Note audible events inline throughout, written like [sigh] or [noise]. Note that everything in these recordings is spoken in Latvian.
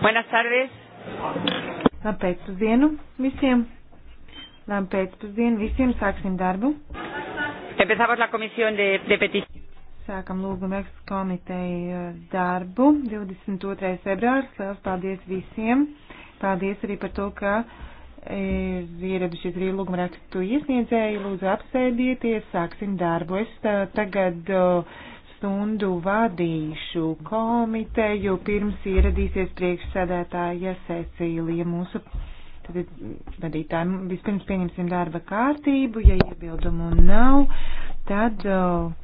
Buenas tardes. Labu pēcpusdienu visiem. Labu pēcpusdienu visiem. Sāksim darbu. Empezamos la comisión de, de petición. Sākam lūgumu ekskomiteju eh, darbu. 22. februārs. Liels paldies visiem. Paldies arī par to, ka ir eh, ieradušies arī lūguma rakstu iesniedzēji. Lūdzu, apsēdieties, sāksim darbu. Es tā, eh, tagad uh, stundu vadīšu komiteju, pirms ieradīsies priekšsēdētāja Cecīlija mūsu. Tad vadītāji vispirms pieņemsim darba kārtību, ja iebildumu nav, tad uh,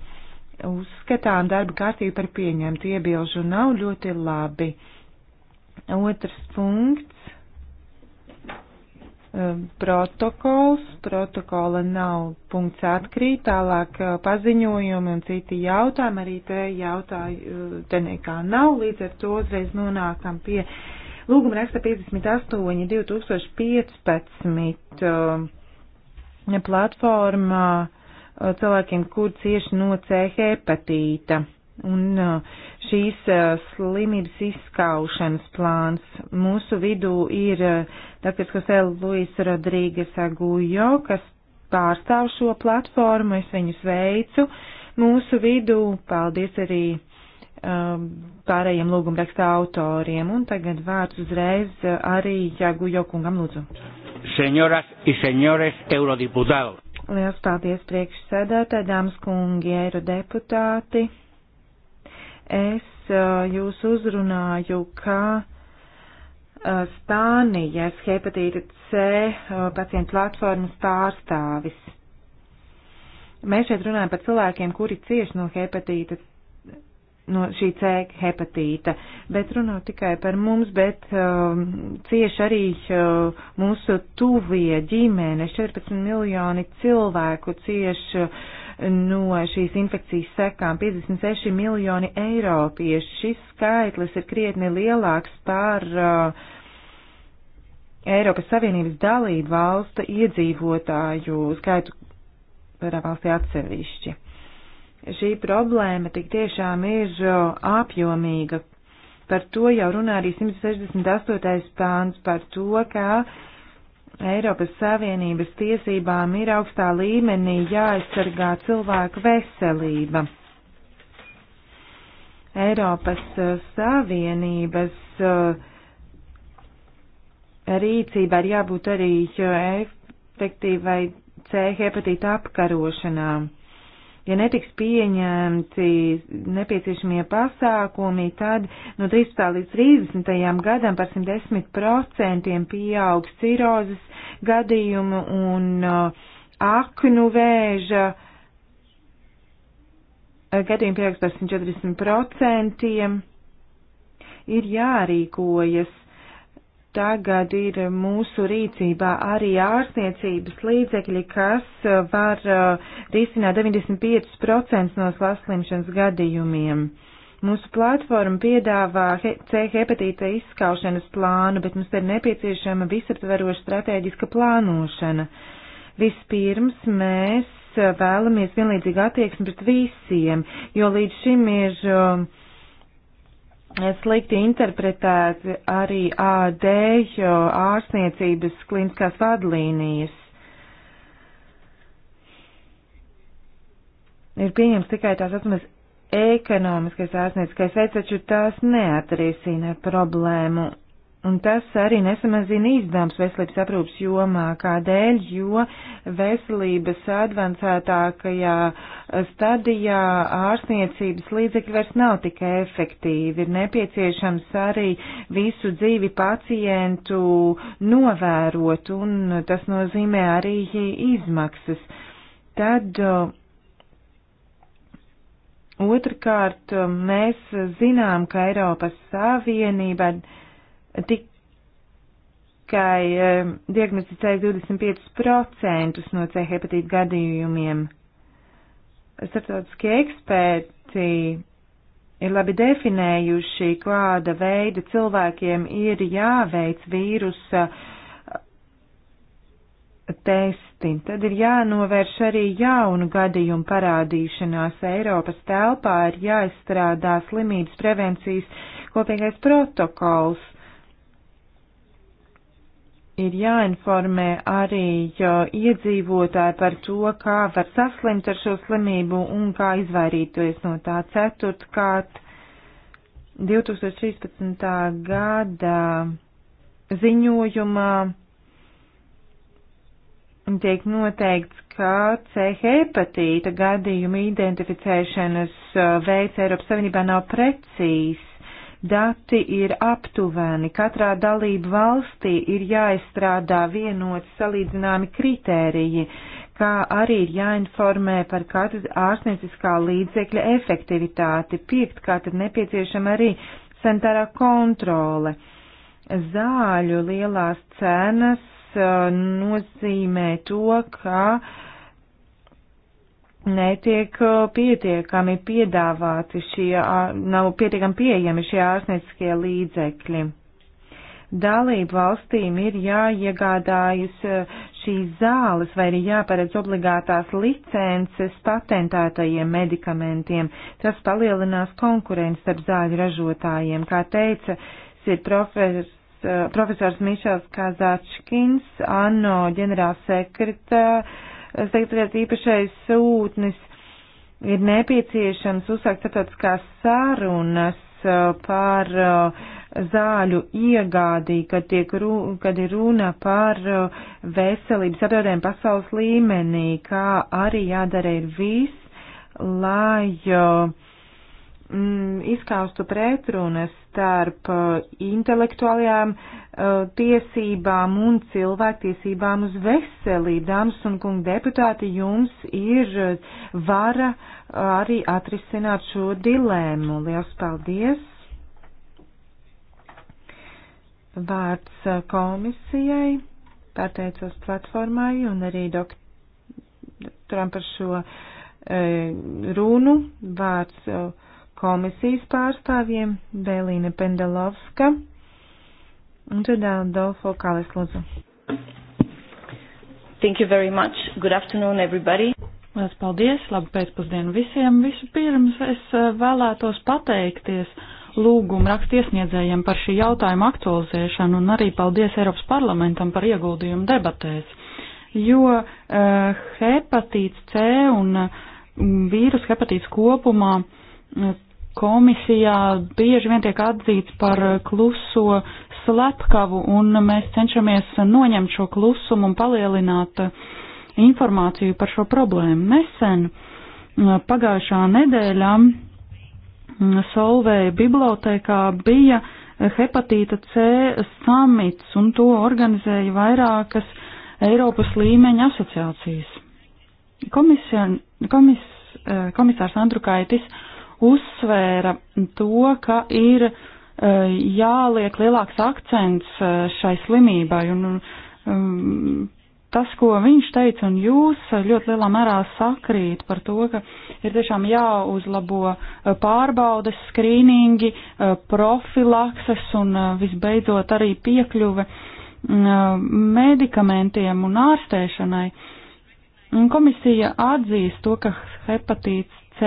uzskatām darba kārtību par pieņemtu. Iebilžu nav ļoti labi. Otrs punkts Um, protokols, protokola nav punkts atkrīt, tālāk uh, paziņojumi un citi jautājumi, arī te jautāju, uh, te nekā nav, līdz ar to uzreiz nonākam pie lūguma raksta 58 2015 um, platformā uh, cilvēkiem, kur cieši no C hepatīta un uh, šīs uh, slimības izskaušanas plāns. Mūsu vidū ir tāpēc, uh, ka Sēla Luisa Rodrīgas Agujo, kas pārstāv šo platformu, es viņu sveicu mūsu vidū. Paldies arī um, pārējiem lūgumraksta autoriem. Un tagad vārds uzreiz arī Agujo kungam lūdzu. Señoras y señores eurodiputados. Liels paldies priekšsēdētāji, dāmas kungi, eirodeputāti. Es uh, jūs uzrunāju, ka uh, Stānijas hepatīta C uh, pacientu platformas pārstāvis. Mēs šeit runājam par cilvēkiem, kuri cieši no hepatīta, no šī C hepatīta, bet runā tikai par mums, bet um, cieši arī uh, mūsu tuvie ģimene, 14 miljoni cilvēku cieši uh, no šīs infekcijas sekām. 56 miljoni eiropieši. Šis skaitlis ir krietni lielāks par uh, Eiropas Savienības dalību valstu iedzīvotāju skaitu kādā valstī atsevišķi. Šī problēma tik tiešām ir uh, apjomīga. Par to jau runā arī 168. pāns par to, ka uh, Eiropas Savienības tiesībām ir augstā līmenī jāaizsargā cilvēku veselība. Eiropas eh, Savienības eh, rīcība ir jābūt arī eh, efektīvai C hepatīta apkarošanām. Ja netiks pieņemti nepieciešamie pasākumi, tad no 13. līdz 30. gadam par 110% pieaugs cirozes gadījumu un uh, aknu vēža uh, gadījumu pieaugs par 140%. Ir jārīkojas tagad ir mūsu rīcībā arī ārstniecības līdzekļi, kas uh, var uh, risināt 95% no saslimšanas gadījumiem. Mūsu platforma piedāvā C hepatīta izskaušanas plānu, bet mums ir nepieciešama visaptveroša strateģiska plānošana. Vispirms mēs uh, vēlamies vienlīdzīgu attieksmi pret visiem, jo līdz šim ir uh, slikti interpretēti arī AD ārstniecības kliniskās vadlīnijas. Ir pieņems tikai tās atmas ekonomiskais ārstnieciskais veids, taču tās neatrisina problēmu Un tas arī nesamazina izdevums veselības aprūpas jomā. Kādēļ? Jo veselības advancētākajā stadijā ārstniecības līdzekļi vairs nav tik efektīvi. Ir nepieciešams arī visu dzīvi pacientu novērot, un tas nozīmē arī izmaksas. Tad otrkārt mēs zinām, ka Eiropas Savienība tikai eh, diagnosticēja 25% no C hepatīta gadījumiem. Startautiskie eksperti ir labi definējuši, kāda veida cilvēkiem ir jāveic vīrusa eh, testi. Tad ir jānovērš arī jaunu gadījumu parādīšanās Eiropas telpā, ir jāizstrādā slimības prevencijas kopīgais protokols ir jāinformē arī iedzīvotāji par to, kā var saslimt ar šo slimību un kā izvairīties no tā. Ceturtkārt, 2013. gada ziņojumā tiek noteikts, ka C hepatīta gadījuma identificēšanas uh, veids Eiropas Savienībā nav precīzs Dati ir aptuveni, katrā dalību valstī ir jāizstrādā vienots salīdzināmi kritēriji, kā arī ir jāinformē par katru ārstnieciskā līdzekļa efektivitāti. Piektkārt ir nepieciešama arī sanitārā kontrole. Zāļu lielās cenas uh, nozīmē to, ka uh, netiek uh, pietiekami piedāvāti šie, uh, nav pietiekami pieejami šie ārstnieciskie līdzekļi. Dalību valstīm ir jāiegādājas uh, šīs zāles vai arī jāparedz obligātās licences patentētajiem medikamentiem. Tas palielinās konkurenci starp zāļu ražotājiem, kā teica ir profesors, profesors Mišels Kazačkins, ANO ģenerālsekretārs sekretariāts īpašais sūtnis ir nepieciešams uzsākt starptautiskās sarunas uh, par uh, zāļu iegādī, kad, tiek, kad ir runa par uh, veselības apdraudējumu pasaules līmenī, kā arī jādara ir viss, lai uh, mm, izkaustu pretrunas starp uh, intelektuālajām uh, tiesībām un cilvēktiesībām uz veselību. Dāmas un kungi deputāti, jums ir uh, vara uh, arī atrisināt šo dilēmu. Liels paldies! Vārds komisijai, pateicos platformai un arī doktoram par šo e, runu. Vārds. E, komisijas pārstāvjiem Bēlīne Pendelovska un tad Adolfo Kalis lūdzu. Thank you very much. Good afternoon, everybody. Lielas paldies, labu pēcpusdienu visiem. Vispirms es eh, vēlētos pateikties lūgumu rakstiesniedzējiem par šī jautājuma aktualizēšanu un arī paldies Eiropas parlamentam par ieguldījumu debatēs, jo uh, hepatīts C un uh, vīrus hepatīts kopumā uh, komisijā bieži vien tiek atzīts par kluso slepkavu, un mēs cenšamies noņemt šo klusumu un palielināt informāciju par šo problēmu. Nesen pagājušā nedēļā Solvēja bibliotekā bija hepatīta C samits, un to organizēja vairākas Eiropas līmeņa asociācijas. Komisija, komis, eh, komisārs Andrukaitis uh, uzsvēra to, ka ir e, jāliek lielāks akcents e, šai slimībai. Un, um, tas, ko viņš teica, un jūs e, ļoti lielā mērā sakrīt par to, ka ir tiešām jāuzlabo pārbaudes, skrīningi, profilakses un visbeidzot arī piekļuve medikamentiem un ārstēšanai. Komisija atzīst to, ka hepatīts C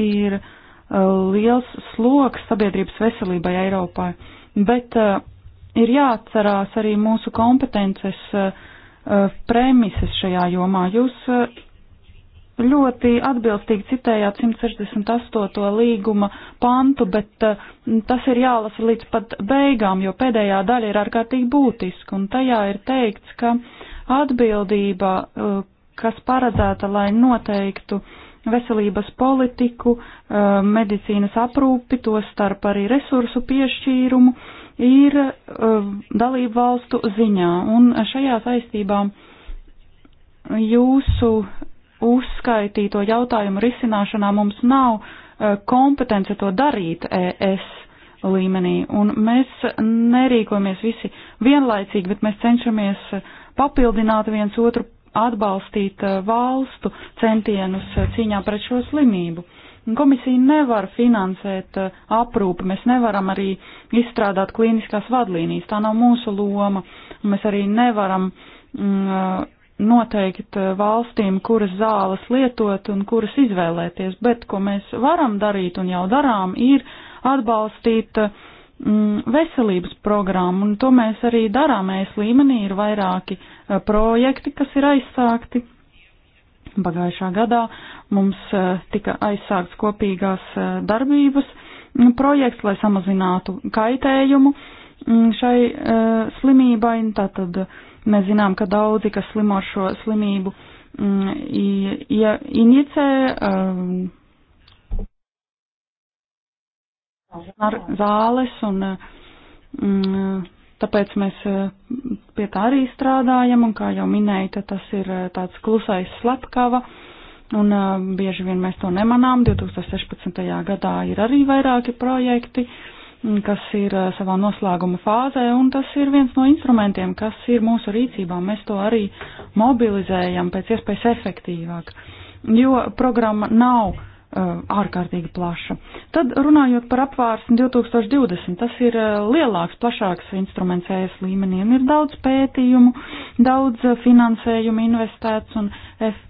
ir uh, Uh, liels sloks sabiedrības veselībai Eiropā, bet uh, ir jāatcerās arī mūsu kompetences uh, premises šajā jomā. Jūs ļoti atbilstīgi citējāt 168. līguma pantu, bet uh, tas ir jālasa līdz pat beigām, jo pēdējā daļa ir ārkārtīgi būtiska, un tajā ir teikts, ka atbildība, uh, kas paredzēta, lai noteiktu uh, veselības politiku, eh, medicīnas aprūpi, to starp arī resursu piešķīrumu, ir eh, dalību valstu ziņā. Un šajā saistībā jūsu uzskaitīto jautājumu risināšanā mums nav eh, kompetence to darīt ES līmenī. Un mēs nerīkojamies visi vienlaicīgi, bet mēs cenšamies papildināt viens otru atbalstīt eh, valstu centienus eh, cīņā pret šo slimību. Komisija nevar finansēt eh, aprūpi, mēs nevaram arī izstrādāt klīniskās vadlīnijas, tā nav mūsu loma. Mēs arī nevaram mm, noteikt valstīm, kuras zāles lietot un kuras izvēlēties, bet ko mēs varam darīt un jau darām, ir atbalstīt uh, Mm, veselības programmu, un to mēs arī darām. Mēs līmenī ir vairāki eh, projekti, kas ir aizsākti. Pagājušā gadā mums eh, tika aizsākts kopīgās eh, darbības mm, projekts, lai samazinātu kaitējumu mm, šai slimībai. Tātad mēs zinām, ka daudzi, kas slimo ar šo slimību, injicē zāles, un eh, mm, tāpēc mēs eh, pie tā arī strādājam, un kā jau minēju, tas ir eh, tāds klusais slepkava, un bieži vien mēs to nemanām. 2016. gadā ir arī vairāki projekti, mm, kas ir savā noslēguma fāzē, un tas ir viens no instrumentiem, kas ir mūsu rīcībā. Mēs to arī mobilizējam pēc iespējas efektīvāk, jo programma nav Eh, ārkārtīgi plaša. Tad runājot par apvārsni 2020, tas ir eh, lielāks, plašāks instruments ES līmenī un ir daudz pētījumu, daudz eh, finansējumu investēts un F,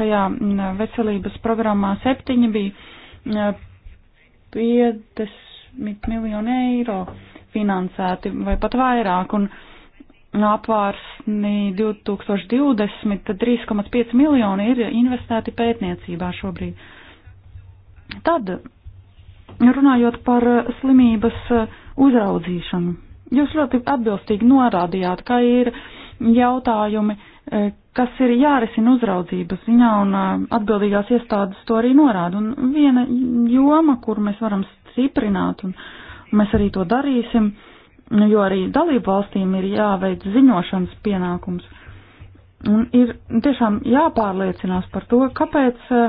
šajā mm, veselības programmā septiņi bija 50 miljoni eiro finansēti vai pat vairāk. Un, apvārsni 2020, tad 3,5 miljoni ir investēti pētniecībā šobrīd. Tad, runājot par eh, slimības eh, uzraudzīšanu, jūs ļoti atbilstīgi norādījāt, ka ir jautājumi, eh, kas ir jārisina uzraudzības ziņā, un atbildīgās iestādes to arī norāda. Un viena joma, kur mēs varam stiprināt, un mēs arī to darīsim, jo arī dalību valstīm ir jāveic ziņošanas pienākums. Un ir tiešām jāpārliecinās par to, kāpēc uh,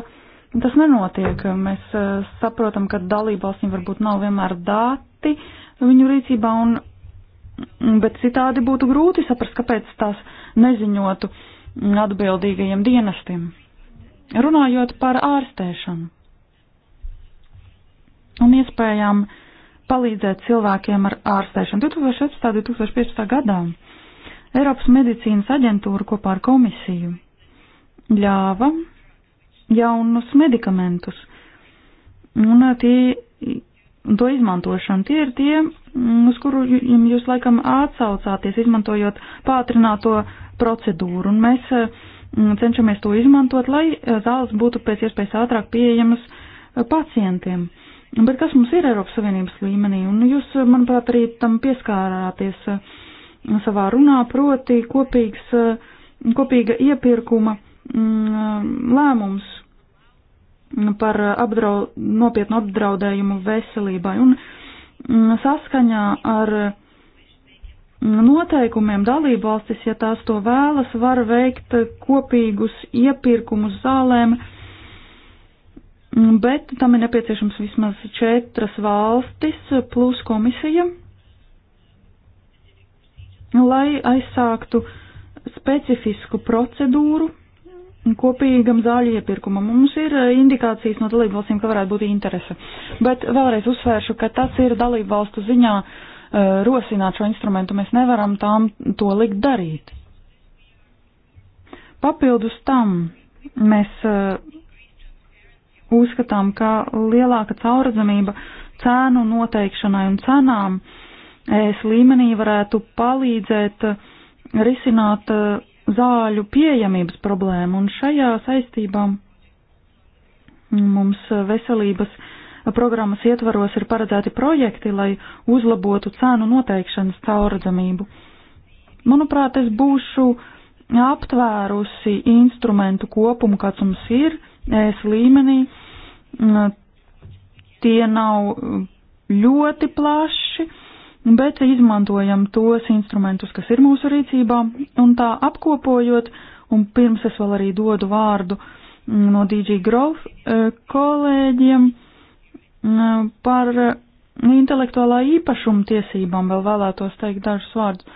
Tas nenotiek. Mēs eh, saprotam, ka dalībvalstīm varbūt nav vienmēr dati viņu rīcībā, un, bet citādi būtu grūti saprast, kāpēc tās neziņotu atbildīgajiem dienestiem. Runājot par ārstēšanu un iespējām palīdzēt cilvēkiem ar ārstēšanu 2016. un 2015. gadā Eiropas medicīnas aģentūra kopā ar komisiju ļāva jaunus medikamentus. Un eh, tie, to izmantošana, tie ir tie, mm, uz kuru jūs laikam atsaucāties, izmantojot pātrināto procedūru. Un mēs eh, mm, cenšamies to izmantot, lai eh, zāles būtu pēc iespējas ātrāk pieejamas pacientiem. Bet kas mums ir Eiropas Savienības līmenī? Un jūs, manuprāt, arī tam pieskārāties savā runā, proti kopīgs, kopīga iepirkuma mm, lēmums par apdraud, nopietnu apdraudējumu veselībai. Un mm, saskaņā ar mm, noteikumiem dalību valstis, ja tās to vēlas, var veikt kopīgus iepirkumus zālēm, mm, bet tam ir nepieciešams vismaz četras valstis plus komisija, lai aizsāktu specifisku procedūru kopīgam zāļu iepirkumam. Mums ir eh, indikācijas no dalību valstīm, ka varētu būt interese. Bet vēlreiz uzsvēršu, ka tas ir dalību valstu ziņā uh, rosināt šo instrumentu. Mēs nevaram tām to likt darīt. Papildus tam mēs uh, uzskatām, ka lielāka caurredzamība cēnu noteikšanai un cenām ES līmenī varētu palīdzēt risināt uh, zāļu pieejamības problēma, un šajā saistībā mums veselības programmas ietvaros ir paredzēti projekti, lai uzlabotu cēnu noteikšanas caurredzamību. Manuprāt, es būšu aptvērusi instrumentu kopumu, kāds mums ir, es līmenī. Tie nav ļoti plaši, Nu, bet izmantojam tos instrumentus, kas ir mūsu rīcībā, un tā apkopojot, un pirms es vēl arī dodu vārdu mm, no DG Growth e, kolēģiem mm, par mm, intelektuālā īpašuma tiesībām vēl vēlētos teikt dažus vārdus.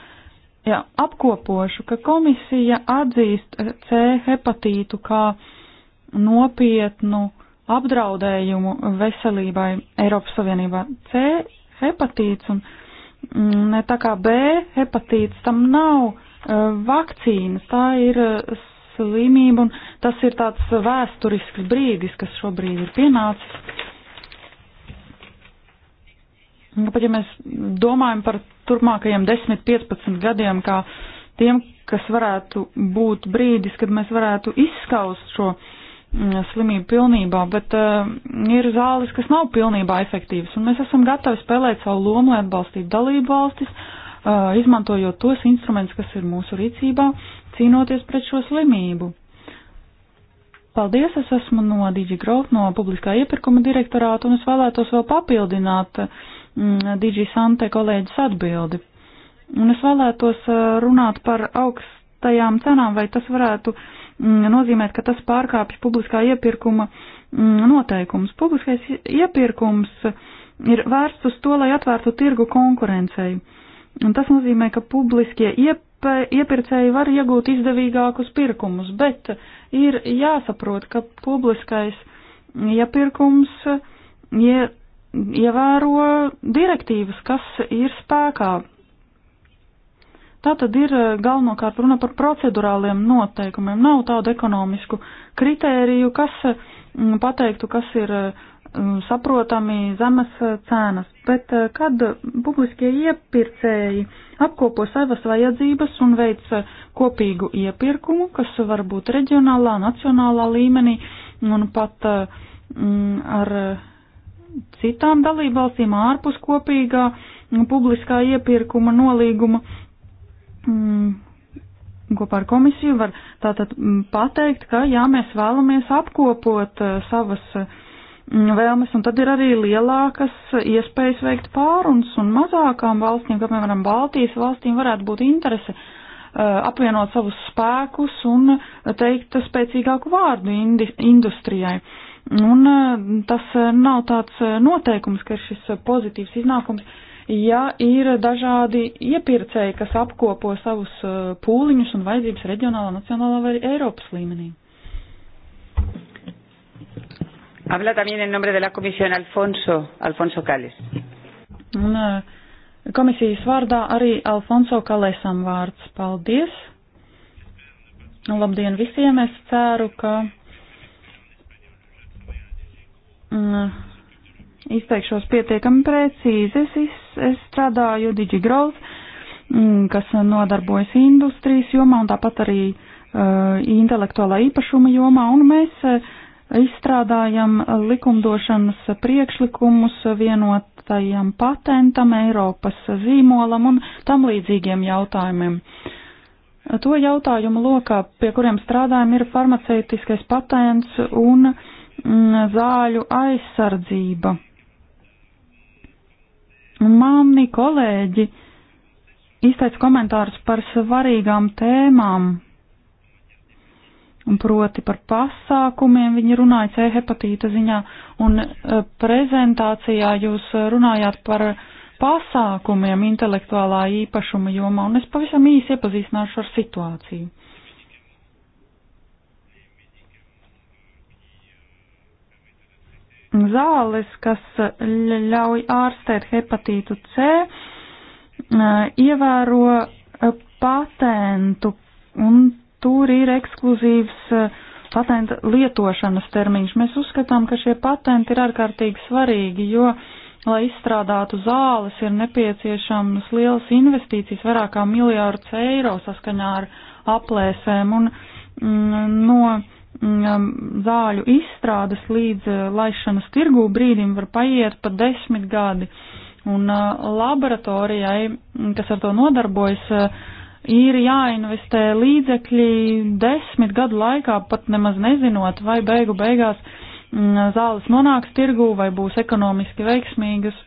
Jā, apkopošu, ka komisija atzīst e, C hepatītu kā nopietnu apdraudējumu veselībai Eiropas Savienībā. C hepatīts un uh, Mm, tā kā B hepatīts tam nav e, vakcīnas, tā ir e, slimība un tas ir tāds vēsturisks brīdis, kas šobrīd ir pienācis. Pat ja mēs domājam par turpmākajiem 10-15 gadiem, kā tiem, kas varētu būt brīdis, kad mēs varētu izskaust šo uh, Mm, slimību pilnībā, bet uh, ir zāles, kas nav pilnībā efektīvas, un mēs esam gatavi spēlēt savu lomu, lai atbalstītu dalību valstis, uh, izmantojot tos instrumentus, kas ir mūsu rīcībā, cīnoties pret šo slimību. Paldies, es esmu no DigiGrowth, no publiskā iepirkuma direktorāta, un es vēlētos vēl papildināt mm, DigiSante kolēģis atbildi. Un es vēlētos eh, runāt par augstajām cenām, vai tas varētu uh, Mm, nozīmēt, ka tas pārkāpj publiskā iepirkuma mm, noteikums. Publiskais iepirkums ir vērsts uz to, lai atvērtu tirgu konkurencei. Un tas nozīmē, ka publiskie iepirkumi iepirkēji var iegūt izdevīgākus pirkumus, bet ir jāsaprot, ka publiskais iepirkums ie, ievēro direktīvas, kas ir spēkā Tā tad ir eh, galvenokārt runa par procedurāliem noteikumiem. Nav tādu ekonomisku kritēriju, kas mm, pateiktu, kas ir mm, saprotami zemes eh, cenas, bet eh, kad publiskie iepirkēji apkopo savas vajadzības un veic kopīgu iepirkumu, kas var būt reģionālā, nacionālā līmenī un pat mm, ar citām dalībvalstīm ārpus kopīgā publiskā iepirkuma nolīguma, mm, kopā ar komisiju var tātad mm, pateikt, ka jā, mēs vēlamies apkopot eh, savas mm, vēlmes, un tad ir arī lielākas iespējas veikt pārunas, un mazākām valstīm, kā piemēram Baltijas valstīm, varētu būt interese eh, apvienot savus spēkus un teikt spēcīgāku vārdu industrijai. Un eh, tas nav tāds noteikums, ka ir šis pozitīvs iznākums ja ir dažādi iepirkēji, kas apkopo savus uh, pūliņus un vajadzības reģionālā, nacionālā vai Eiropas līmenī. Habla también en nombre de la Comisión Alfonso, Alfonso Cales. Un, uh, komisijas vārdā arī Alfonso Kalesam vārds. Paldies! Un labdien visiem! Es ceru, ka. Mm, izteikšos pietiekami precīzi. Es, es, es strādāju DigiGrowth, mm, kas nodarbojas industrijas jomā un tāpat arī uh, intelektuālā īpašuma jomā, un mēs uh, izstrādājam likumdošanas priekšlikumus vienotajam patentam, Eiropas zīmolam un tam līdzīgiem jautājumiem. To jautājumu lokā, pie kuriem strādājam, ir farmaceitiskais patents un mm, zāļu aizsardzība. Nu, mani kolēģi izteica komentārus par svarīgām tēmām, un proti par pasākumiem viņi runāja C hepatīta ziņā, un e, prezentācijā jūs runājāt par pasākumiem intelektuālā īpašuma jomā, un es pavisam īsi iepazīstināšu ar situāciju. zāles, kas ļauj ārstēt hepatītu C, eh, ievēro eh, patentu, un tur ir ekskluzīvs eh, patenta lietošanas termiņš. Mēs uzskatām, ka šie patenti ir ārkārtīgi svarīgi, jo, lai izstrādātu zāles, ir nepieciešamas lielas investīcijas, vairāk kā miljārds eiro saskaņā ar aplēsēm, un mm, no Mm, zāļu izstrādes līdz eh, laišanas tirgū brīdim var paiet pat desmit gadi. Un eh, laboratorijai, mm, kas ar to nodarbojas, eh, ir jāinvestē līdzekļi desmit gadu laikā, pat nemaz nezinot, vai beigu beigās mm, zāles nonāks tirgū vai būs ekonomiski veiksmīgas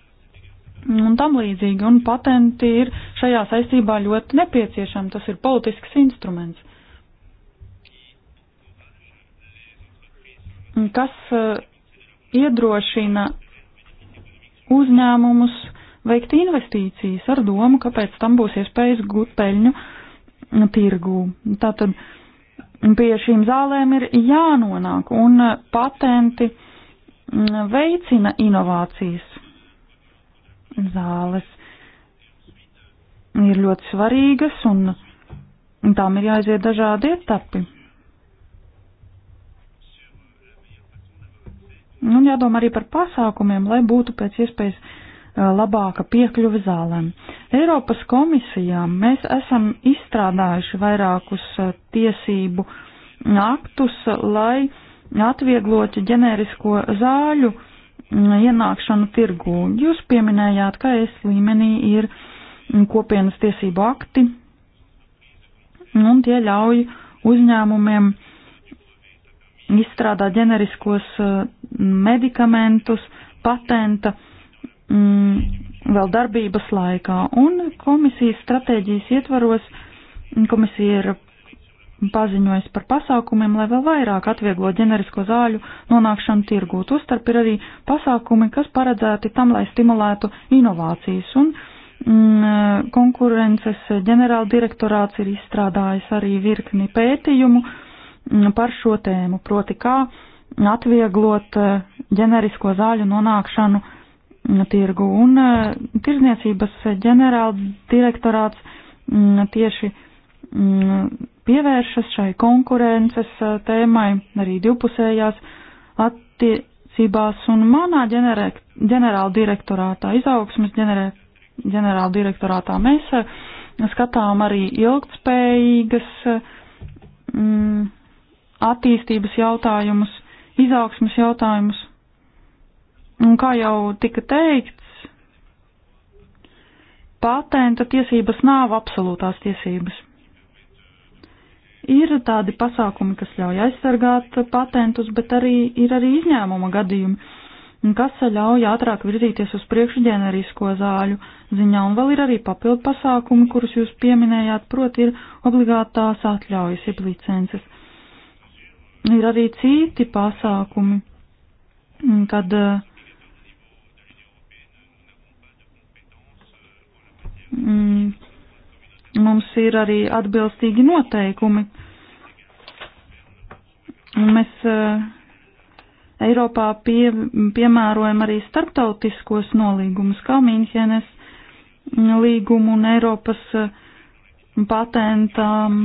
un tam līdzīgi. Un patenti ir šajā saistībā ļoti nepieciešami. Tas ir politisks instruments. kas uh, iedrošina uzņēmumus veikt investīcijas ar domu, ka pēc tam būs iespējas gūt peļņu tirgū. Tātad pie šīm zālēm ir jānonāk, un uh, patenti mm, veicina inovācijas. Zāles ir ļoti svarīgas, un tām ir jāiziet dažādi etapi. Nu, un jādomā arī par pasākumiem, lai būtu pēc iespējas labāka piekļuve zālēm. Eiropas komisijā mēs esam izstrādājuši vairākus tiesību aktus, lai atvieglotu ģenerisko zāļu ienākšanu tirgū. Jūs pieminējāt, ka es līmenī ir kopienas tiesību akti, un tie ļauj uzņēmumiem izstrādā ģeneriskos eh, medikamentus patenta mm, vēl darbības laikā. Un komisijas stratēģijas ietvaros mm, komisija ir paziņojis par pasākumiem, lai vēl vairāk atvieglo ģenerisko zāļu nonākšanu tirgū. Tostarp ir arī pasākumi, kas paredzēti tam, lai stimulētu inovācijas. Un mm, konkurences ģenerāldirektorāts ir izstrādājis arī virkni pētījumu, uh, Mm, par šo tēmu, proti kā atvieglot eh, ģenerisko zāļu nonākšanu mm, tirgu. Un eh, tirzniecības ģenerāla direktorāts mm, tieši pievēršas šai konkurences eh, tēmai, arī divpusējās attiecībās. Un manā ģenerāla direktorātā, izaugsmas ģenerāla direktorātā mēs skatām arī ilgtspējīgas attīstības jautājumus, izaugsmas jautājumus. Un kā jau tika teikts, patenta tiesības nav absolūtās tiesības. Ir tādi pasākumi, kas ļauj aizsargāt patentus, bet arī ir arī izņēmuma gadījumi, kas ļauj ātrāk virzīties uz priekšu ģenerisko zāļu ziņā, un vēl ir arī papildu pasākumi, kurus jūs pieminējāt, proti ir obligātās atļaujas, jeb licences ir arī citi pasākumi, kad mm, mums ir arī atbilstīgi noteikumi. Un mēs uh, Eiropā pie, piemērojam arī starptautiskos nolīgumus, kā Mīnhenes līgumu un Eiropas eh, patentām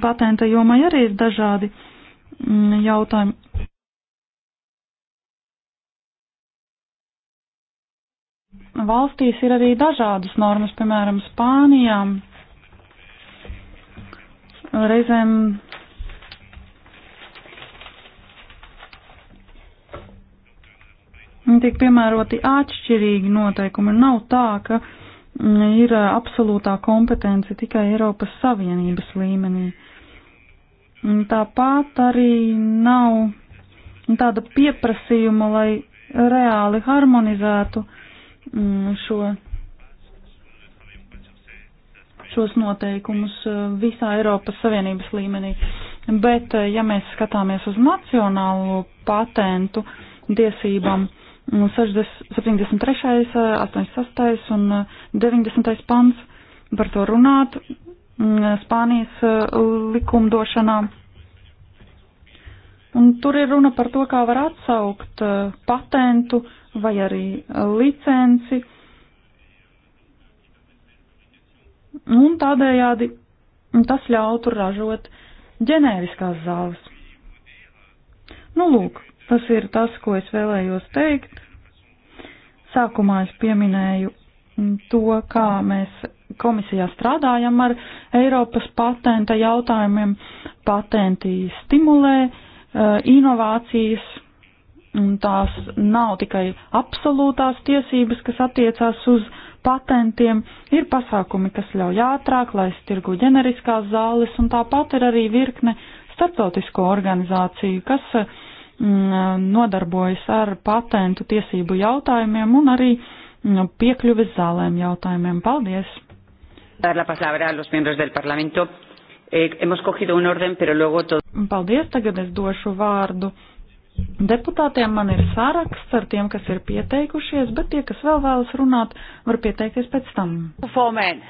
Patenta jomai arī ir dažādi mm, jautājumi. Valstīs ir arī dažādas normas, piemēram, Spānijā. Reizēm tiek piemēroti atšķirīgi noteikumi. Nav tā, ka ir eh, absolūtā kompetence tikai Eiropas Savienības līmenī. Tāpat arī nav tāda pieprasījuma, lai reāli harmonizētu mm, šo, šos noteikumus eh, visā Eiropas Savienības līmenī. Bet, eh, ja mēs skatāmies uz nacionālo patentu tiesībām, mm 73., 86. un 90. pants par to runāt mm, Spānijas eh, likumdošanā. Un tur ir runa par to, kā var atsaukt eh, patentu vai arī eh, licenci. Un tādējādi tas ļautu ražot ģenēriskās zāles. Nu, lūk, Tas ir tas, ko es vēlējos teikt. Sākumā es pieminēju to, kā mēs komisijā strādājam ar Eiropas patenta jautājumiem. Patentī stimulē eh, inovācijas, un tās nav tikai absolūtās tiesības, kas attiecās uz patentiem, ir pasākumi, kas ļauj ātrāk, lai stirgu ģeneriskās zāles, un tāpat ir arī virkne starptautisko organizāciju, kas uh, Mm, nodarbojas ar patentu tiesību jautājumiem un arī mm, piekļuves zālēm jautājumiem. Paldies! Eh, Paldies, tagad es došu vārdu deputātiem. Man ir saraksts ar tiem, kas ir pieteikušies, bet tie, kas vēl vēlas runāt, var pieteikties pēc tam. Formēn.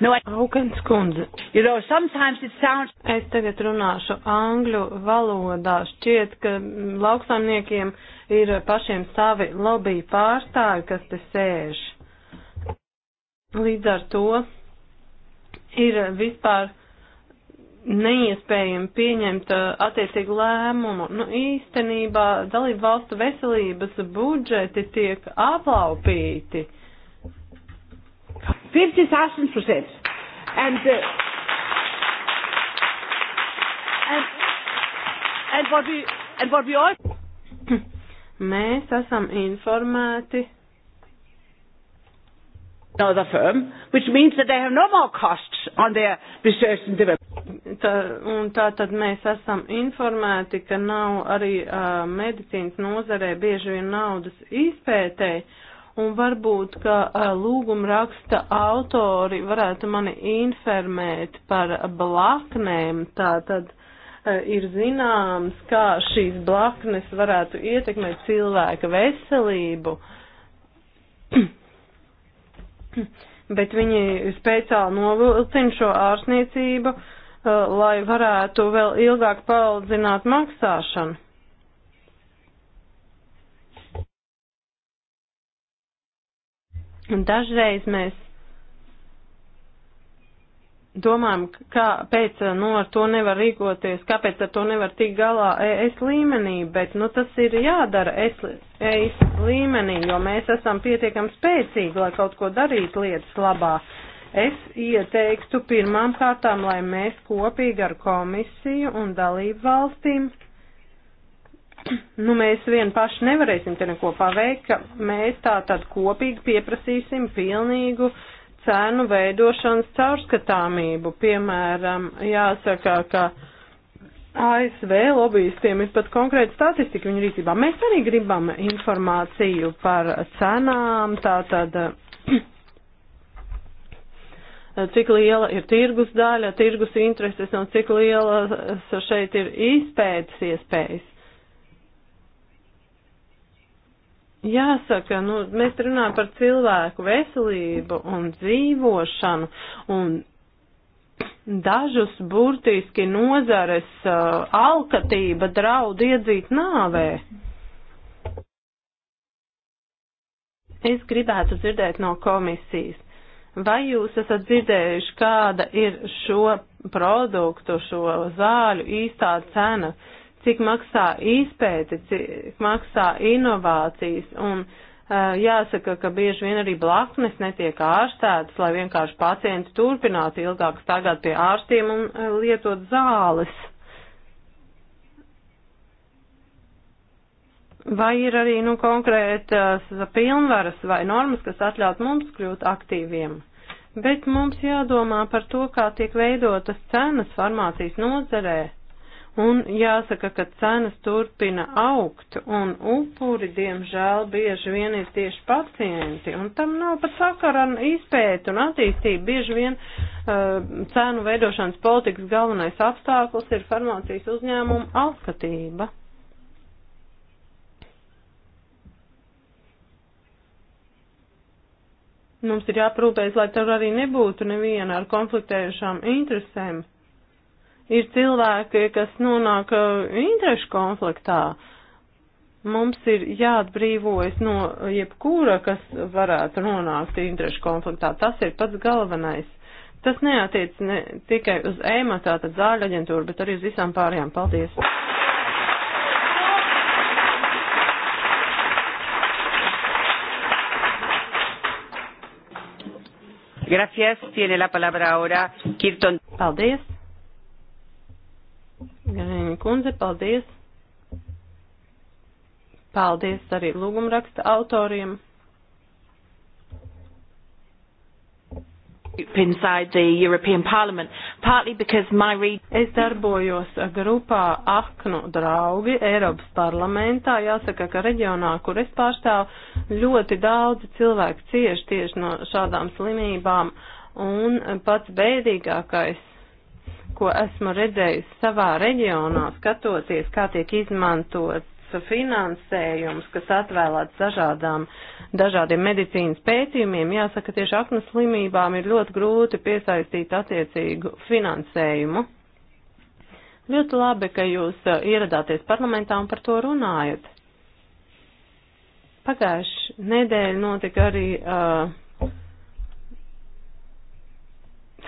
No, I... Aukens kundze. You know, sometimes it sounds... Es tagad runāšu angļu valodā. Šķiet, ka mm, lauksaimniekiem ir pašiem savi lobby pārstāvi, kas te sēž. Līdz ar to ir vispār neiespējami pieņemt uh, attiecīgu lēmumu. Nu, īstenībā dalību valstu veselības budžeti tiek aplaupīti. Uh, 50,000 percent. And, uh, and, and what we, and what we also... [laughs] Mēs esam informēti. Another firm, which means that they have no more costs on their research and development tā, un tā tad mēs esam informēti, ka nav arī uh, medicīnas nozarē bieži vien naudas izpētēji, un varbūt, ka lūguma raksta autori varētu mani informēt par blaknēm, tā tad ir zināms, kā šīs blaknes varētu ietekmēt cilvēka veselību. [clears throat] Bet viņi speciāli novilcina šo ārstniecību, lai varētu vēl ilgāk paaldzināt maksāšanu. Un dažreiz mēs domājam, kāpēc eh, nu, ar to nevar rīkoties, kāpēc ar to nevar tikt galā ES līmenī, bet nu, tas ir jādara ES, ES līmenī, jo mēs esam pietiekami spēcīgi, lai kaut ko darītu lietas labā. Es ieteiktu pirmām kārtām, lai mēs kopīgi ar komisiju un dalību valstīm nu, mēs vien paši nevarēsim te neko paveikt, ka mēs tā tad kopīgi pieprasīsim pilnīgu cenu veidošanas caurskatāmību. Piemēram, jāsaka, ka ASV lobbyistiem ir pat konkrēta statistika viņu rīcībā. Mēs arī gribam informāciju par cenām, tātad [clears throat] cik liela ir tirgus daļa, tirgus intereses un cik liela šeit ir izpētes iespējas. Jāsaka, nu, mēs runājam par cilvēku veselību un dzīvošanu, un dažus burtiski nozares uh, alkatība draud iedzīt nāvē. Es gribētu dzirdēt no komisijas, vai jūs esat dzirdējuši, kāda ir šo produktu, šo zāļu īstā cena? Uh, cik maksā izpēte, cik maksā inovācijas. Un, eh, Jāsaka, ka bieži vien arī blaknes netiek ārstētas, lai vienkārši pacienti turpinātu ilgāk stāvēt pie ārstiem un eh, lietot zāles. Vai ir arī nu, konkrētas pilnvaras vai normas, kas atļaut mums kļūt aktīviem? Bet mums jādomā par to, kā tiek veidotas cenas farmācijas nozarē. Un jāsaka, ka cenas turpina augt, un upuri, diemžēl, bieži vien ir tieši pacienti, un tam nav pat sakara ar izpēti un attīstību. Bieži vien uh, cenu veidošanas politikas galvenais apstākļus ir farmācijas uzņēmuma alkatība. Mums ir jāprūpējas, lai tur arī nebūtu neviena ar konfliktējušām interesēm ir cilvēki, kas nonāk interešu konfliktā. Mums ir jāatbrīvojas no jebkura, kas varētu nonākt interešu konfliktā. Tas ir pats galvenais. Tas neatiec ne tikai uz EMA, tātad zāļu aģentūru, bet arī uz visām pārējām. Paldies! Gracias. Tiene la palabra ahora Kirton. Paldies. Ganēņa kundze, paldies. Paldies arī lūgumraksta autoriem. inside the European Parliament, partly because my read... Es darbojos grupā Aknu draugi Eiropas parlamentā. Jāsaka, ka reģionā, kur es pārstāvu, ļoti daudzi cilvēki cieši tieši no šādām slimībām. Un pats bēdīgākais ko esmu redzējis savā reģionā, skatoties, kā tiek izmantots finansējums, kas atvēlēts dažādām, dažādiem medicīnas pētījumiem, jāsaka, tieši aknu slimībām ir ļoti grūti piesaistīt attiecīgu finansējumu. Ļoti labi, ka jūs uh, ieradāties parlamentā un par to runājat. Pagājuši nedēļa notika arī uh,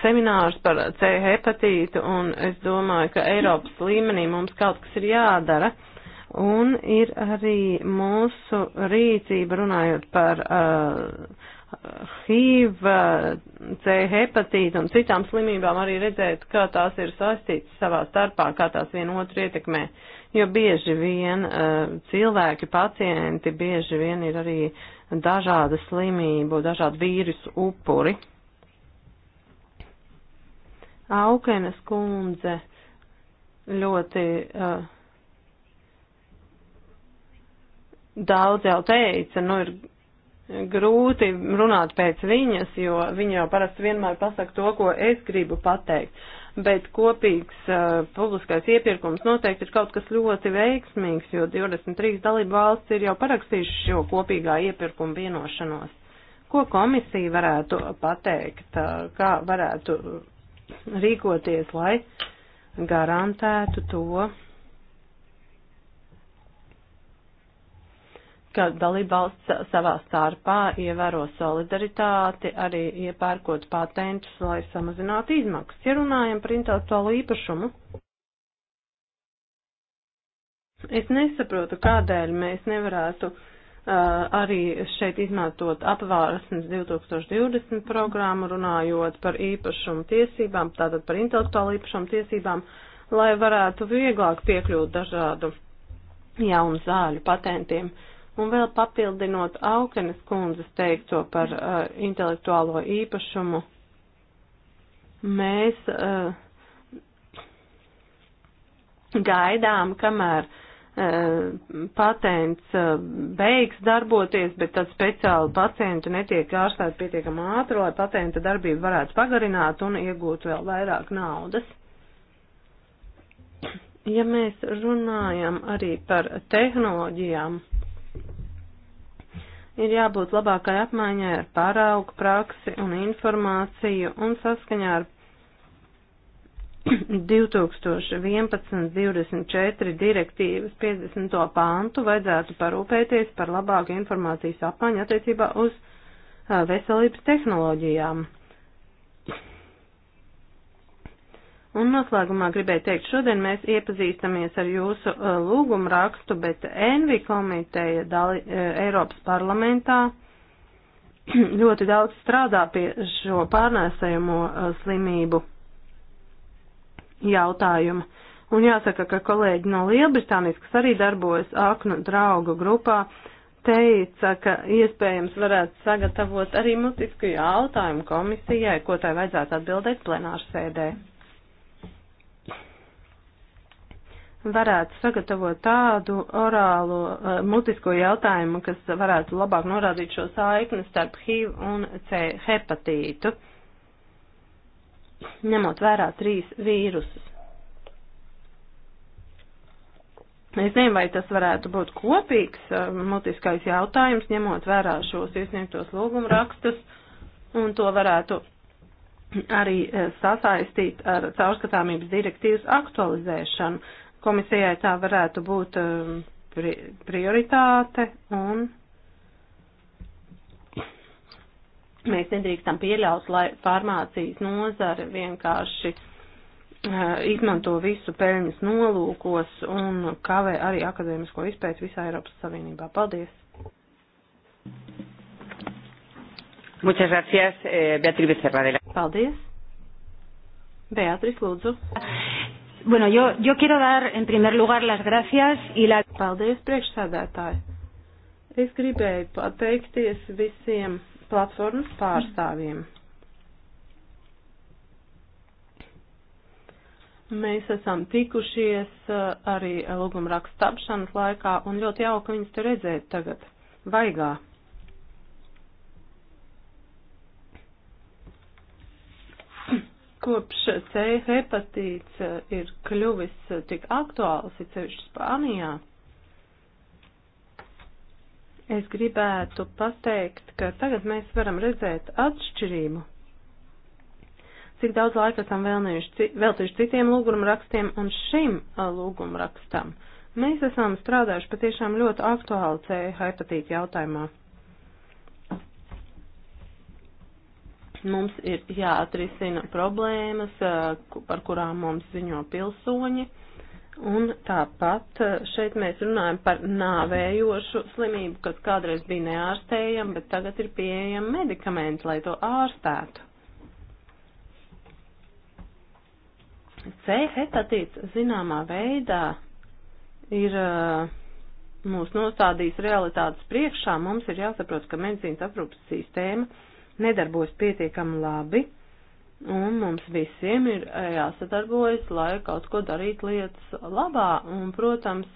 seminārs par C hepatītu, un es domāju, ka Eiropas līmenī mums kaut kas ir jādara. Un ir arī mūsu rīcība runājot par uh, HIV, C hepatītu un citām slimībām arī redzēt, kā tās ir saistītas savā starpā, kā tās vienotru ietekmē. Jo bieži vien uh, cilvēki, pacienti, bieži vien ir arī dažāda slimību, dažādu vīrusu upuri. Aukenas kundze ļoti uh, daudz jau teica, nu ir grūti runāt pēc viņas, jo viņa jau parasti vienmēr pasaka to, ko es gribu pateikt. Bet kopīgs uh, publiskais iepirkums noteikti ir kaut kas ļoti veiksmīgs, jo 23 dalību valsts ir jau parakstījuši šo kopīgā iepirkuma vienošanos. Ko komisija varētu pateikt, uh, kā varētu rīkoties, lai garantētu to, ka dalībvalsts savā starpā ievēro solidaritāti, arī iepērkot patentus, lai samazinātu izmaksas. Ja runājam par intelektuālo īpašumu, es nesaprotu, kādēļ mēs nevarētu uh, arī šeit izmantot apvārsnes 2020 programmu, runājot par īpašumu tiesībām, tātad par intelektuālu īpašumu tiesībām, lai varētu vieglāk piekļūt dažādu jaunu zāļu patentiem. Un vēl papildinot Aukenes kundzes teikto par uh, intelektuālo īpašumu, mēs uh, gaidām, kamēr uh, Eh, patents eh, beigs darboties, bet tad speciāli pacientu netiek ārstēt pietiekam ātri, lai patenta darbību varētu pagarināt un iegūt vēl vairāk naudas. Ja mēs runājam arī par tehnoloģijām, ir jābūt labākai apmaiņai ar pāraugu praksi un informāciju un saskaņā ar 2011-24 direktīvas 50. pāntu vajadzētu parūpēties par labāku informācijas apmaiņu attiecībā uz veselības tehnoloģijām. Un noslēgumā gribēju teikt, šodien mēs iepazīstamies ar jūsu lūgumu rakstu, bet Envi komiteja dali, Eiropas parlamentā [clears throat] ļoti daudz strādā pie šo pārnēsējumu slimību jautājuma. Un jāsaka, ka kolēģi no Lielbritānijas, kas arī darbojas aknu draugu grupā, teica, ka iespējams varētu sagatavot arī mutisku jautājumu komisijai, ko tai vajadzētu atbildēt plenārsēdē. Varētu sagatavot tādu orālo uh, mutisko jautājumu, kas varētu labāk norādīt šo saikni starp HIV un C hepatītu ņemot vērā trīs vīrusus. Es nezinu, vai tas varētu būt kopīgs eh, mutiskais jautājums, ņemot vērā šos iesniegtos lūgumu rakstus, un to varētu arī eh, sasaistīt ar caurskatāmības direktīvas aktualizēšanu. Komisijai tā varētu būt eh, prioritāte un Mēs nedrīkstam pieļaut, lai farmācijas nozara vienkārši izmanto visu peļņas nolūkos un kavē arī akadēmisko izpēti visā Eiropas Savienībā. Paldies! Muchas gracias, eh, Beatriz Becerra. De la... Paldies. Beatriz, lūdzu. Bueno, yo, yo quiero dar en primer lugar las gracias y la... Paldies, priekšsēdētāji. Es gribēju pateikties visiem platformas pārstāvjiem. Mēs esam tikušies uh, arī lūgumrakstu tapšanas laikā un ļoti jauka viņus te redzēt tagad, vaigā. Kopš C hepatīts uh, ir kļuvis uh, tik aktuāls, ir cevišķi Spānijā. Es gribētu pateikt, ka tagad mēs varam redzēt atšķirību, cik daudz laika esam veltījuši citiem lūgumrakstiem un šim lūgumrakstam. Mēs esam strādājuši patiešām ļoti aktuāli C hepatīta jautājumā. Mums ir jāatrisina problēmas, par kurām mums ziņo pilsoņi Un tāpat eh, šeit mēs runājam par nāvējošu slimību, kas kādreiz bija neārstējama, bet tagad ir pieejama medikamenti, lai to ārstētu. C hepatīts zināmā veidā ir eh, mūs nostādījis realitātes priekšā. Mums ir jāsaprot, ka medicīnas aprūpas sistēma nedarbojas pietiekami labi Un mums visiem ir jāsadarbojas, lai kaut ko darītu lietas labā. Un, protams,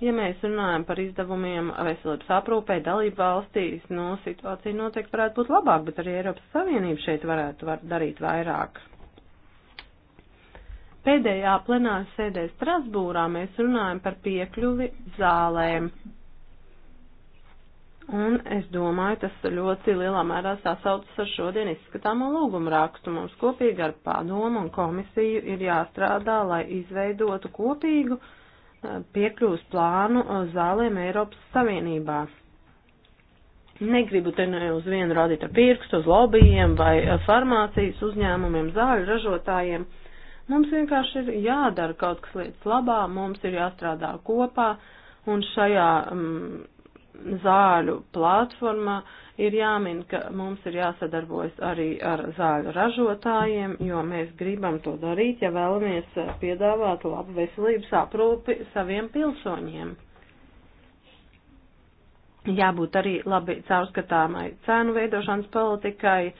ja mēs runājam par izdevumiem veselības aprūpē dalību valstīs, nu, no situācija noteikti varētu būt labāka, bet arī Eiropas Savienība šeit varētu var darīt vairāk. Pēdējā plenāra sēdē Strasbūrā mēs runājam par piekļuvi zālēm. Un es domāju, tas ļoti lielā mērā sasaucas ar šodien izskatāmo lūgumu rakstu. Mums kopīgi ar padomu un komisiju ir jāstrādā, lai izveidotu kopīgu eh, piekļūs plānu eh, zālēm Eiropas Savienībā. Negribu te ne uz vienu radīt ar pirkstu, uz lobbyiem vai eh, farmācijas uzņēmumiem, zāļu ražotājiem. Mums vienkārši ir jādara kaut kas lietas labā, mums ir jāstrādā kopā, un šajā um, zāļu platformā ir jāmin, ka mums ir jāsadarbojas arī ar zāļu ražotājiem, jo mēs gribam to darīt, ja vēlamies piedāvāt labu veselības aprūpi saviem pilsoņiem. Jābūt arī labi caurskatāmai cēnu veidošanas politikai,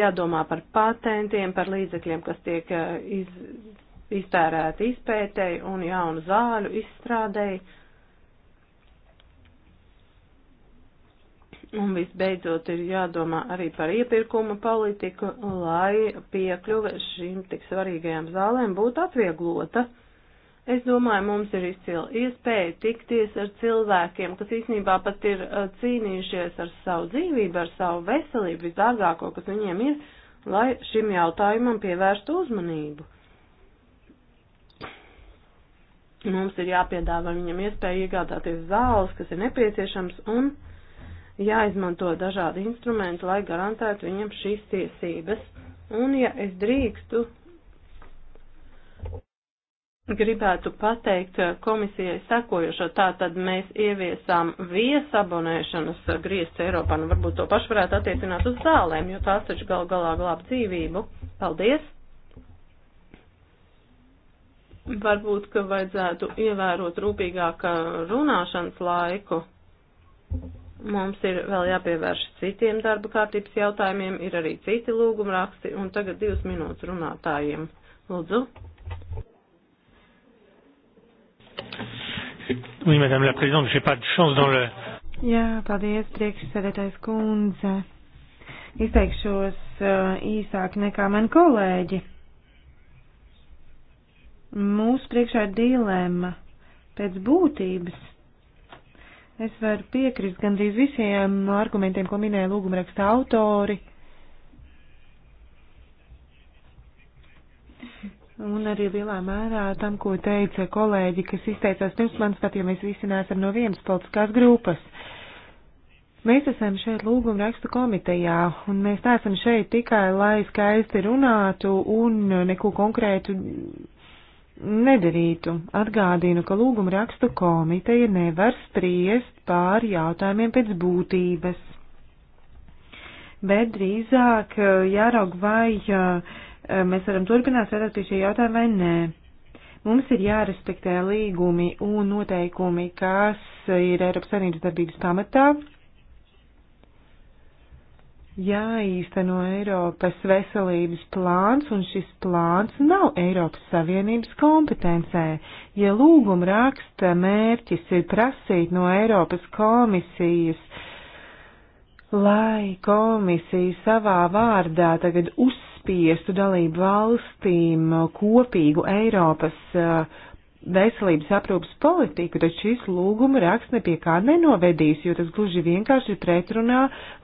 jādomā par patentiem, par līdzekļiem, kas tiek eh, iz, iztērēti izpētēji un jaunu zāļu izstrādēji Un visbeidzot ir jādomā arī par iepirkuma politiku, lai piekļuve šīm tik svarīgajām zālēm būtu atvieglota. Es domāju, mums ir izcila iespēja tikties ar cilvēkiem, kas īsnībā pat ir uh, cīnījušies ar savu dzīvību, ar savu veselību, visdārgāko, kas viņiem ir, lai šim jautājumam pievērstu uzmanību. Mums ir jāpiedāvā viņam iespēja iegādāties zāles, kas ir nepieciešams, un jāizmanto dažādi instrumenti, lai garantētu viņam šīs tiesības. Un, ja es drīkstu, gribētu pateikt komisijai sekojošo, tā tad mēs ieviesām viesabonēšanas griezts Eiropā, nu varbūt to pašu varētu attiecināt uz zālēm, jo tās taču gal galā glāb dzīvību. Paldies! Varbūt, ka vajadzētu ievērot rūpīgāk runāšanas laiku. Mums ir vēl jāpievērš citiem darba kārtības jautājumiem, ir arī citi lūguma raksti, un tagad divas minūtes runātājiem. Lūdzu. Oui, madame la présidente, j'ai pas de chance dans le. Jā, paldies, priekšsēdētājs kundze. Izteikšos uh, īsāk nekā man kolēģi. Mūsu priekšā ir dilemma pēc būtības Es varu piekrist gandrīz visiem argumentiem, ko minēja lūgumraksta autori. Un arī lielā mērā tam, ko teica kolēģi, kas izteicās pirms manis, pat ja mēs visi neesam no vienas politiskās grupas. Mēs esam šeit lūguma rakstu komitejā, un mēs neesam šeit tikai, lai skaisti runātu un neko konkrētu nedarītu. Atgādinu, ka lūguma rakstu komiteja nevar spriest pār jautājumiem pēc būtības, bet drīzāk eh, jāraug, vai eh, mēs varam turpināt strādāt pie šī jautājuma vai nē. Mums ir jārespektē līgumi un noteikumi, kas ir Eiropas Savienības darbības pamatā, jāīsteno Eiropas veselības plāns, un šis plāns nav Eiropas Savienības kompetencē. Ja lūguma raksta mērķis ir prasīt no Eiropas komisijas, lai komisija savā vārdā tagad uzspiestu dalību valstīm kopīgu Eiropas uh, veselības aprūpas politiku, taču šis lūguma raksts nepie kā nenovedīs, jo tas gluži vienkārši ir pretrunā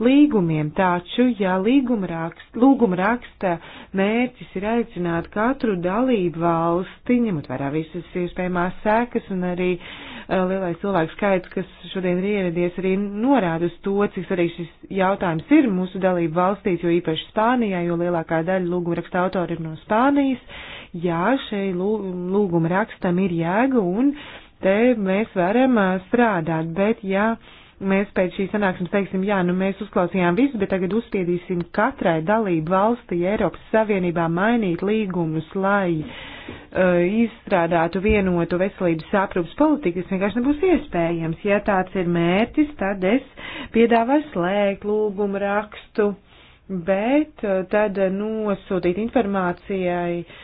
līgumiem. Taču, ja līguma, rakst, līguma raksta mērķis ir aicināt katru dalību valsti, ņemot vērā visas iespējamās sekas un arī uh, lielais cilvēks skaits, kas šodien ir ieradies, arī norāda uz to, cik svarīgs šis jautājums ir mūsu dalību valstīs, jo īpaši Spānijā, jo lielākā daļa lūguma raksta autori ir no Spānijas jā, šai lūguma rakstam ir jēga un te mēs varam strādāt, bet jā, mēs pēc šīs sanāksmes teiksim, jā, nu mēs uzklausījām visu, bet tagad uzspiedīsim katrai dalību valstī Eiropas Savienībā mainīt līgumus, lai uh, izstrādātu vienotu veselības aprūpas politiku. Tas vienkārši nebūs iespējams. Ja tāds ir mērķis, tad es piedāvāju slēgt lūgumu rakstu, bet uh, tad nosūtīt informācijai uh,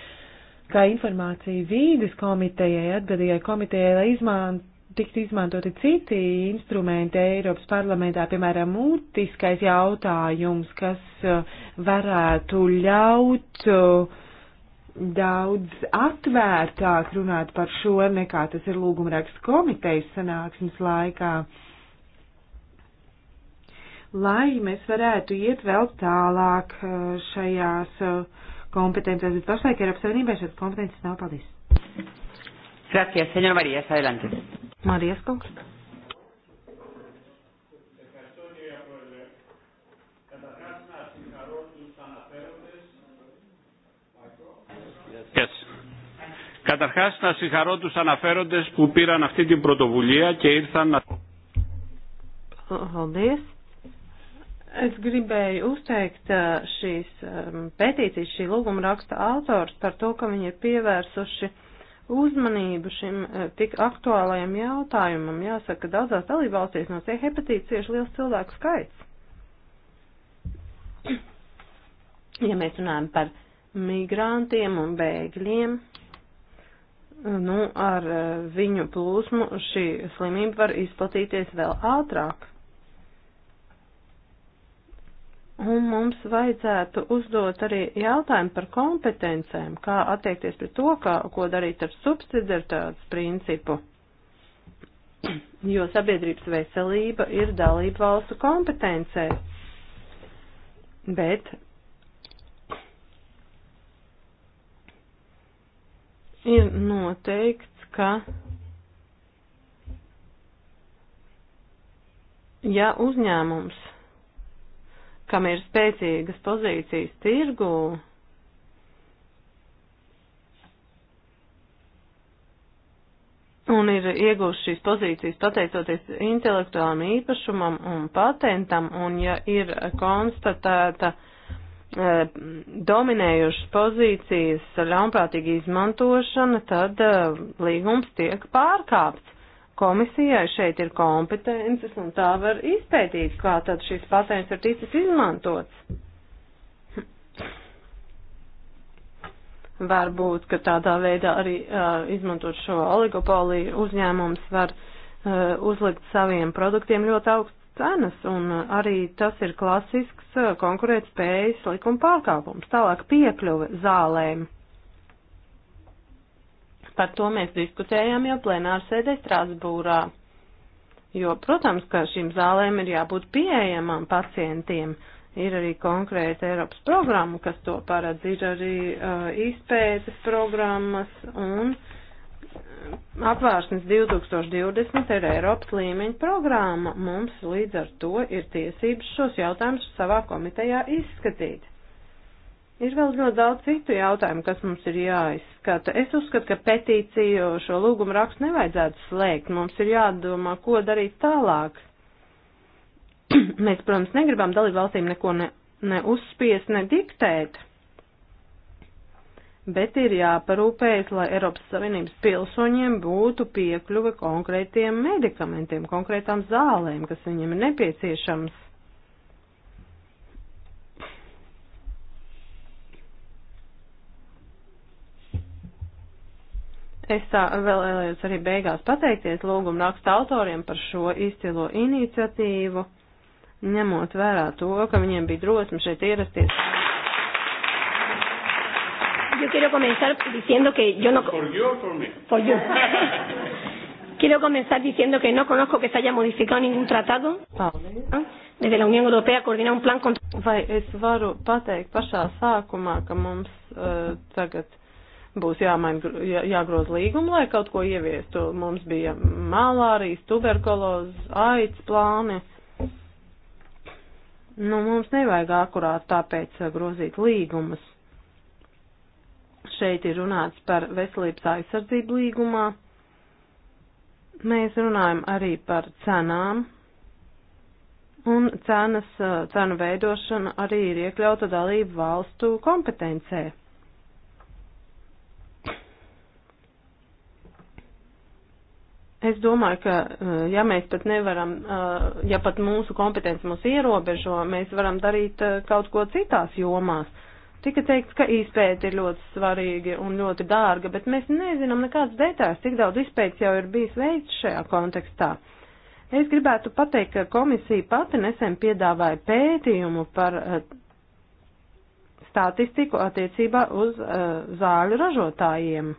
kā informācija vīdes komitejai, atgadījai komitejai, lai izman, tiktu izmantoti citi instrumenti Eiropas parlamentā, piemēram, mutiskais jautājums, kas uh, varētu ļaut uh, daudz atvērtāk runāt par šo, nekā tas ir lūgumraksts komitejas sanāksmes laikā lai mēs varētu iet vēl tālāk uh, šajās kompetences, bet pašlaik Eiropas Savienībai šādas kompetences nav. Paldies! Gracias, señor Marijas, adelante. Marijas kungs. Yes. Καταρχάς να συγχαρώ τους αναφέροντες που πήραν αυτή την πρωτοβουλία και ήρθαν να... Paldies. Es gribēju uzteikt šīs pētīcijas, šī lūguma raksta autors par to, ka viņi ir pievērsuši uzmanību šim tik aktuālajam jautājumam. Jāsaka, ka daudzās dalībvalstīs no C hepatīta cieši liels cilvēku skaits. Ja mēs runājam par migrantiem un bēgļiem, nu, ar viņu plūsmu šī slimība var izplatīties vēl ātrāk. Un mums vajadzētu uzdot arī jautājumu par kompetencēm, kā attiekties pret to, kā, ko darīt ar subsidiaritātes principu. [clears throat] Jo sabiedrības veselība ir dalība valstu kompetencē. Bet ir noteikts, ka ja uzņēmums kam ir spēcīgas pozīcijas tirgū, un ir iegūši šīs pozīcijas pateicoties intelektuālam īpašumam un patentam, un ja ir konstatēta eh, dominējušas pozīcijas ļaunprātīga izmantošana, tad eh, līgums tiek pārkāpts. Komisijai šeit ir kompetences un tā var izpētīt, kā tad šis patents ir ticis izmantots. Varbūt, ka tādā veidā arī uh, izmantot šo oligopoliju uzņēmums var uh, uzlikt saviem produktiem ļoti augstu cenas, un arī tas ir klasisks konkurētspējas likuma pārkāpums. Tālāk piekļuve zālēm. Par to mēs diskutējām jau plenārsēdē Strasbūrā. Jo, protams, ka šīm zālēm ir jābūt pieejamām pacientiem. Ir arī konkrēta Eiropas programma, kas to paredz, ir arī uh, izpētes programmas un uh, apvārsnes 2020 ir Eiropas līmeņa programma. Mums līdz ar to ir tiesības šos jautājumus savā komitejā izskatīt. Ir vēl ļoti daudz citu jautājumu, kas mums ir jāizskata. Es uzskatu, ka petīciju šo lūgumu rakstu nevajadzētu slēgt. Mums ir jādomā, ko darīt tālāk. [clears throat] Mēs, protams, negribam dalību valstīm neko ne, ne uzspiest, ne diktēt, bet ir jāparūpējas, lai Eiropas Savienības pilsoņiem būtu piekļuve konkrētiem medikamentiem, konkrētām zālēm, kas viņiem ir nepieciešams Es tā vēlējos arī beigās pateikties lūgumu rakstu autoriem par šo izcilo iniciatīvu, ņemot vērā to, ka viņiem bija drosme šeit ierasties. Yo quiero comenzar diciendo que yo no. ¿Por yo o por mí? Por yo. quiero comenzar diciendo que no conozco que se haya modificado ningún tratado. Paldies. Desde la Unión Europea coordina un plan contra. Vai es varu pateikt pašā sākumā, ka mums uh, tagad būs jāmaina, jā, jāgroz līgumu, lai kaut ko ieviestu. Mums bija malārijas, tuberkulozes, aids plāni. Nu, mums nevajag akurāt tāpēc eh, grozīt līgumus. Šeit ir runāts par veselības aizsardzību līgumā. Mēs runājam arī par cenām. Un cenas, eh, cenu veidošana arī ir iekļauta dalību valstu kompetencē. Es domāju, ka eh, ja mēs pat nevaram, eh, ja pat mūsu kompetence mūs ierobežo, mēs varam darīt eh, kaut ko citās jomās. Tika teikts, ka izpēta ir ļoti svarīga un ļoti dārga, bet mēs nezinām nekādas detaļas, cik daudz izpētes jau ir bijis veikts šajā kontekstā. Es gribētu pateikt, ka komisija pati nesen piedāvāja pētījumu par statistiku attiecībā uz uh, zāļu ražotājiem.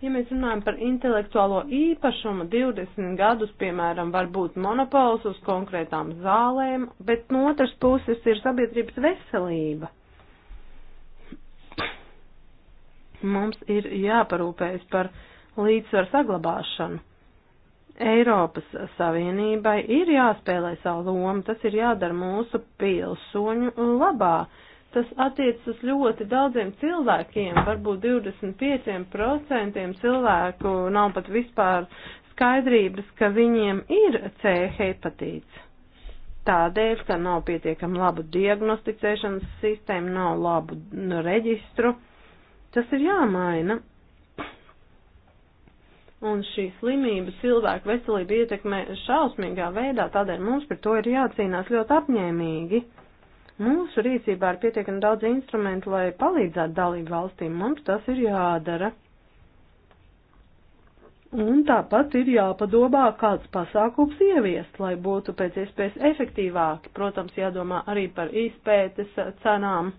Ja mēs runājam par intelektuālo īpašumu, 20 gadus, piemēram, var būt monopols uz konkrētām zālēm, bet no otras puses ir sabiedrības veselība. Mums ir jāparūpējas par līdzsvaru saglabāšanu. Eiropas Savienībai ir jāspēlē savu lomu, tas ir jādara mūsu pilsoņu labā. Uh, Tas attiecas uz ļoti daudziem cilvēkiem, varbūt 25% cilvēku nav pat vispār skaidrības, ka viņiem ir C hepatīts. Tādēļ, ka nav pietiekami labu diagnosticēšanas sistēmu, nav labu nu, reģistru. Tas ir jāmaina un šī slimība cilvēku veselību ietekmē šausmīgā veidā, tādēļ mums par to ir jācīnās ļoti apņēmīgi. Mūsu rīcībā ir pietiekami daudz instrumentu, lai palīdzētu dalību valstīm. Mums tas ir jādara. Un tāpat ir jāpadomā, kāds pasākums ieviest, lai būtu pēc iespējas efektīvāki. Protams, jādomā arī par izpētes cenām.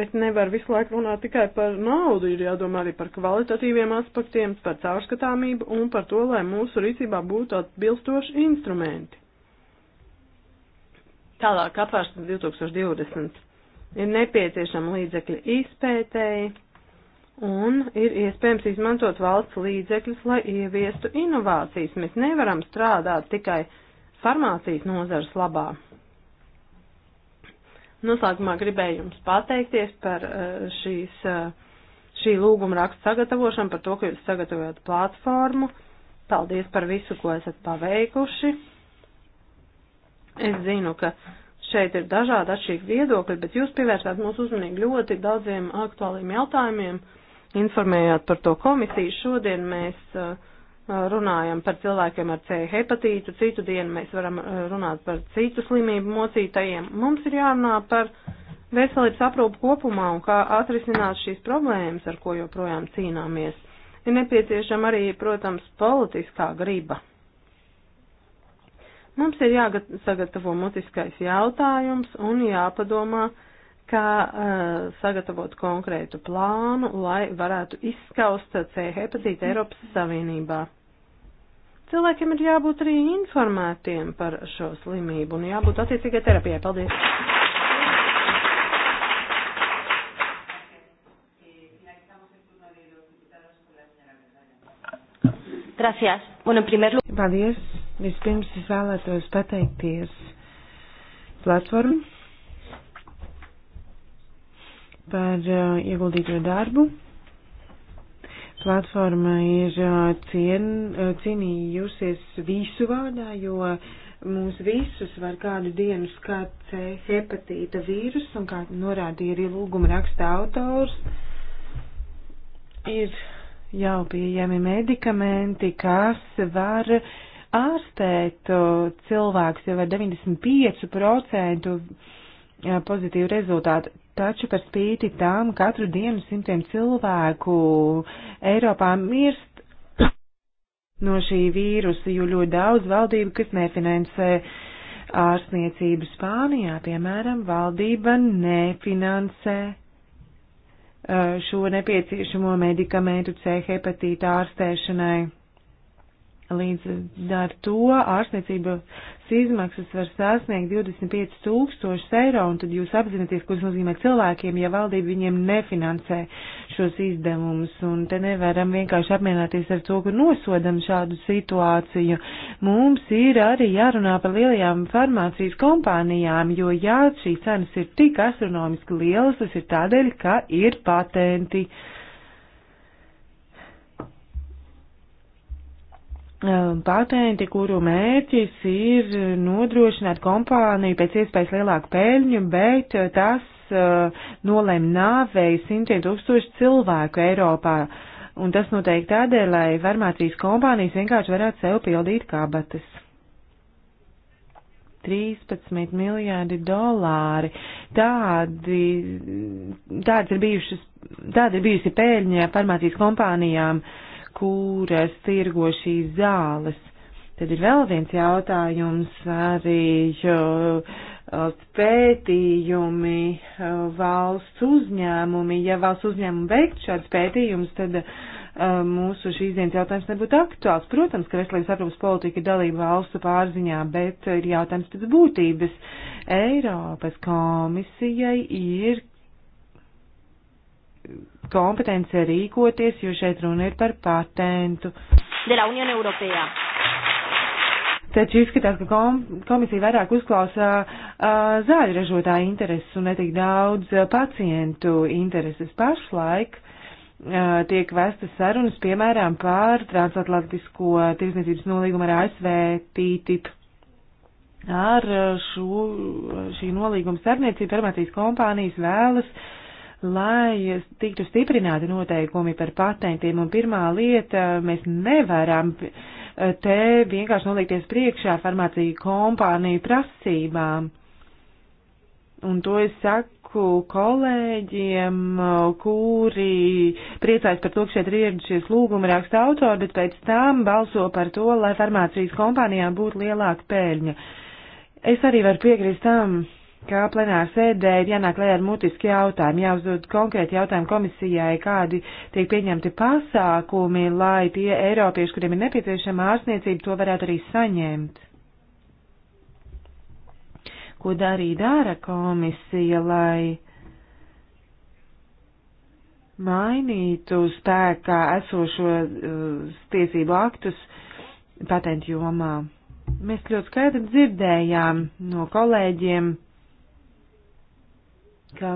Bet nevar visu laiku runāt tikai par naudu, ir jādomā arī par kvalitatīviem aspektiem, par caurskatāmību un par to, lai mūsu rīcībā būtu atbilstoši instrumenti. Tālāk apvārsnes 2020 ir nepieciešama līdzekļa izpētēji un ir iespējams izmantot valsts līdzekļus, lai ieviestu inovācijas. Mēs nevaram strādāt tikai farmācijas nozares labā. Noslēgumā gribēju jums pateikties par eh, šīs, eh, šī lūguma rakstu sagatavošanu, par to, ka jūs sagatavojat platformu. Paldies par visu, ko esat paveikuši. Es zinu, ka šeit ir dažādi atšķirīgi viedokļi, bet jūs pievērsāt mūsu uzmanību ļoti daudziem aktuāliem jautājumiem, informējāt par to komisiju. Šodien mēs uh, runājam par cilvēkiem ar C hepatītu, citu dienu mēs varam uh, runāt par citu slimību mocītajiem. Mums ir jārunā par veselības aprūpu kopumā un kā atrisināt šīs problēmas, ar ko joprojām cīnāmies. Ir nepieciešama arī, protams, politiskā griba. Mums ir jāsagatavo mutiskais jautājums un jāpadomā, kā uh, sagatavot konkrētu plānu, lai varētu izskaust eh, C hepatītu Eiropas Savienībā. Cilvēkiem ir jābūt arī informētiem par šo slimību un jābūt attiecīgai terapijai. Paldies! Gracias. Bueno, en primer lugar. Paldies. Vispirms es vēlētos pateikties platformu par uh, ieguldīto darbu. Platforma ir uh, cien, uh, cienījusies visu vārdā, jo mūs visus var kādu dienu skart C uh, hepatīta vīrus, un kā norādīja arī lūguma raksta autors, ir jau pieejami medikamenti, kas var uh, ārstēt cilvēkus jau ar 95% e, pozitīvu rezultātu. Taču par spīti tām katru dienu simtiem cilvēku Eiropā mirst no šī vīrusa, jo ļoti daudz valdību, kas nefinansē ārstniecību Spānijā, piemēram, valdība nefinansē e, šo nepieciešamo medikamentu C hepatīta ārstēšanai. Līdz ar to ārstniecības izmaksas var sasniegt 25 tūkstošus eiro, un tad jūs apzināties, ko tas nozīmē cilvēkiem, ja valdība viņiem nefinansē šos izdevumus, un te nevaram vienkārši apmienāties ar to, ka nosodam šādu situāciju. Mums ir arī jārunā par lielajām farmācijas kompānijām, jo jā, šīs cenas ir tik astronomiski lielas, tas ir tādēļ, ka ir patenti. Uh, Um, patenti, kuru mērķis ir nodrošināt kompāniju pēc iespējas lielāku peļņu, bet uh, tas uh, nolēma nāvēju simtiem tūkstošu cilvēku Eiropā. Un tas noteikti tādēļ, lai farmācijas kompānijas vienkārši varētu sev pildīt kabatas. 13 miljārdi dolāri. Tādi, tāds ir bijušas, tāda ir bijusi pēļņa farmācijas kompānijām uh, kuras tirgo šīs zāles. Tad ir vēl viens jautājums arī pētījumi valsts uzņēmumi. Ja valsts uzņēmumi veiktu šādus pētījumus, tad mūsu šīs dienas jautājums nebūtu aktuāls. Protams, ka veselības aprūpas politika ir dalība valstu pārziņā, bet ir jautājums pēc būtības. Eiropas komisijai ir kompetence rīkoties, jo šeit runa ir par patentu. De la Unión Europea. Taču izskatās, ka kom komisija vairāk uzklausa uh, zāļu ražotāju intereses un netik daudz uh, pacientu intereses pašlaik. Uh, tiek vestas sarunas, piemēram, par transatlantisko tirsniecības nolīgumu ar ASV TTIP. Ar šo, šī nolīguma starpniecību farmācijas kompānijas vēlas uh, lai tiktu stiprināti noteikumi par patentiem. Un pirmā lieta, mēs nevaram eh, te vienkārši nolikties priekšā farmāciju kompāniju prasībām. Un to es saku kolēģiem, kuri priecājas par to, ka šeit ir ieradušies lūguma raksta autori, bet pēc tam balso par to, lai farmācijas kompānijām būtu lielāka pēļņa. Es arī varu piekrist tam, kā plenāra sēdē ir jānāk lai ar mutiski jautājumu, jāuzdod konkrēti jautājumu komisijai, kādi tiek pieņemti pasākumi, lai tie eiropieši, kuriem ir nepieciešama ārstniecība, to varētu arī saņemt. Ko darīja dara komisija, lai mainītu spēkā esošo uh, tiesību aktus patentu jomā? Mēs ļoti skaidri dzirdējām no kolēģiem, ka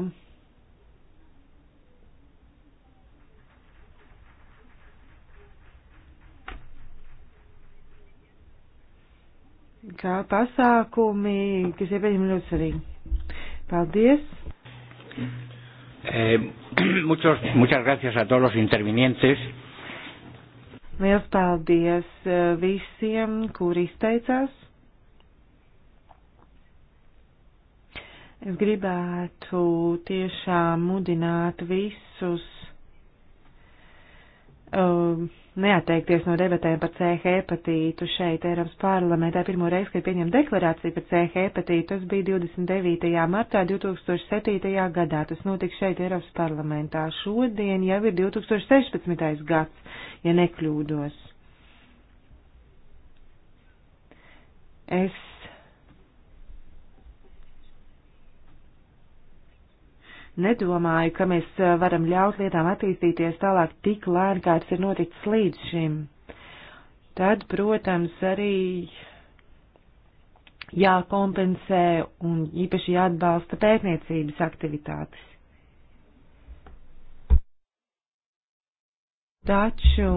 kā pasākumi, kas ir pieņemami ļoti svarīgi. Paldies! Eh, [clears throat] muchos, muchas gracias a todos los intervinientes. Liels paldies eh, visiem, kuri izteicās. Es gribētu tiešām mudināt visus uh, neatteikties no debatēm par C hepatītu šeit Eiropas parlamentā. Pirmo reizi, kad pieņem deklarāciju par C hepatītu, tas bija 29. martā 2007. gadā. Tas notika šeit Eiropas parlamentā. Šodien jau ir 2016. gads, ja nekļūdos. Es nedomāju, ka mēs eh, varam ļaut lietām attīstīties tālāk tik lēni, kā tas ir noticis līdz šim. Tad, protams, arī jākompensē un īpaši jāatbalsta pētniecības aktivitātes. Taču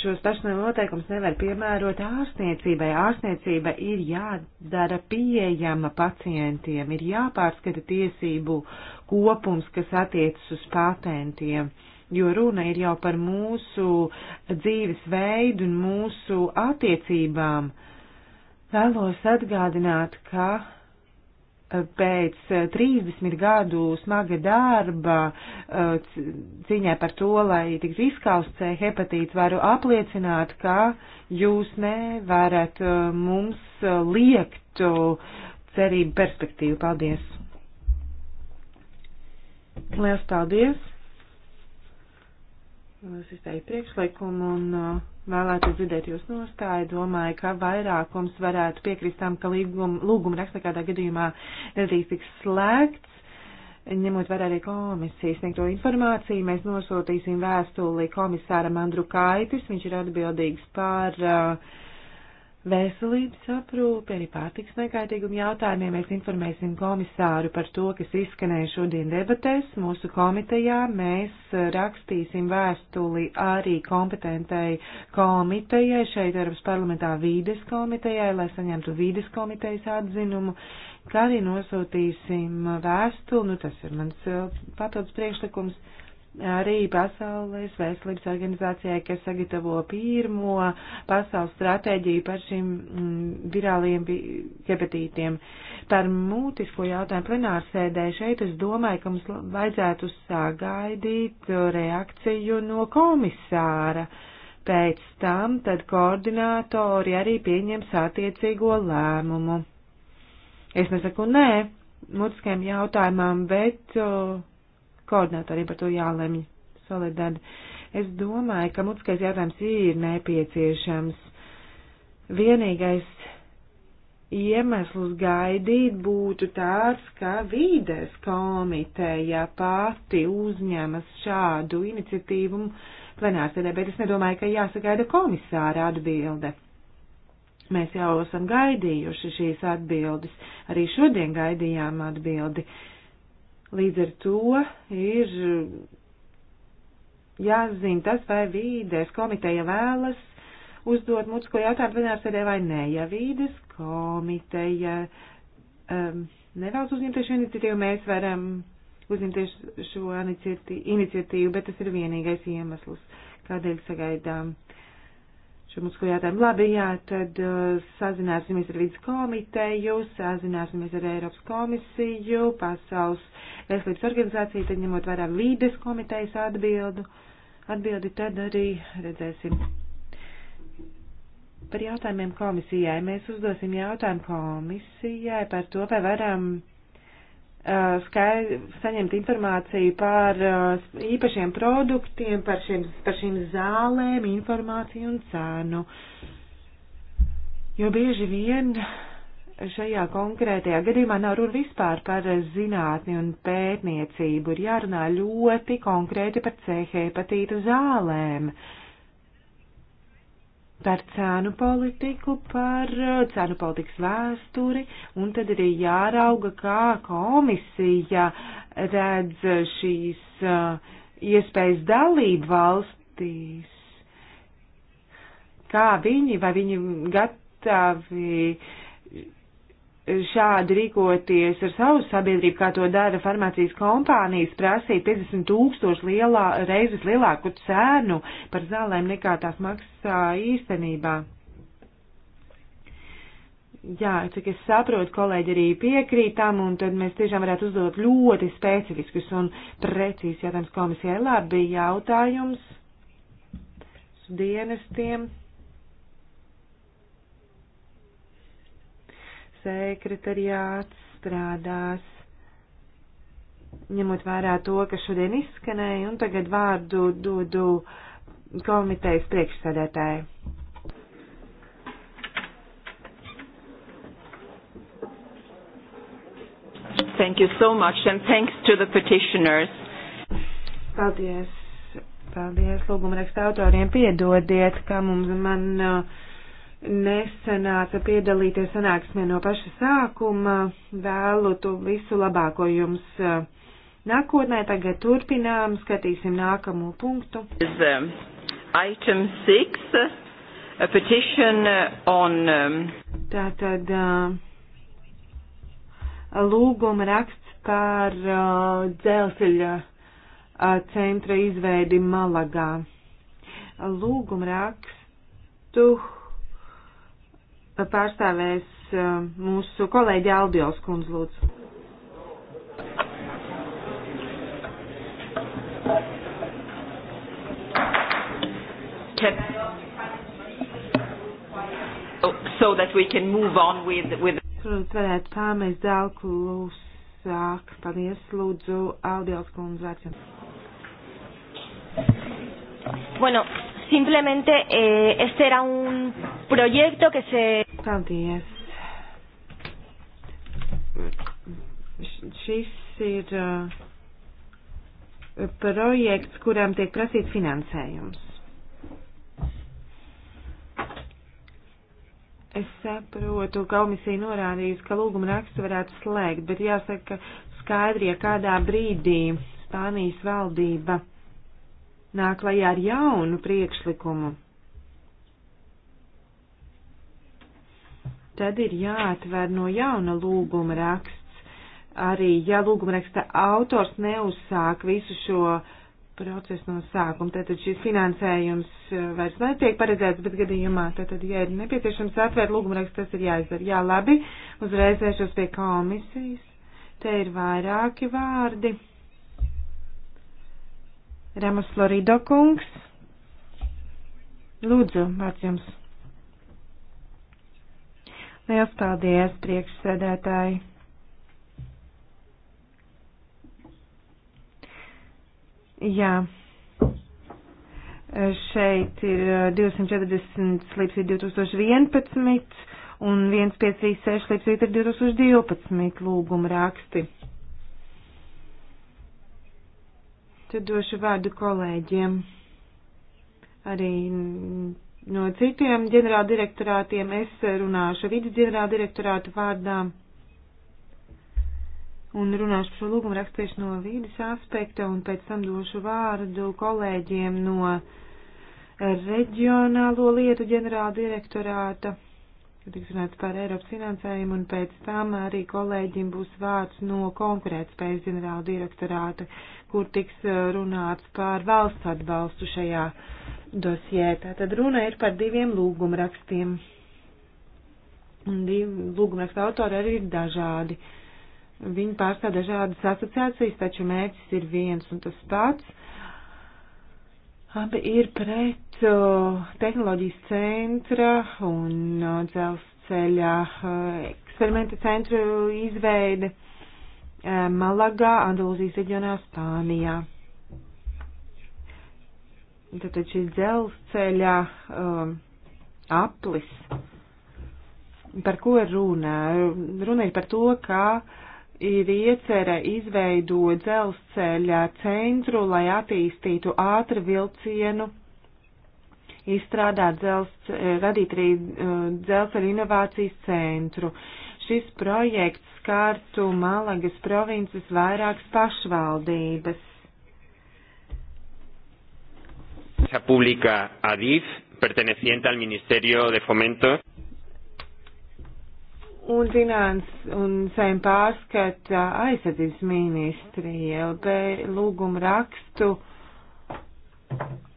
šos personāla noteikums nevar piemērot ārstniecībai. Ārstniecība ir jādara pieejama pacientiem, ir jāpārskata tiesību kopums, kas attiecas uz patentiem, jo runa ir jau par mūsu dzīves veidu un mūsu attiecībām. Vēlos atgādināt, ka pēc 30 eh, gadu smaga darba eh, cīņā par to, lai tiktu izskausts C hepatīts, varu apliecināt, ka jūs nevarat eh, mums liekt cerību perspektīvu. Paldies! Lielas paldies! Es izteicu priekšlikumu un uh, vēlētos dzirdēt jūs nostāju. Domāju, ka vairākums varētu piekrist tam, ka līguma, lūguma raksts nekādā gadījumā nedrīkst tik slēgts. Ņemot vērā arī komisijas sniegto informāciju, mēs nosūtīsim vēstuli komisāram Andru Kaitis. Viņš ir atbildīgs par uh, veselības aprūpi, arī pārtiks nekaitīgumu jautājumiem. Mēs informēsim komisāru par to, kas izskanēja šodien debatēs. Mūsu komitejā mēs rakstīsim vēstuli arī kompetentai komitejai, šeit Eiropas parlamentā vīdes komitejai, lai saņemtu vīdes komitejas atzinumu, kā arī nosūtīsim vēstuli, nu tas ir mans eh, papildus priekšlikums arī Pasaules veselības organizācijai, kas sagatavo pirmo pasaules stratēģiju par šiem mm, virāliem hepatītiem. Par mūtisko jautājumu plenārsēdē šeit es domāju, ka mums vajadzētu sagaidīt reakciju no komisāra. Pēc tam tad koordinātori arī pieņems attiecīgo lēmumu. Es nesaku nē, mutiskajam jautājumam, bet. Uh, koordinatoriem par to jālemj. Solidad. Es domāju, ka mutiskais jautājums ir nepieciešams. Vienīgais iemesls gaidīt būtu tāds, ka vīdes komiteja pati uzņemas šādu iniciatīvu plenārsēdē, bet es nedomāju, ka jāsagaida komisāra atbilde. Mēs jau esam gaidījuši šīs atbildes, arī šodien gaidījām atbildi. Uh, Līdz ar to ir jāzina tas, vai vīdes komiteja vēlas uzdot mutisko jautājumu plenārsēdē vai nē. Ja vīdes komiteja um, nevēlas uzņemties šo iniciatīvu, mēs varam uzņemties šo iniciatīvu, bet tas ir vienīgais iemesls, kādēļ sagaidām šo mūsu jautājumu. Labi, jā, tad uh, sazināsimies ar vidas komiteju, sazināsimies ar Eiropas komisiju, Pasaules veselības organizāciju, tad ņemot vērā vides komitejas atbildu, atbildi, tad arī redzēsim. Par jautājumiem komisijai. Mēs uzdosim jautājumu komisijai par to, vai varam Uh, skaidri saņemt informāciju par uh, īpašiem produktiem, par, šiem, par šīm zālēm, informāciju un cēnu. Jo bieži vien šajā konkrētajā gadījumā nav runa vispār par zinātni un pētniecību, ir jārunā ļoti konkrēti par C hepatītu zālēm. Uh, par cēnu politiku, par uh, cēnu politikas vēsturi, un tad arī jārauga, kā komisija redz šīs uh, iespējas dalību valstīs, kā viņi vai viņi gatavi šādi rīkoties ar savu sabiedrību, kā to dara farmācijas kompānijas, prasīt 50 tūkstoši lielā, reizes lielāku cēnu par zālēm nekā tās maksā īstenībā. Jā, cik es saprotu, kolēģi arī piekrītam, un tad mēs tiešām varētu uzdot ļoti specifiskus un precīzi jautājumus komisijai. Labi, jautājums dienestiem. sekretariāts strādās, ņemot vērā to, kas šodien izskanēja, un tagad vārdu dodu komitejas priekšsēdētāji. Thank you so much and thanks to the petitioners. Paldies. Paldies lūguma raksta autoriem. Piedodiet, ka mums man uh, nesanāca piedalīties sanāksmē no paša sākuma. Vēlu tu visu labāko jums uh, nākotnē. Tagad turpinām, skatīsim nākamo punktu. Is, um, item 6, a petition uh, on. Um... Tātad uh, lūguma raksts par uh, dzelzceļa uh, centra izveidi Malagā. Lūguma rakstu pārstāvēs uh, mūsu kolēģi Albijos kundz lūdzu. Oh, so that we can move on with, with Protams, varētu tā mēs dēl klusāk. Paldies, lūdzu, Aldijos kundz vērtiem. Bueno, simplemente eh, este era un proyecto que se Paldies. Šis ir uh, projekts, kuram tiek prasīts finansējums. Es saprotu, ka komisija norādījusi, ka lūguma rakstu varētu slēgt, bet jāsaka skaidri, ja kādā brīdī Spānijas valdība nāk lajā ar jaunu priekšlikumu tad ir jāatver no jauna lūguma raksts. Arī, ja lūguma raksta autors neuzsāk visu šo procesu no sākuma, tad šis finansējums eh, vairs netiek paredzēts, bet gadījumā, tad, ja ir nepieciešams atvērt lūguma rakstu, tas ir jāizdara. Jā, labi, uzreiz vēršos pie komisijas. Te ir vairāki vārdi. Remas Florido kungs. Lūdzu, vārds jums. Liels paldies, priekšsēdētāji! Jā, šeit ir 240 līdz 2011 un 1536 līdz 2012 lūguma raksti. Tad došu vārdu kolēģiem. Arī no citiem ģenerāldirektorātiem. Es runāšu vidas ģenerāldirektorātu vārdā un runāšu par šo lūgumu rakstīšu no vidas aspekta un pēc tam došu vārdu kolēģiem no reģionālo lietu ģenerāldirektorāta. Tiks runāts par Eiropas finansējumu un pēc tam arī kolēģim būs vārds no konkurētspējas ģenerāla direktorāta, kur tiks uh, runāts par valsts atbalstu šajā dosjē. Tātad runa ir par diviem lūgumrakstiem. Un divi lūgumraksta autori arī ir dažādi. Viņi pārstāv dažādas asociācijas, taču mērķis ir viens un tas pats. Abi ir pret uh, tehnoloģijas centra un uh, dzelzceļa uh, eksperimenta centru izveidi uh, e, Malagā, Andalūzijas reģionā, Spānijā. Uh, Tātad šis dzelzceļa um, aplis, par ko runa? Runa ir par to, ka ir iecerē izveidot dzelzceļa centru, lai attīstītu ātru vilcienu, izstrādāt dzelzceļa, radīt arī uh, dzelzceļa inovācijas centru. Šis projekts skārtu Malagas provinces vairākas pašvaldības empresa pública ADIF perteneciente al Ministerio de Fomento. Un zināms un saim pārskata aizsardzības ministrija, bet lūguma rakstu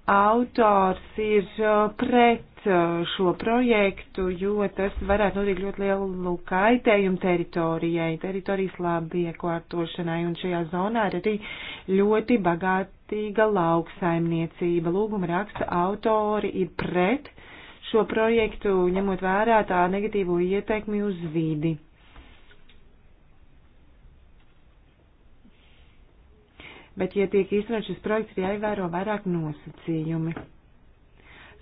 autors ir uh, pret uh, šo projektu, jo tas varētu nodīt ļoti lielu kaitējumu teritorijai, teritorijas labi iekārtošanai, un šajā zonā ir arī ļoti bagāti atbilstīga lauksaimniecība. Lūguma raksta autori ir pret šo projektu, ņemot vērā tā negatīvo ietekmi uz vidi. Bet, ja tiek īstenots šis projekts, ir jāievēro vairāk nosacījumi.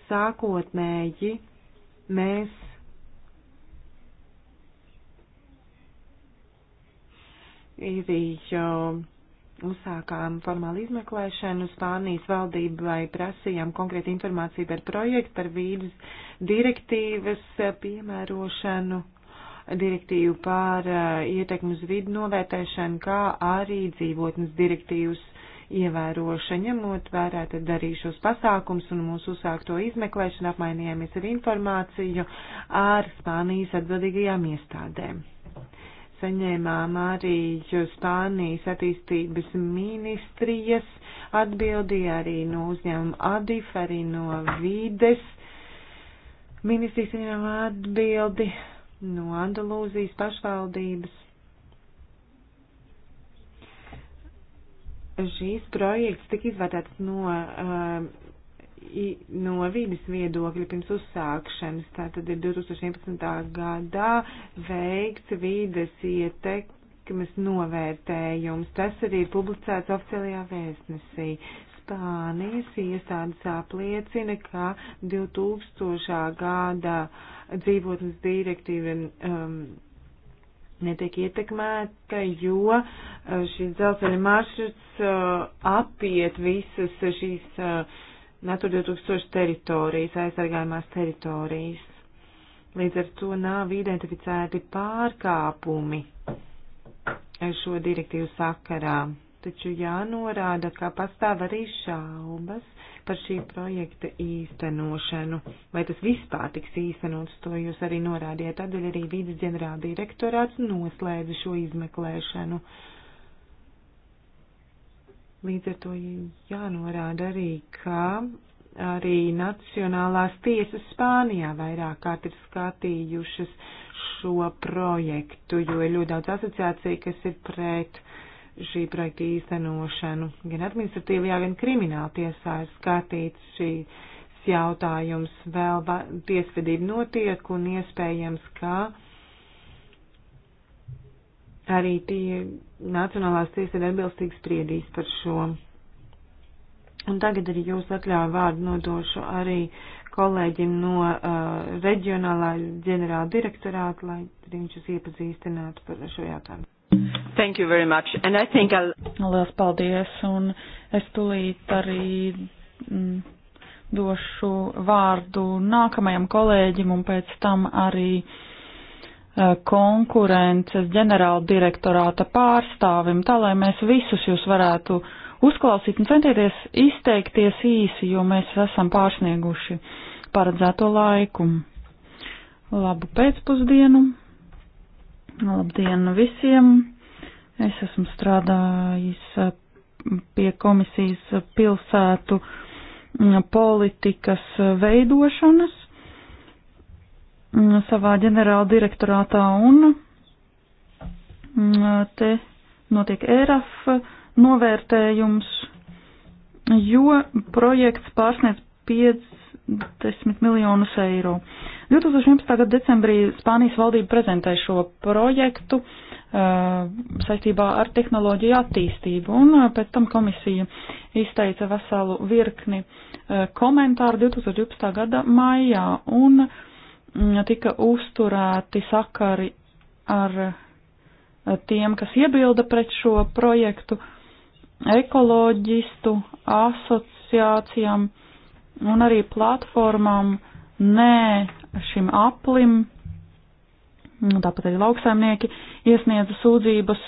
Sākotnēji mēs ir jau uzsākām formālu izmeklēšanu. Spānijas valdībai prasījām konkrēti informāciju par projektu, par vīdes direktīvas piemērošanu, direktīvu par ietekmu uz vidu novērtēšanu, kā arī dzīvotnes direktīvas ievērošanu, ņemot vērā tad arī šos pasākums un mūsu uzsākto izmeklēšanu apmainījāmies ar informāciju ar Spānijas atbildīgajām iestādēm saņēmām arī Spānijas attīstības ministrijas atbildi, arī no uzņēmuma ADIF, arī no vides ministrijas saņēmām atbildi, no Andalūzijas pašvaldības. Šīs projekts tika izvērtēts no uh, no vidas viedokļa pirms uzsākšanas. Tātad ir 2011. gadā veikts vides ietekmes novērtējums. Tas arī ir publicēts oficiālajā vēstnesī. Spānijas iestādes apliecina, ka 2000. gada dzīvotnes direktīva um, netiek ietekmēta, jo uh, šis dzelzceļa maršruts uh, apiet visas šīs uh, Natura 2000 teritorijas, aizsargājumās teritorijas. Līdz ar to nav identificēti pārkāpumi šo direktīvu sakarā, taču jānorāda, ka pastāv arī šaubas par šī projekta īstenošanu. Vai tas vispār tiks īstenots, to jūs arī norādījāt. Tādēļ arī vīdes ģenerāldirektorāts noslēdza šo izmeklēšanu. Uh, Līdz ar to jānorāda arī, ka arī Nacionālās tiesas Spānijā vairāk kārt ir skatījušas šo projektu, jo ir ļoti daudz asociāciju, kas ir pret šī projekta īstenošanu. Gan administratīvajā, gan krimināla tiesā ir skatīts šīs jautājums. Vēl tiesvedība notiek un iespējams, ka arī tie Nacionālās tiesa ir atbilstīgi spriedīs par šo. Un tagad arī jūs atļauju vārdu nodošu arī kolēģim no uh, reģionālā ģenerāla direktorāta, lai viņš jūs iepazīstinātu par šo jautājumu. Thank you very much. And I think I'll... Lielas paldies. Un es tulīt arī mm, došu vārdu nākamajam kolēģim un pēc tam arī uh, Eh, konkurences ģenerāla direktorāta pārstāvim, tā lai mēs visus jūs varētu uzklausīt un centieties izteikties īsi, jo mēs esam pārsnieguši paredzēto laiku. Labu pēcpusdienu, labdien visiem! Es esmu strādājis eh, pie komisijas pilsētu politikas eh, veidošanas Mm, savā ģenerāla direktorātā un mm, te notiek ERAF novērtējums, jo projekts pārsniedz 50 miljonus eiro. 2011. gada decembrī Spānijas valdība prezentēja šo projektu uh, saistībā ar tehnoloģiju attīstību, un eh, pēc tam komisija izteica veselu virkni uh, komentāru 2012. gada maijā, un uh, tika uzturēti sakari ar tiem, kas iebilda pret šo projektu, ekoloģistu asociācijām un arī platformām nē šim aplim, tāpat arī lauksaimnieki iesniedza sūdzības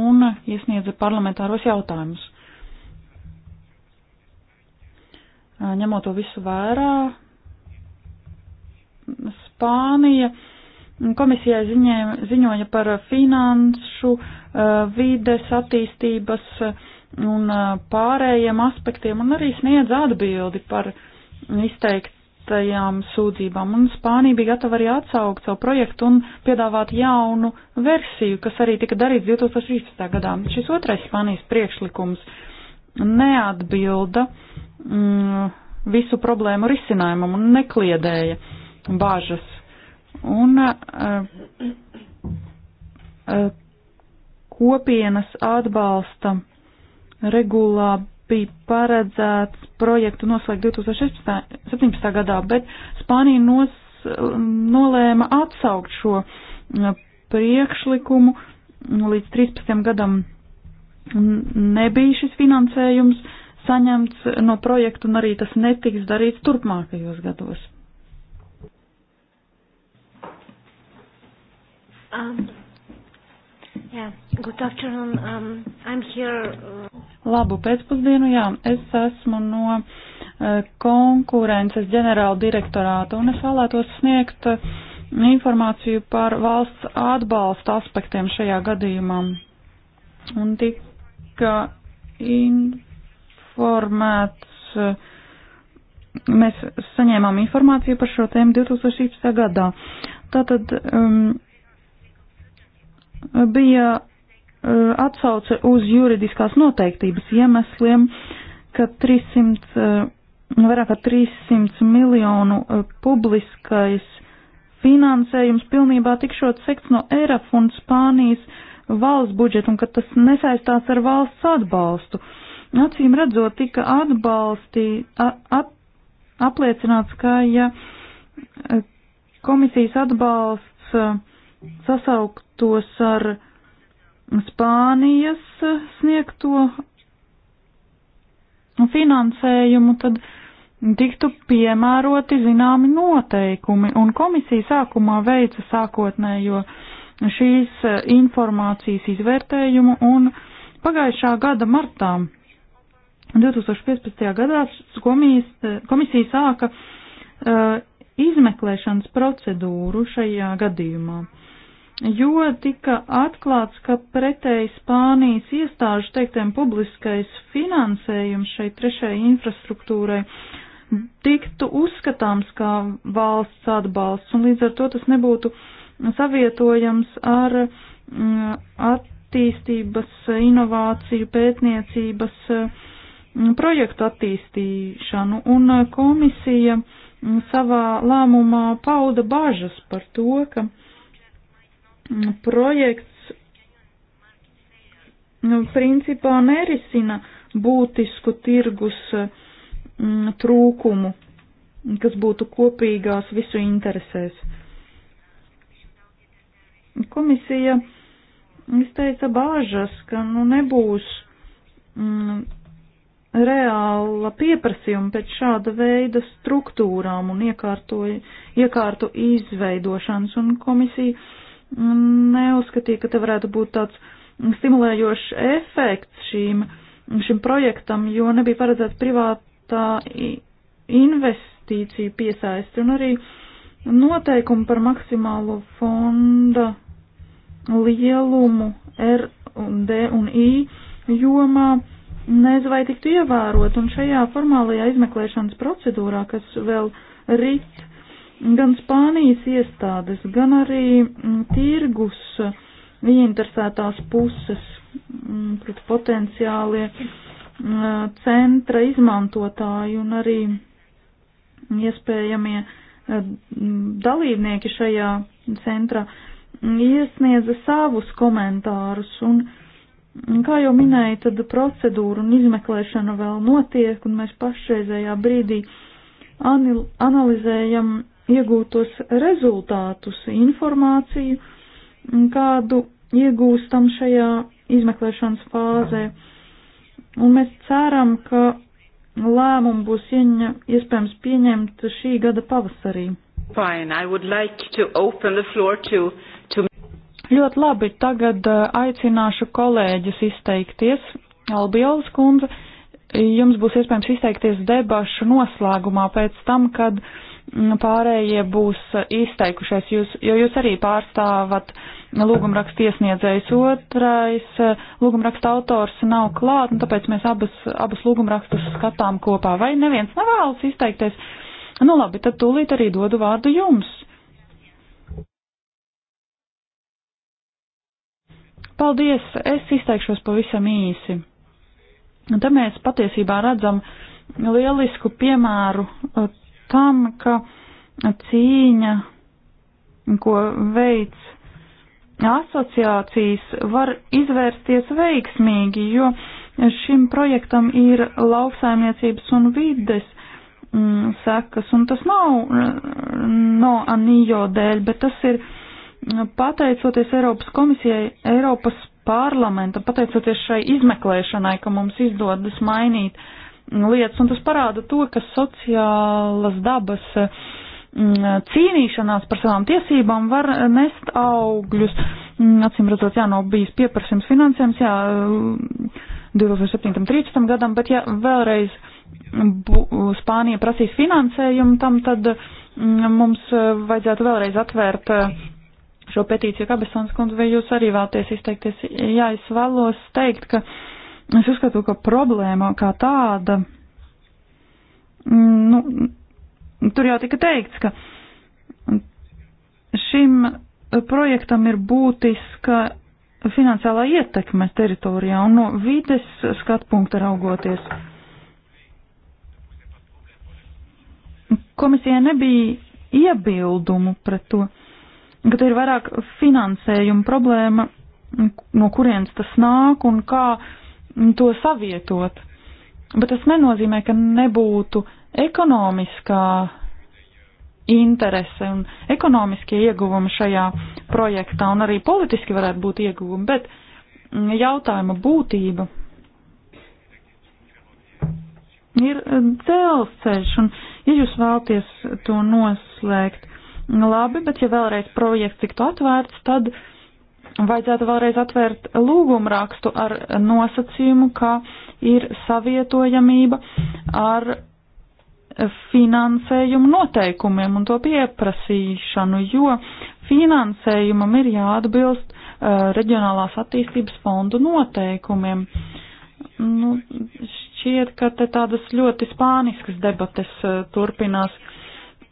un iesniedza parlamentāros jautājumus. Ņemot to visu vērā, Spānija komisijai ziņē, ziņoja par finanšu, eh, vides attīstības eh, un eh, pārējiem aspektiem un arī sniedz atbildi par izteiktajām sūdzībām. Un Spānija bija gatava arī atsaukt savu projektu un piedāvāt jaunu versiju, kas arī tika darīts 2016. gadā. Šis otrais Spānijas priekšlikums neatbilda mm, visu problēmu risinājumam un nekliedēja. Uh, bažas. Un uh, uh, kopienas atbalsta regulā bija paredzēts projektu noslēgt 2017. gadā, bet Spānija nos, nolēma atsaukt šo uh, priekšlikumu līdz 13. gadam. Nebija šis finansējums saņemts no projektu un arī tas netiks darīts turpmākajos gados. Um, yeah. Good afternoon. Um, I'm here. Uh, Labu pēcpusdienu, jā. Es esmu no uh, konkurences ģenerāla direktorāta un es vēlētos sniegt uh, informāciju par valsts atbalsta aspektiem šajā gadījumā. Un tika informēts, uh, mēs saņēmām informāciju par šo tēmu 2016. gadā. Tātad um, bija eh, atsauce uz juridiskās noteiktības iemesliem, ka 300, eh, vairāk kā 300 miljonu eh, publiskais finansējums pilnībā tikšot sekts no ERAF un Spānijas valsts budžeta un ka tas nesaistās ar valsts atbalstu. Acīm redzot, tika atbalstī, ap, apliecināts, ka ja komisijas atbalsts sasauktos ar Spānijas sniegto finansējumu, tad tiktu piemēroti zināmi noteikumi, un komisija sākumā veica sākotnējo šīs informācijas izvērtējumu, un pagājušā gada martā, 2015. gadā, komisija, komisija sāka uh, izmeklēšanas procedūru šajā gadījumā. Uh, jo tika atklāts, ka pretēji Spānijas iestāžu teiktiem publiskais finansējums šai trešajai infrastruktūrai tiktu uzskatāms kā valsts atbalsts, un līdz ar to tas nebūtu savietojams ar mm, attīstības, inovāciju, pētniecības mm, projektu attīstīšanu, un komisija mm, savā lēmumā pauda bažas par to, ka Mm, projekts nu, principā nerisina būtisku tirgus mm, trūkumu, kas būtu kopīgās visu interesēs. Komisija izteica bāžas, ka nu, nebūs mm, reāla pieprasījuma pēc šāda veida struktūrām un iekārto, iekārtu izveidošanas, un komisija neuzskatīja, ka te varētu būt tāds stimulējošs efekts šīm, šim projektam, jo nebija paredzēts privātā investīcija piesaisti un arī noteikumi par maksimālo fonda lielumu R un D un I jomā nezinu, vai tiktu ievērot, un šajā formālajā izmeklēšanas procedūrā, kas vēl rīt, Gan Spānijas iestādes, gan arī mm, tirgus ieinteresētās puses, mm, potenciālie mm, centra izmantotāji un arī iespējamie eh, dalībnieki šajā centrā iesniedza savus komentārus un, kā jau minēju, tad procedūra un izmeklēšana vēl notiek un mēs pašreizējā brīdī analizējam iegūtos rezultātus, informāciju, kādu iegūstam šajā izmeklēšanas fāzē. Un mēs ceram, ka lēmumu būs ieņa, iespējams pieņemt šī gada pavasarī. Fine, like to to, to... Ļoti labi, tagad uh, aicināšu kolēģus izteikties. Albielas kundze, jums būs iespējams izteikties debašu noslēgumā pēc tam, kad uh, pārējie būs izteikušies, jūs, jo jūs arī pārstāvat lūgumrakstu iesniedzējus. Otrais lūgumraksta autors nav klāt, un tāpēc mēs abas, abas lūgumrakstus skatām kopā. Vai neviens nevēlas izteikties? Nu labi, tad tūlīt arī dodu vārdu jums. Paldies, es izteikšos pavisam īsi. Un te mēs patiesībā redzam lielisku piemēru tam, ka cīņa, ko veids asociācijas, var izvērsties veiksmīgi, jo šim projektam ir lauksaimniecības un vides mm, sekas, un tas nav mm, no anījo dēļ, bet tas ir mm, pateicoties Eiropas komisijai, Eiropas parlamenta, pateicoties šai izmeklēšanai, ka mums izdodas mainīt uh, lietas, un tas parāda to, ka sociālas dabas mm, cīnīšanās par savām tiesībām var nest augļus. Mm, acīm redzot, jā, nav bijis pieprasījums finansējums, jā, 2017. Mm, gadam, bet ja vēlreiz Spānija prasīs finansējumu tam, tad mums vajadzētu vēlreiz atvērt šo petīciju. Kabesons kundze, vai jūs arī vēlaties izteikties? Jā, es vēlos teikt, ka Es uzskatu, ka problēma kā tāda, mm, nu, tur jau tika teikts, ka šim projektam ir būtiska finansiālā ietekme teritorijā un no vides skatu punkta raugoties. Komisija nebija iebildumu pret to, ka te ir vairāk finansējuma problēma, no kurienes tas nāk un kā uh, to savietot. Bet tas nenozīmē, ka nebūtu ekonomiskā interese un ekonomiskie ieguvumi šajā projektā, un arī politiski varētu būt ieguvumi, bet mm, jautājuma būtība ir mm, dzelzceļš, un ja jūs vēlties to noslēgt, labi, bet ja vēlreiz projekts tiktu atvērts, tad uh, vajadzētu vēlreiz atvērt lūgumu rakstu ar nosacījumu, ka ir savietojamība ar finansējumu noteikumiem un to pieprasīšanu, jo finansējumam ir jāatbilst uh, reģionālās attīstības fondu noteikumiem. Nu, šķiet, ka te tādas ļoti spāniskas debates uh, turpinās. Uh,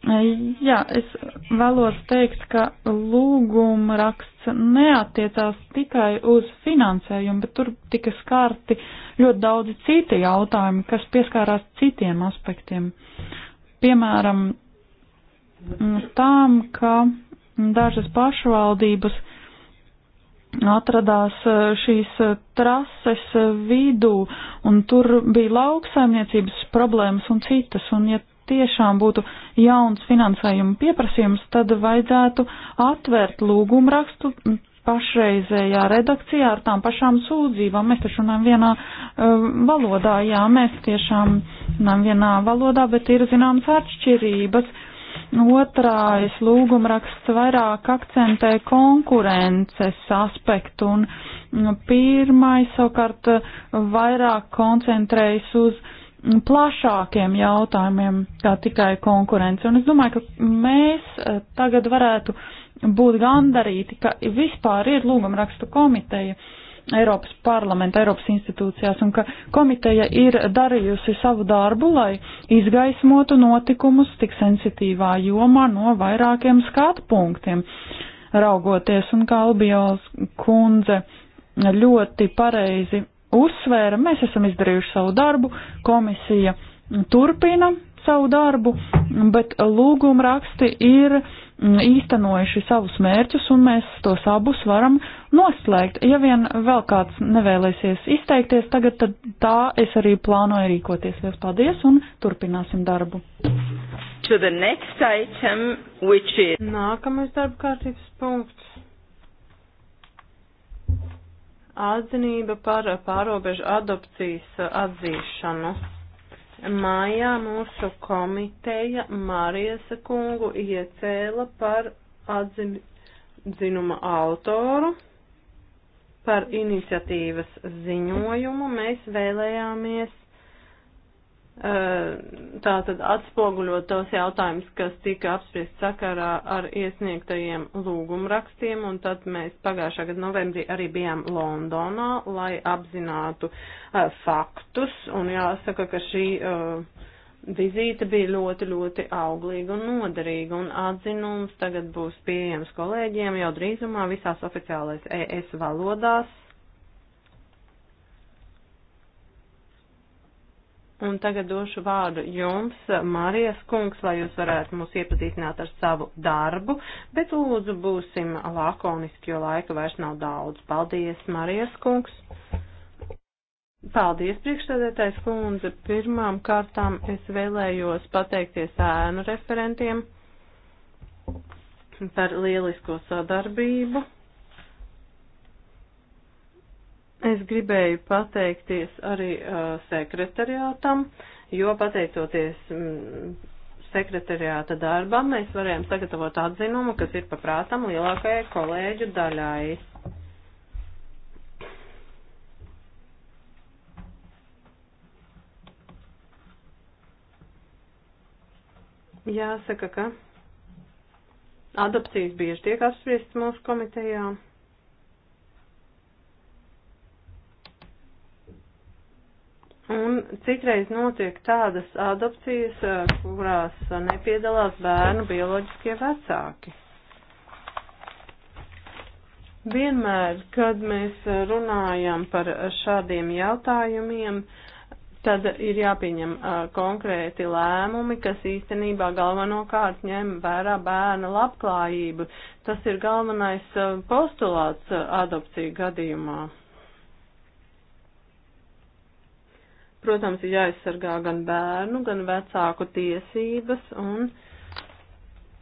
Jā, es vēlos teikt, ka lūguma raksts neatiecās tikai uz finansējumu, bet tur tika skārti ļoti daudzi citi jautājumi, kas pieskārās citiem aspektiem. Piemēram, tām, ka dažas pašvaldības atradās šīs trases vidū, un tur bija lauksaimniecības problēmas un citas, un ja tiešām būtu jauns finansējuma pieprasījums, tad vajadzētu atvērt lūgumu rakstu pašreizējā redakcijā ar tām pašām sūdzībām. Mēs taču runājam vienā uh, valodā, jā, mēs tiešām runājam vienā valodā, bet ir zināmas atšķirības. Otrais lūgumraksts vairāk akcentē konkurences aspektu un pirmais savukārt vairāk koncentrējas uz uh, plašākiem jautājumiem, kā tikai konkurence. Un es domāju, ka mēs eh, tagad varētu būt gandarīti, ka vispār ir lūgumrakstu komiteja Eiropas parlamenta, Eiropas institūcijās, un ka komiteja ir darījusi savu darbu, lai izgaismotu notikumus tik sensitīvā jomā no vairākiem skatu punktiem raugoties, un kā Albijāls kundze ļoti pareizi uzsvēra, mēs esam izdarījuši savu darbu, komisija turpina savu darbu, bet lūguma raksti ir mm, īstenojuši savus mērķus, un mēs tos abus varam noslēgt. Ja vien vēl kāds nevēlēsies izteikties tagad, tad tā es arī plānoju rīkoties. Lielas paldies un turpināsim darbu. Item, is... Nākamais darba kārtības punkts atzinība par pārobežu adopcijas atzīšanu. Mājā mūsu komiteja Marijas kungu iecēla par atzinuma autoru, par iniciatīvas ziņojumu. Mēs vēlējāmies tā tad atspoguļot tos jautājumus, kas tika apspriest sakarā ar iesniegtajiem lūgumrakstiem, un tad mēs pagājušā gada novembrī arī bijām Londonā, lai apzinātu uh, faktus, un jāsaka, ka šī uh, vizīte bija ļoti, ļoti auglīga un noderīga, un atzinums tagad būs pieejams kolēģiem jau drīzumā visās oficiālais ES valodās Un tagad došu vārdu jums, Mārijas kungs, lai jūs varētu mūs iepazīstināt ar savu darbu, bet lūdzu būsim lakoniski, jo laika vairs nav daudz. Paldies, Mārijas kungs! Paldies, priekšstādētais kundze. Pirmām kārtām es vēlējos pateikties ēnu referentiem par lielisko sadarbību Es gribēju pateikties arī uh, sekretariātam, jo pateicoties mm, sekretariāta darbam, mēs varējām sagatavot atzinumu, kas ir paprātam lielākajai kolēģu daļai. Jāsaka, ka adopcijas bieži tiek apspriestas mūsu komitejām. Un citreiz notiek tādas adopcijas, eh, kurās nepiedalās bērnu bioloģiskie vecāki. Vienmēr, kad mēs runājam par šādiem jautājumiem, tad ir jāpieņem eh, konkrēti lēmumi, kas īstenībā galvenokārt ņem vērā bērna labklājību. Tas ir galvenais eh, postulāts adopciju gadījumā. Protams, ir jāaizsargā gan bērnu, gan vecāku tiesības un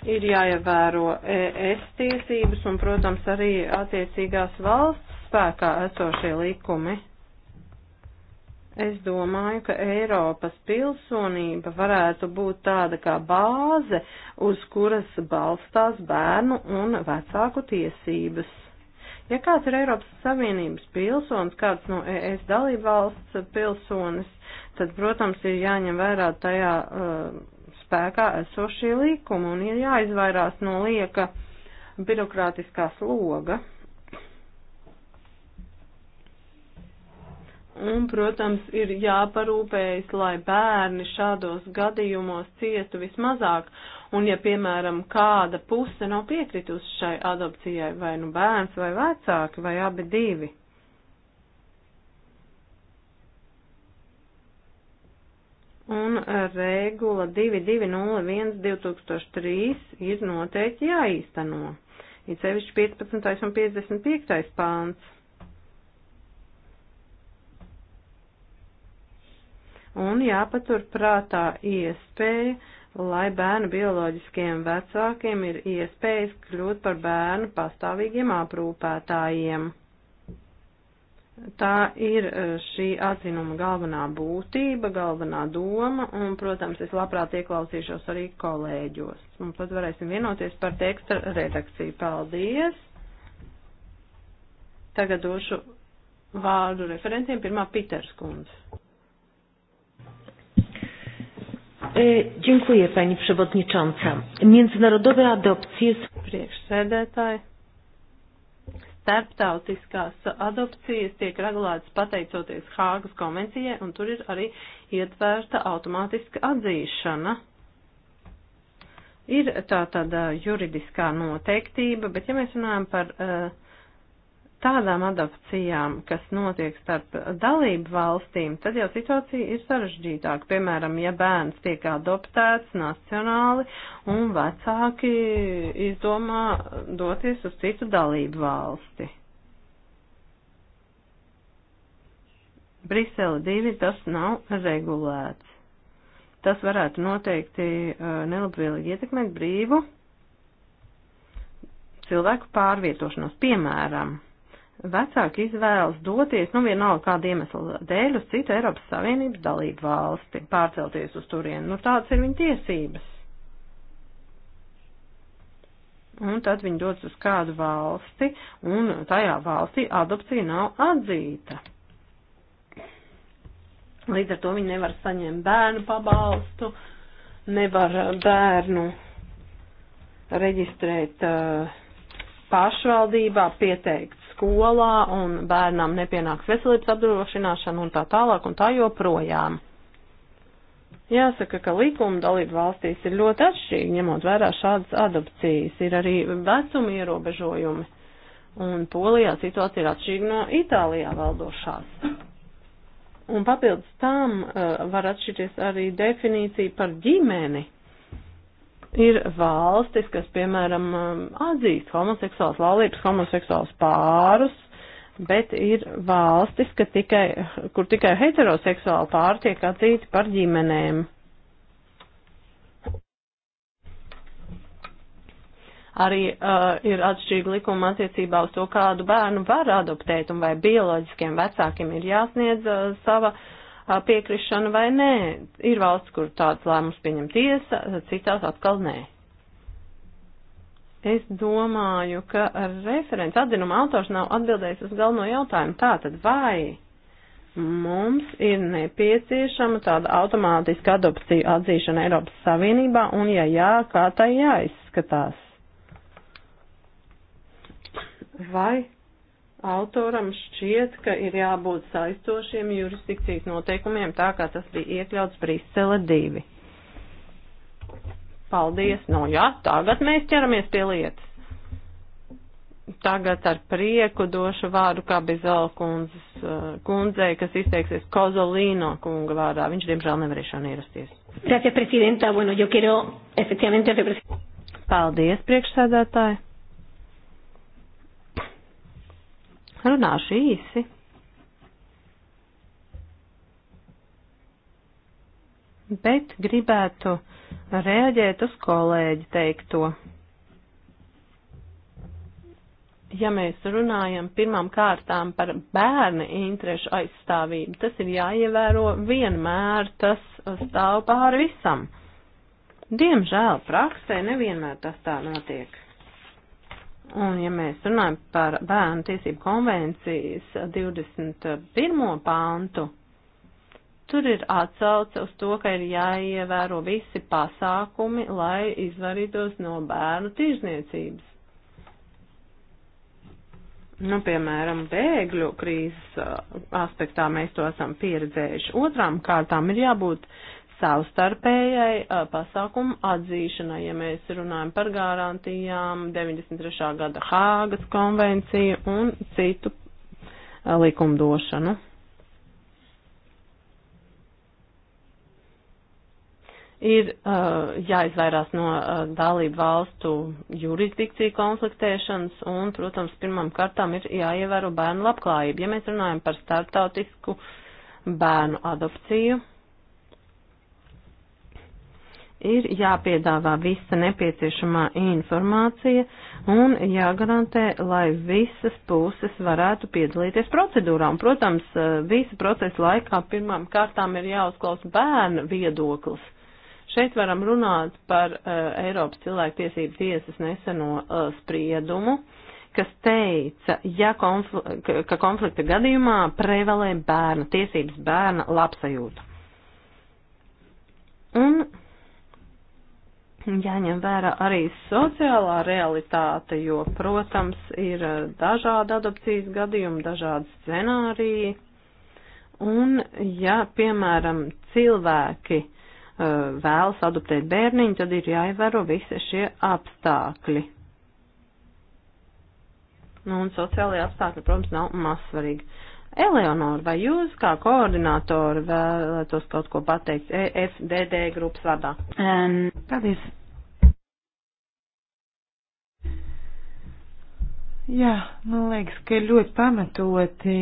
ir jāievēro ES tiesības un, protams, arī attiecīgās valsts spēkā esošie likumi. Es domāju, ka Eiropas pilsonība varētu būt tāda kā bāze, uz kuras balstās bērnu un vecāku tiesības. Ja kāds ir Eiropas Savienības pilsonis, kāds no ES dalību valsts pilsonis, tad, protams, ir jāņem vērā tajā uh, spēkā esošie likumi un ir jāizvairās no lieka birokrātiskā sloga. Un, protams, ir jāparūpējas, lai bērni šādos gadījumos ciestu vismazāk Un ja, piemēram, kāda puse nav piekritusi šai adopcijai, vai nu bērns, vai vecāki, vai abi divi. Un e, regula 2201-2003 ir noteikti jāīsteno. Ir sevišķi 15. un 55. pāns. un jāpatur prātā iespēja, lai bērnu bioloģiskiem vecākiem ir iespējas kļūt par bērnu pastāvīgiem aprūpētājiem. Tā ir e, šī atzinuma galvenā būtība, galvenā doma, un, protams, es labprāt ieklausīšos arī kolēģos. Un tad varēsim vienoties par teksta redakciju. Paldies! Tagad došu vārdu referentiem. Pirmā Piters kundze. E, dziękuję Pani Przewodnicząca. Międzynarodowe adopcje. Priekšsēdētāji. Starptautiskās adopcijas tiek regulētas pateicoties Hāgas konvencijai, un tur ir arī ietvērta automātiska atzīšana. Ir tā tāda juridiskā noteiktība, bet ja mēs runājam par uh, tādām adopcijām, kas notiek starp dalību valstīm, tad jau situācija ir sarežģītāka. Piemēram, ja bērns tiek adoptēts nacionāli un vecāki izdomā doties uz citu dalību valsti. Brisele 2 tas nav regulēts. Tas varētu noteikti uh, nelabvēlīgi ietekmēt brīvu cilvēku pārvietošanos, piemēram vecāki izvēlas doties, nu vienalga kāda iemesla dēļ, uz citu Eiropas Savienības dalību valsti, pārcelties uz turieni. Nu tāds ir viņa tiesības. Un tad viņi dodas uz kādu valsti, un tajā valstī adopcija nav atzīta. Līdz ar to viņi nevar saņemt bērnu pabalstu, nevar bērnu reģistrēt uh, pašvaldībā, pieteikt skolā un bērnam nepienāks veselības apdrošināšana un tā tālāk un tā joprojām. Jāsaka, ka likuma dalību valstīs ir ļoti atšķirīgi, ņemot vērā šādas adopcijas, ir arī vecuma ierobežojumi, un Polijā situācija ir atšķirīga no Itālijā valdošās. Un papildus tam uh, var atšķirties arī definīcija par ģimeni. Ir valstis, kas, piemēram, atzīst homoseksuāls laulības, homoseksuāls pārus, bet ir valstis, tikai, kur tikai heteroseksuāli pāri tiek atzīti par ģimenēm. arī uh, ir atšķirīga likuma attiecībā uz to, kādu bērnu var adoptēt un vai bioloģiskiem vecākiem ir jāsniedz uh, sava piekrišanu vai nē. Ir valsts, kur tāds lēmums pieņem tiesa, citās atkal nē. Es domāju, ka referents atzinuma autors nav atbildējis uz galveno jautājumu. Tātad vai mums ir nepieciešama tāda automātiska adopcija atzīšana Eiropas Savienībā, un ja jā, kā tai jāizskatās? Vai autoram šķiet, ka ir jābūt saistošiem jurisdikcijas noteikumiem, tā kā tas bija iekļauts Brisele 2. Paldies, nu no, jā, tagad mēs ķeramies pie lietas. Tagad ar prieku došu vārdu kā Bizala kundzes, eh, kundzei, kas izteiksies Kozolīno kunga vārdā. Viņš, diemžēl, nevarēja šodien ierasties. Gracias, presidenta. Bueno, yo quiero efectivamente representar. Paldies, priekšsēdētāji. Runāšu īsi. Bet gribētu reaģēt uz kolēģi teikto. Ja mēs runājam pirmām kārtām par bērnu interešu aizstāvību, tas ir jāievēro vienmēr, tas stāv pāri visam. Diemžēl praksē nevienmēr tas tā notiek. Un, ja mēs runājam par bērnu tiesību konvencijas 21. pāntu, tur ir atsauce uz to, ka ir jāievēro visi pasākumi, lai izvarītos no bērnu tirzniecības. Nu, piemēram, bēgļu krīzes aspektā mēs to esam pieredzējuši. Otrām kārtām ir jābūt savstarpējai uh, pasākumu atzīšanai, ja mēs runājam par garantijām 93. gada Hāgas konvenciju un citu uh, likumdošanu. Ir uh, jāizvairās no uh, dalību valstu jurisdikciju konfliktēšanas un, protams, pirmam kartām ir jāievēro bērnu labklājība. Ja mēs runājam par starptautisku bērnu adopciju, ir jāpiedāvā visa nepieciešamā informācija un jāgarantē, lai visas puses varētu piedalīties procedūrā. Un, protams, eh, visa procesa laikā pirmām kārtām ir jāuzklaus bērnu viedoklis. Šeit varam runāt par uh, Eiropas cilvēktiesību tiesas neseno uh, spriedumu, kas teica, ja konfl ka konflikta gadījumā prevalē bērna tiesības bērna labsajūta. Un jāņem vērā arī sociālā realitāte, jo, protams, ir eh, dažādi adopcijas gadījumi, dažādi scenāriji. Un, ja, piemēram, cilvēki uh, vēlas adoptēt bērniņu, tad ir jāievēro visi šie apstākļi. Nu, un sociālajie apstākļi, protams, nav mazsvarīgi. Eleonora, vai jūs kā koordinātori vēlētos kaut ko pateikt e, FDD grupas vārdā? Um, paldies. Jā, man liekas, ka ļoti pamatoti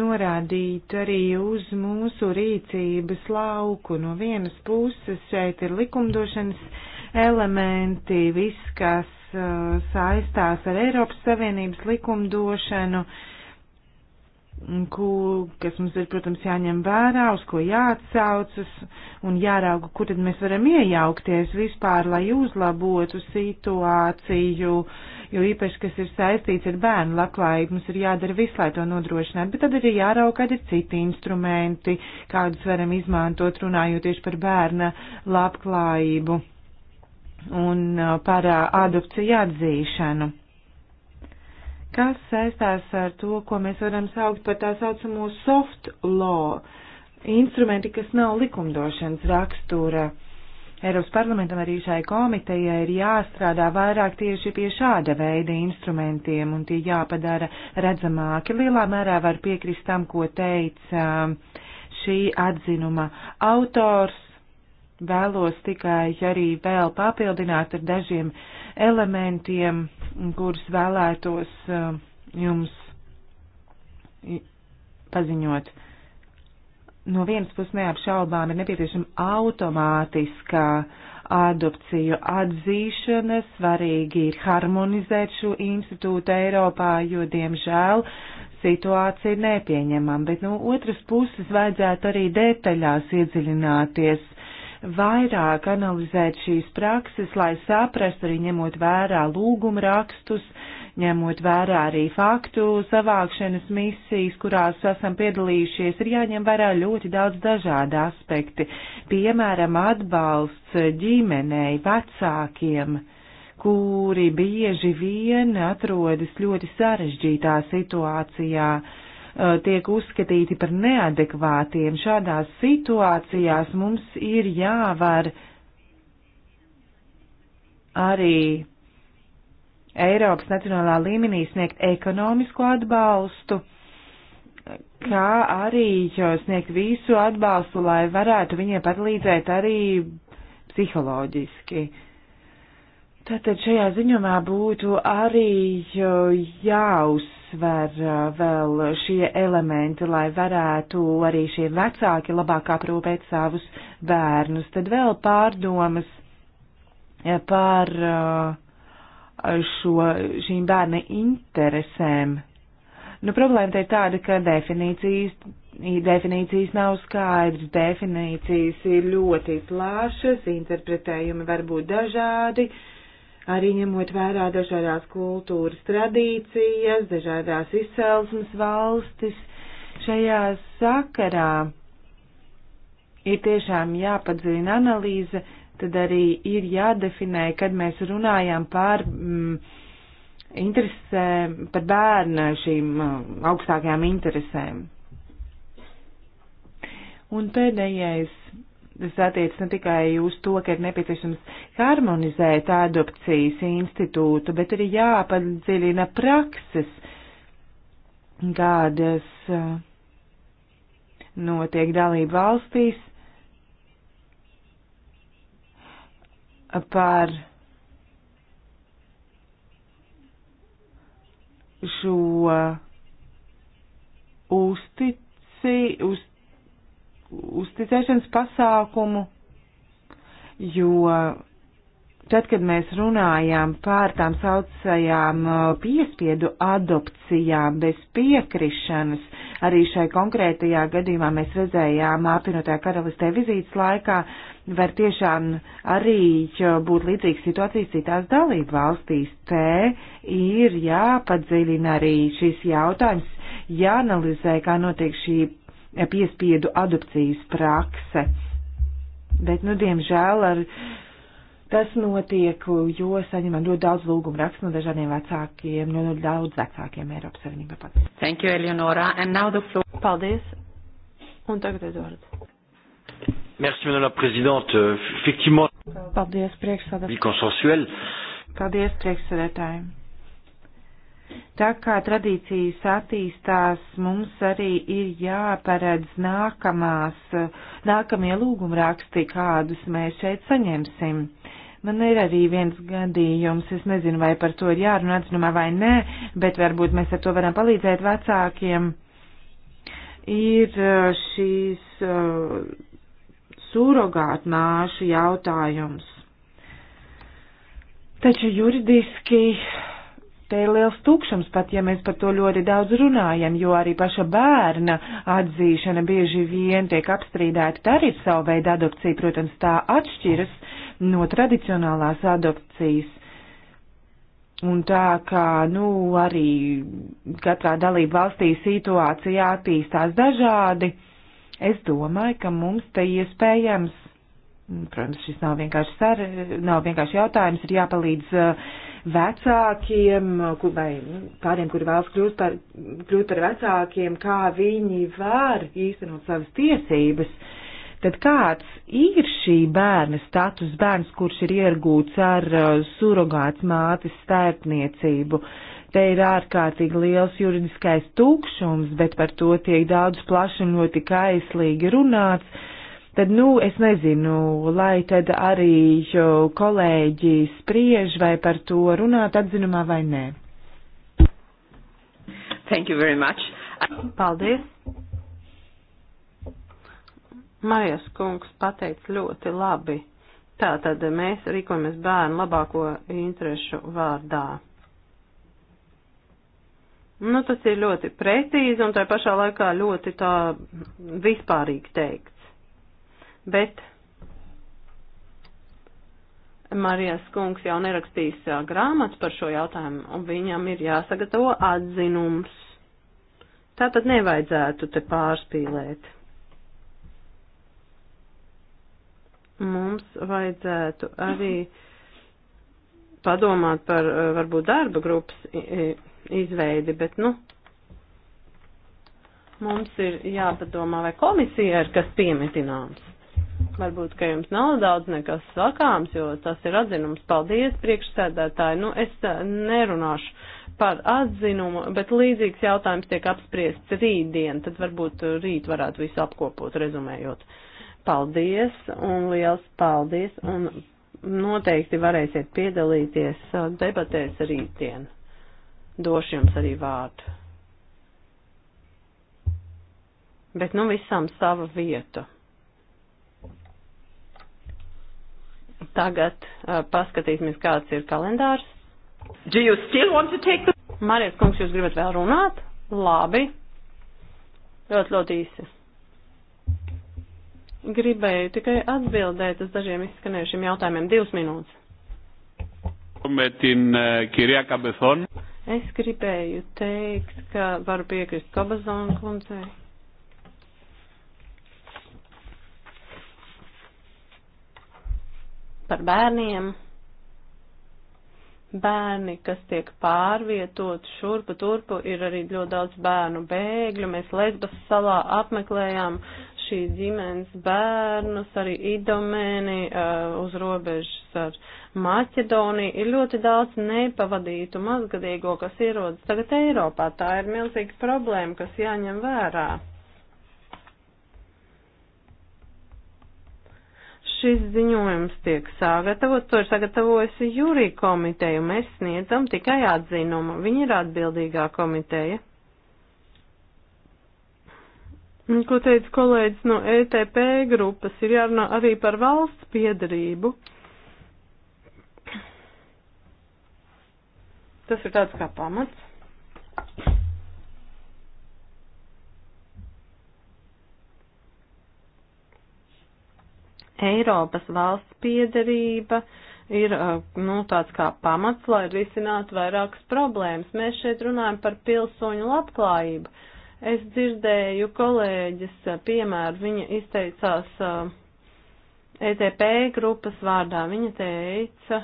norādīt arī uz mūsu rīcības lauku. No vienas puses šeit ir likumdošanas elementi, viss, kas uh, saistās ar Eiropas Savienības likumdošanu. Uh, ko, kas mums ir, protams, jāņem vērā, uz ko jāatsaucas un jārauga, kur tad mēs varam iejaukties vispār, lai uzlabotu situāciju, jo īpaši, kas ir saistīts ar bērnu labklājību, mums ir jādara viss, lai to nodrošinātu, bet tad ir jārauga, kādi ir citi instrumenti, kādus varam izmantot, runājot tieši par bērna labklājību un uh, par uh, adopciju atzīšanu kas saistās ar to, ko mēs varam saukt par tā saucamo soft law, instrumenti, kas nav likumdošanas rakstura. Eiropas parlamentam arī šai komitejai ir jāstrādā vairāk tieši pie šāda veida instrumentiem, un tie jāpadara redzamāki. Lielā mērā var piekrist tam, ko teica um, šī atzinuma autors, vēlos tikai arī vēl papildināt ar dažiem elementiem, kurus vēlētos uh, jums paziņot. No vienas puses neapšaubām ir nepieciešama automātiskā adopciju atzīšana, svarīgi ir harmonizēt šo institūtu Eiropā, jo, diemžēl, situācija ir nepieņemama, bet no otras puses vajadzētu arī detaļās iedziļināties uh, vairāk analizēt šīs prakses, lai saprastu arī ņemot vērā lūguma rakstus, ņemot vērā arī faktu savākšanas misijas, kurās esam piedalījušies, ir jāņem vērā ļoti daudz dažādi aspekti, piemēram, atbalsts ģimenei, vecākiem kuri bieži vien atrodas ļoti sarežģītā situācijā, uh, Uh, tiek uzskatīti par neadekvātiem. Šādās situācijās mums ir jāvar arī Eiropas nacionālā līmenī sniegt ekonomisko atbalstu, kā arī sniegt visu atbalstu, lai varētu viņiem palīdzēt arī psiholoģiski. Tātad šajā ziņumā būtu arī jāuz jāuzsver uh, vēl šie elementi, lai varētu arī šie vecāki labāk aprūpēt savus bērnus. Tad vēl pārdomas uh, par uh, šo, šīm bērna interesēm. Nu, problēma te ir tāda, ka definīcijas, definīcijas nav skaidrs, definīcijas ir ļoti plāšas, interpretējumi var būt dažādi. Uh, arī ņemot vērā dažādās kultūras tradīcijas, dažādās izcelsmes valstis. Šajā sakarā ir tiešām jāpadzina analīze, tad arī ir jādefinē, kad mēs runājam par mm, interesēm, par bērnu šīm mm, augstākajām interesēm. Un pēdējais tas attiecas ne tikai uz to, ka ir nepieciešams harmonizēt adopcijas institūtu, bet arī jāpadziļina prakses, kādas uh, notiek dalību valstīs par šo uztici, uztici uzticēšanas pasākumu, jo tad, kad mēs runājām pār tām saucajām uh, piespiedu adopcijām bez piekrišanas, arī šai konkrētajā gadījumā mēs redzējām apvienotajā karalistē vizītes laikā, var tiešām arī uh, būt līdzīgas situācijas citās dalību valstīs. Te ir jāpadziļina arī šis jautājums, jāanalizē, kā notiek šī piespiedu adopcijas prakse. Bet, nu, diemžēl ar tas notiek, jo saņemam ļoti daudz lūgumu rakstu no dažādiem vecākiem, no ļoti daudz vecākiem Eiropas Savienībā pat. Thank you, Eleonora. And now the floor. Paldies. Un tagad Edvards. Merci, madame la présidente. Euh, effectivement. Paldies, priekšsēdētāji. Paldies, priekšsēdētāji. Tā kā tradīcijas attīstās, mums arī ir jāparedz nākamās, nākamie lūgumraksti, kādus mēs šeit saņemsim. Man ir arī viens gadījums, es nezinu, vai par to ir jārunā atzinumā vai nē, bet varbūt mēs ar to varam palīdzēt vecākiem. Ir uh, šīs uh, surogātnāšu jautājums. Taču juridiski Te ir liels tukšums, pat ja mēs par to ļoti daudz runājam, jo arī paša bērna atzīšana bieži vien tiek apstrīdēta. Tā arī ir sava veida adopcija, protams, tā atšķiras no tradicionālās adopcijas. Un tā kā, nu, arī katrā dalība valstī situācija attīstās dažādi, es domāju, ka mums te iespējams, protams, šis nav vienkārši, sar, nav vienkārši jautājums, ir jāpalīdz uh, vecākiem, vai kādiem, kuri vēlas kļūt par, kļūt par vecākiem, kā viņi var īstenot savas tiesības, tad kāds ir šī bērna status, bērns, kurš ir iergūts ar uh, surogāts mātes stērpniecību? Te ir ārkārtīgi liels juridiskais tūkšums, bet par to tiek daudz plaši un ļoti kaislīgi runāts tad, nu, es nezinu, lai tad arī kolēģi spriež vai par to runāt atzinumā vai nē. Thank you very much. Paldies. Marijas kungs pateica ļoti labi. Tātad mēs rīkojamies bērnu labāko interešu vārdā. Nu, tas ir ļoti precīzi un tā pašā laikā ļoti tā vispārīgi teikt bet Marijas kungs jau nerakstīs uh, grāmatas par šo jautājumu, un viņam ir jāsagatavo atzinums. Tātad nevajadzētu te pārspīlēt. Mums vajadzētu arī padomāt par uh, varbūt darba grupas izveidi, bet, nu, mums ir jāpadomā, vai komisija ir kas piemitināms. Varbūt, ka jums nav daudz nekas sakāms, jo tas ir atzinums. Paldies, priekšsēdētāji. Nu, es eh, nerunāšu par atzinumu, bet līdzīgs jautājums tiek apspriests rītdien, tad varbūt rīt varētu visu apkopot, rezumējot. Paldies un liels paldies un noteikti varēsiet piedalīties eh, debatēs rītdien. Došu jums arī vārdu. Bet nu visam sava vieta. Tagad uh, paskatīsimies, kāds ir kalendārs. Do you still want to take the... Marijas kungs, jūs gribat vēl runāt? Labi. Ļoti, ļoti īsi. Gribēju tikai atbildēt uz dažiem izskanējušiem jautājumiem. Divas minūtes. Metin, uh, Kirjā Kabezon. Es gribēju teikt, ka varu piekrist Kabezon kundzei. par bērniem. Bērni, kas tiek pārvietoti šurpu turpu, ir arī ļoti daudz bērnu bēgļu. Mēs Lesbas salā apmeklējām šīs ģimenes bērnus, arī idomēni uh, uz robežas ar Maķedoniju. Ir ļoti daudz nepavadītu mazgadīgo, kas ierodas tagad Eiropā. Tā ir milzīga problēma, kas jāņem vērā. šis ziņojums tiek sagatavots, to ir sagatavojusi jūrija komiteja, un mēs sniedzam tikai atzinumu. Viņa ir atbildīgā komiteja. Ko teica kolēģis no ETP grupas, ir jārunā arī par valsts piedarību. Tas ir tāds kā pamats. Eiropas valsts piederība ir uh, nu, tāds kā pamats, lai risinātu vairākas problēmas. Mēs šeit runājam par pilsoņu labklājību. Es dzirdēju kolēģis, uh, piemēram, viņa izteicās uh, ETP grupas vārdā. Viņa teica,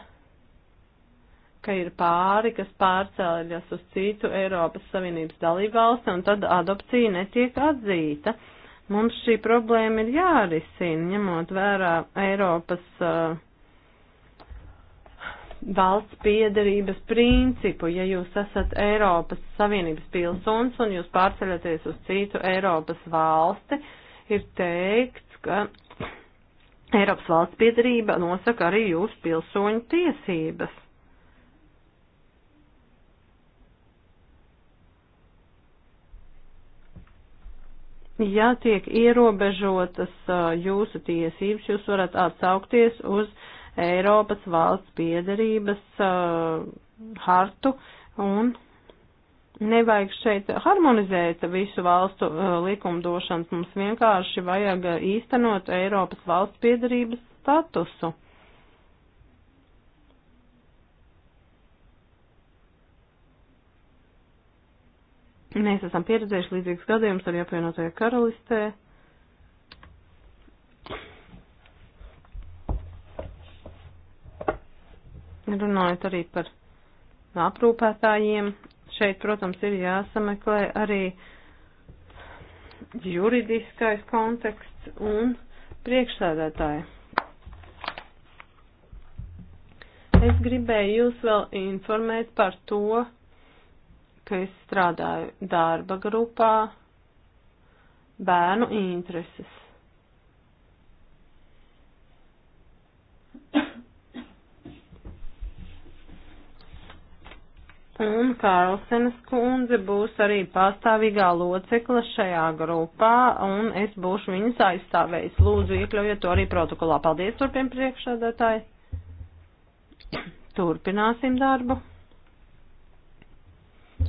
ka ir pāri, kas pārcēljas uz citu Eiropas Savienības dalībvalsti, un tad adopcija netiek atzīta. Uh, Mums šī problēma ir jārisina, ņemot vērā Eiropas uh, valsts piedarības principu. Ja jūs esat Eiropas Savienības pilsons un jūs pārceļaties uz citu Eiropas valsti, ir teikts, ka Eiropas valsts piedarība nosaka arī jūsu pilsoņu tiesības. Ja tiek ierobežotas uh, jūsu tiesības, jūs varat atsaukties uz Eiropas valsts piedarības uh, hartu un nevajag šeit harmonizēt visu valstu uh, likumdošanas, mums vienkārši vajag īstenot Eiropas valsts piedarības statusu. Mēs esam pieredzējuši līdzīgus gadījumus arī apvienotajā karalistē. Runājot arī par aprūpētājiem, šeit, protams, ir jāsameklē arī juridiskais konteksts un priekšsēdētāji. Es gribēju jūs vēl informēt par to, ka es strādāju darba grupā bērnu intereses. Un Kārlsenas kundze būs arī pastāvīgā locekla šajā grupā, un es būšu viņas aizstāvējis. Lūdzu, iekļaujiet to arī protokolā. Paldies, turpin priekšsēdētāji. Turpināsim darbu.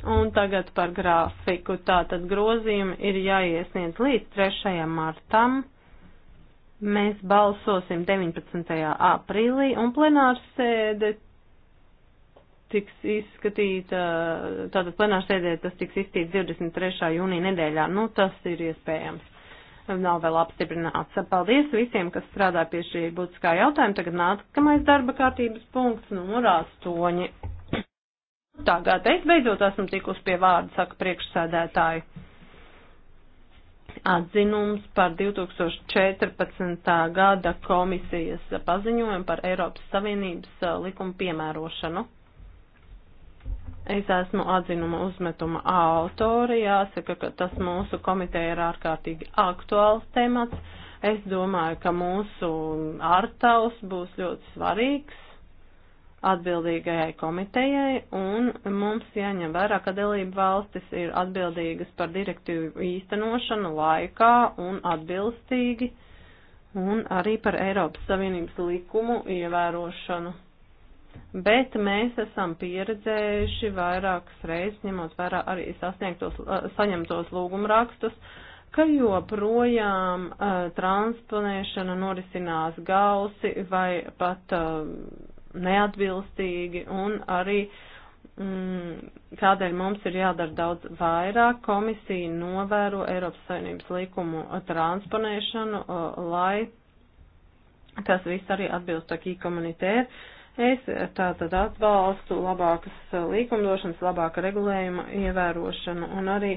Un tagad par grafiku. Tātad grozījumi ir jāiesniedz līdz 3. martam. Mēs balsosim 19. aprīlī un plenārs sēde tiks izskatīta, tātad plenārs sēdē tas tiks izskatīts 23. jūnija nedēļā. Nu, tas ir iespējams nav vēl apstiprināts. Paldies visiem, kas strādā pie šī būtiskā jautājuma. Tagad nākamais darba kārtības punkts, numur 8. Tagad es beidzot esmu tikus pie vārda, saka priekšsēdētāji. Atzinums par 2014. gada komisijas paziņojumu par Eiropas Savienības likumu piemērošanu. Es esmu atzinuma uzmetuma autori, jāsaka, ka tas mūsu komiteja ir ārkārtīgi aktuāls temats. Es domāju, ka mūsu ārtaus būs ļoti svarīgs atbildīgajai komitejai, un mums jāņem vērā, ka dalība valstis ir atbildīgas par direktīvu īstenošanu laikā un atbilstīgi, un arī par Eiropas Savienības likumu ievērošanu. Bet mēs esam pieredzējuši vairākas reizes, ņemot vērā arī sasniegtos, eh, saņemtos lūgumrakstus, ka joprojām uh, transponēšana norisinās gausi vai pat uh, neatbilstīgi un arī mm, kādēļ mums ir jādara daudz vairāk. Komisija novēro Eiropas Savienības likumu transponēšanu, lai tas viss arī atbilst akī komunitēru. Es tātad atbalstu labākas likumdošanas, labāka regulējuma ievērošanu un arī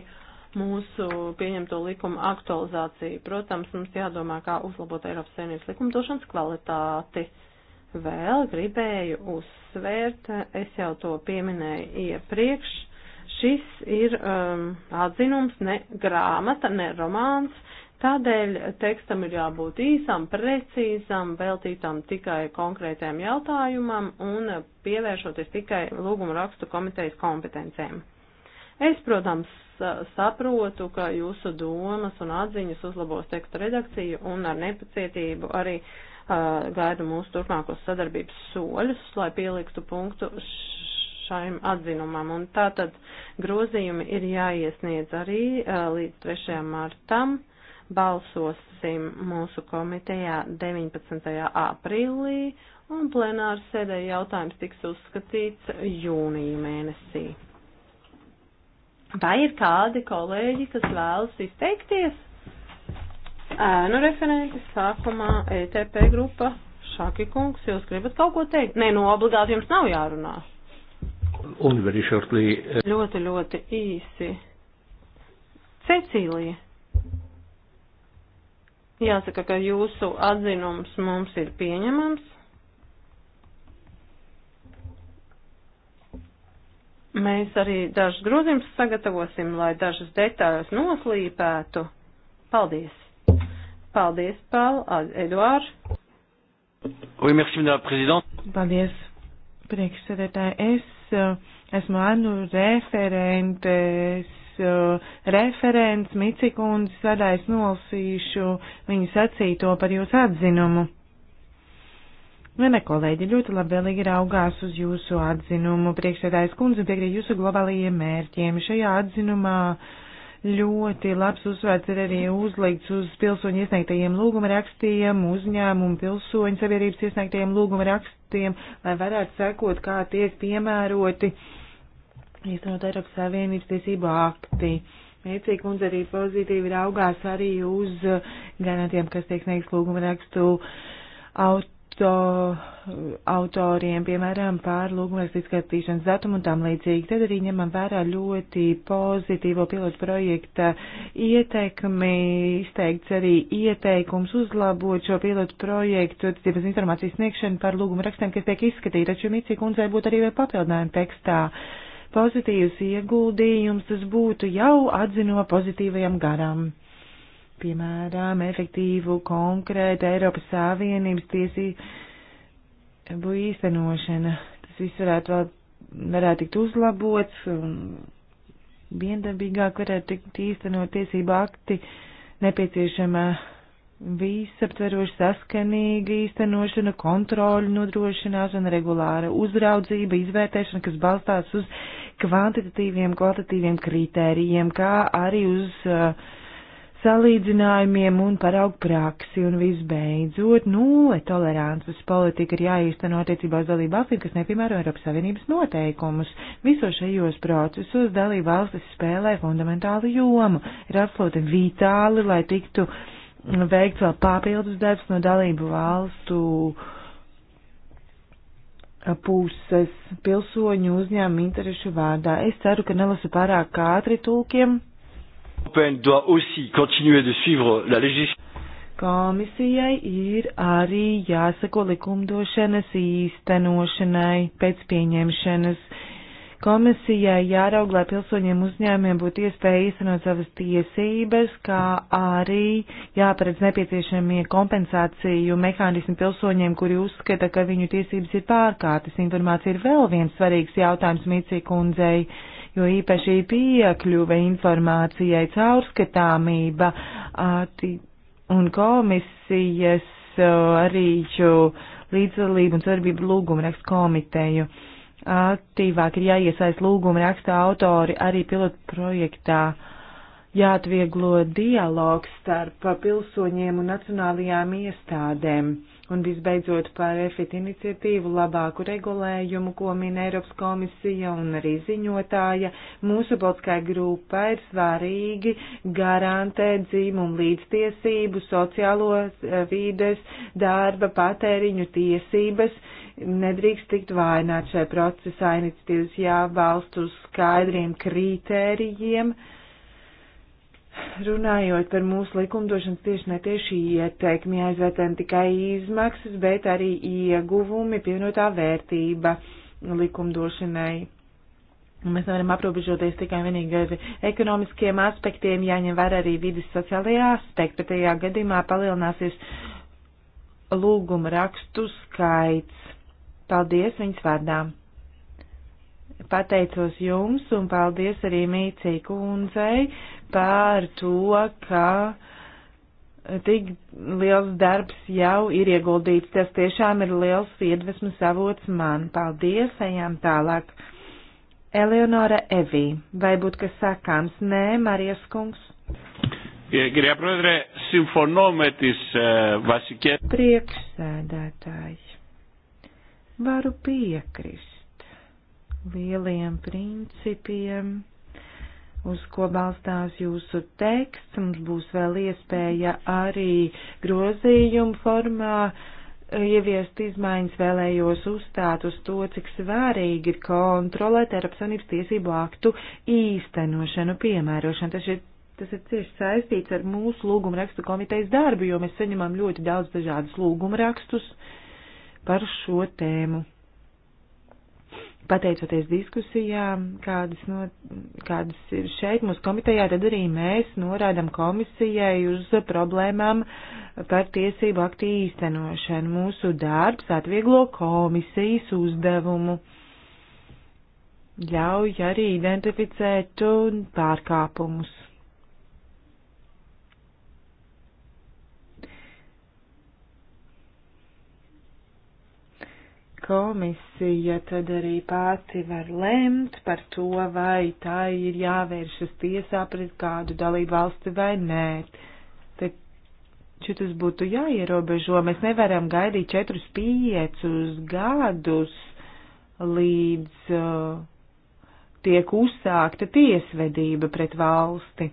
mūsu pieņemto likumu aktualizāciju. Protams, mums jādomā, kā uzlabot Eiropas Savienības likumdošanas kvalitāti. Uh, vēl gribēju uzsvērt, es jau to pieminēju iepriekš, šis ir um, atzinums, ne grāmata, ne romāns, tādēļ tekstam ir jābūt īsam, precīzam, veltītam tikai konkrētajam jautājumam un pievēršoties tikai lūguma rakstu komitejas kompetencēm. Es, protams, saprotu, ka jūsu domas un atziņas uzlabos tekstu redakciju un ar nepacietību arī uh, gaida mūsu turpmākos sadarbības soļus, lai pieliktu punktu šaim atzinumam. Un tātad grozījumi ir jāiesniedz arī līdz 3. martam. Balsosim mūsu komitejā 19. aprīlī un plenāra sēdē jautājums tiks uzskatīts jūnija mēnesī. Vai ir kādi kolēģi, kas vēlas izteikties? Ēnu referenti sākumā ETP grupa. Šāki kungs, jūs gribat kaut ko teikt? Nē, nu no obligāti jums nav jārunā. Un very shortly. Eh, ļoti, ļoti īsi. Cecīlija. Jāsaka, ka jūsu atzinums mums ir pieņemams. Mēs arī dažus grozījumus sagatavosim, lai dažas detaļas noslīpētu. Paldies! Paldies, Pal, Eduārs. Oui, merci, madame la présidente. Paldies, priekšsēdētāji. Es eh, esmu Anu referentes, eh, referents Micikundis, tādā es nolasīšu viņu sacīto par jūsu atzinumu. Mana kolēģi ļoti labvēlīgi raugās uz jūsu atzinumu. Priekšsēdājas kundze piekrīt jūsu globālajiem mērķiem. Šajā atzinumā uh, Ļoti labs uzsvērts ir arī uzlikts uz pilsoņu iesniegtajiem lūguma rakstiem, uzņēmumu pilsoņu sabiedrības iesniegtajiem lūguma rakstiem, lai varētu sekot, kā tiek piemēroti īstenot Eiropas Savienības tiesību akti. Mēcīgi kundze arī pozitīvi raugās arī uz ganatiem, kas tiek sniegts lūguma rakstu aut to uh, autoriem, piemēram, pār lūgumlēks izskatīšanas datumu un tam līdzīgi. Tad arī ņemam vērā ļoti pozitīvo pilotu projekta ieteikumi, izteikts arī ieteikums uzlabot šo pilotu projektu, tas informācijas sniegšanu par lūgumu rakstiem, kas tiek izskatīti, taču Micī kundzei būtu arī vēl papildinājumi tekstā. Pozitīvs ieguldījums tas būtu jau atzino pozitīvajam garam piemēram, efektīvu konkrētu Eiropas Savienības tiesību īstenošana. Tas viss varētu vēl, varētu tikt uzlabots un viendabīgāk varētu tikt īstenot tiesību akti nepieciešama visaptveroša saskanīga īstenošana, kontroļu nodrošināšana, regulāra uzraudzība, izvērtēšana, kas balstās uz kvantitatīviem, kvalitatīviem kritērijiem, kā arī uz uh, salīdzinājumiem un paraugu praksi, un visbeidzot nulle tolerances politika ir jāīsteno attiecībā uz dalību valstīm, kas nepiemēro Eiropas Savienības noteikumus. Visos šajos procesos dalību valstis spēlē fundamentālu jomu. Ir absolūti vitāli, lai tiktu veikts vēl papildus darbs no dalību valstu puses pilsoņu uzņēmumu interešu vārdā. Es ceru, ka nelasu pārāk ātri tulkiem. Komisijai ir arī jāsako likumdošanas īstenošanai pēc pieņemšanas. Komisijai jāraug, lai pilsoņiem uzņēmiem būtu iespēja īstenot savas tiesības, kā arī jāparedz nepieciešamie kompensāciju mehānismi pilsoņiem, kuri uzskata, ka viņu tiesības ir pārkārtas. Informācija ir vēl viens svarīgs jautājums Mīcī kundzei. Uh, jo īpaši piekļuve informācijai, caurskatāmība un komisijas arī līdzdalību un sadarbību lūgumu rakstu komiteju. Aktīvāk ir jāiesaist lūgumu raksta autori arī pilotu projektā jāatvieglo dialogs starp pilsoņiem un nacionālajām iestādēm. Un visbeidzot par EFIT iniciatīvu labāku regulējumu, ko min Eiropas komisija un arī ziņotāja, mūsu politiskā grupā ir svarīgi garantēt dzīvumu līdztiesību, sociālo eh, vīdes, darba, patēriņu tiesības. Nedrīkst tikt vainot šajā procesā iniciatīvas jābalst uz skaidriem kritērijiem. Uh, runājot par mūsu likumdošanas tieši netieši ieteikmi, aizvērtējam tikai izmaksas, bet arī ieguvumi, pievienotā vērtība likumdošanai. Mēs nevaram aprobežoties tikai vienīgi ar ekonomiskiem aspektiem, jāņem vērā arī vidas sociālajie aspekti, bet tajā gadījumā palielināsies lūguma rakstu skaits. Paldies viņas vārdā! Pateicos jums un paldies arī Mīcī kundzei par to, ka tik liels darbs jau ir ieguldīts. Tas tiešām ir liels iedvesmas avots man. Paldies, ejam tālāk. Eleonora Evī, vai būtu kas sakāms? Nē, Marijas kungs. Eh, Κυρία Πρόεδρε, συμφωνώ με τις ε, βασικές... Priekšsēdētāji, varu piekrist lieliem principiem uz ko balstās jūsu teksts. Mums būs vēl iespēja arī grozījumu formā ieviest izmaiņas. Vēlējos uzstāt uz to, cik svārīgi ir kontrolēt Eiropas Savienības tiesību aktu īstenošanu, piemērošanu. Tas ir, tas ir cieši saistīts ar mūsu lūguma rakstu komitejas darbu, jo mēs saņemam ļoti daudz dažādus lūguma rakstus par šo tēmu pateicoties diskusijām, kādas, no, kādas ir šeit mūsu komitejā, tad arī mēs norādam komisijai uz problēmām par tiesību aktu īstenošanu. Mūsu darbs atvieglo komisijas uzdevumu, ļauj arī identificēt pārkāpumus. komisija tad arī pati var lemt par to, vai tā ir jāvēršas tiesā pret kādu dalību valsti vai nē. Taču tas būtu jāierobežo. Mēs nevaram gaidīt 4-5 gadus, līdz uh, tiek uzsākta tiesvedība pret valsti.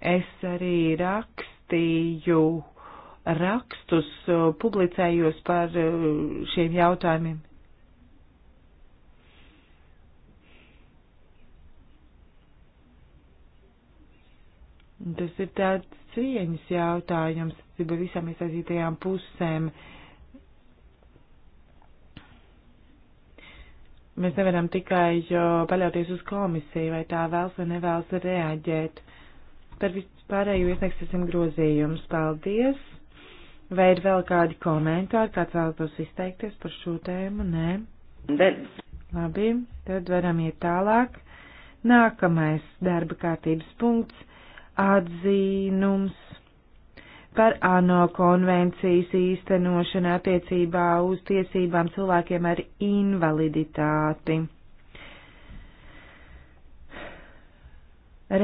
Es arī rakstīju rakstus publicējos par šiem jautājumiem. Tas ir tāds cieņas jautājums par visām iesaistītajām pusēm. Mēs nevaram tikai paļauties uz komisiju, vai tā vēlas vai nevēlas reaģēt. Par vispārējo iesniegsim grozījumus. Paldies! Vai ir vēl kādi komentāri, kāds vēlētos izteikties par šo tēmu? Nē. Then. Labi, tad varam iet tālāk. Nākamais darba kārtības punkts - atzīnums par ANO konvencijas īstenošanu attiecībā uz tiesībām cilvēkiem ar invaliditāti.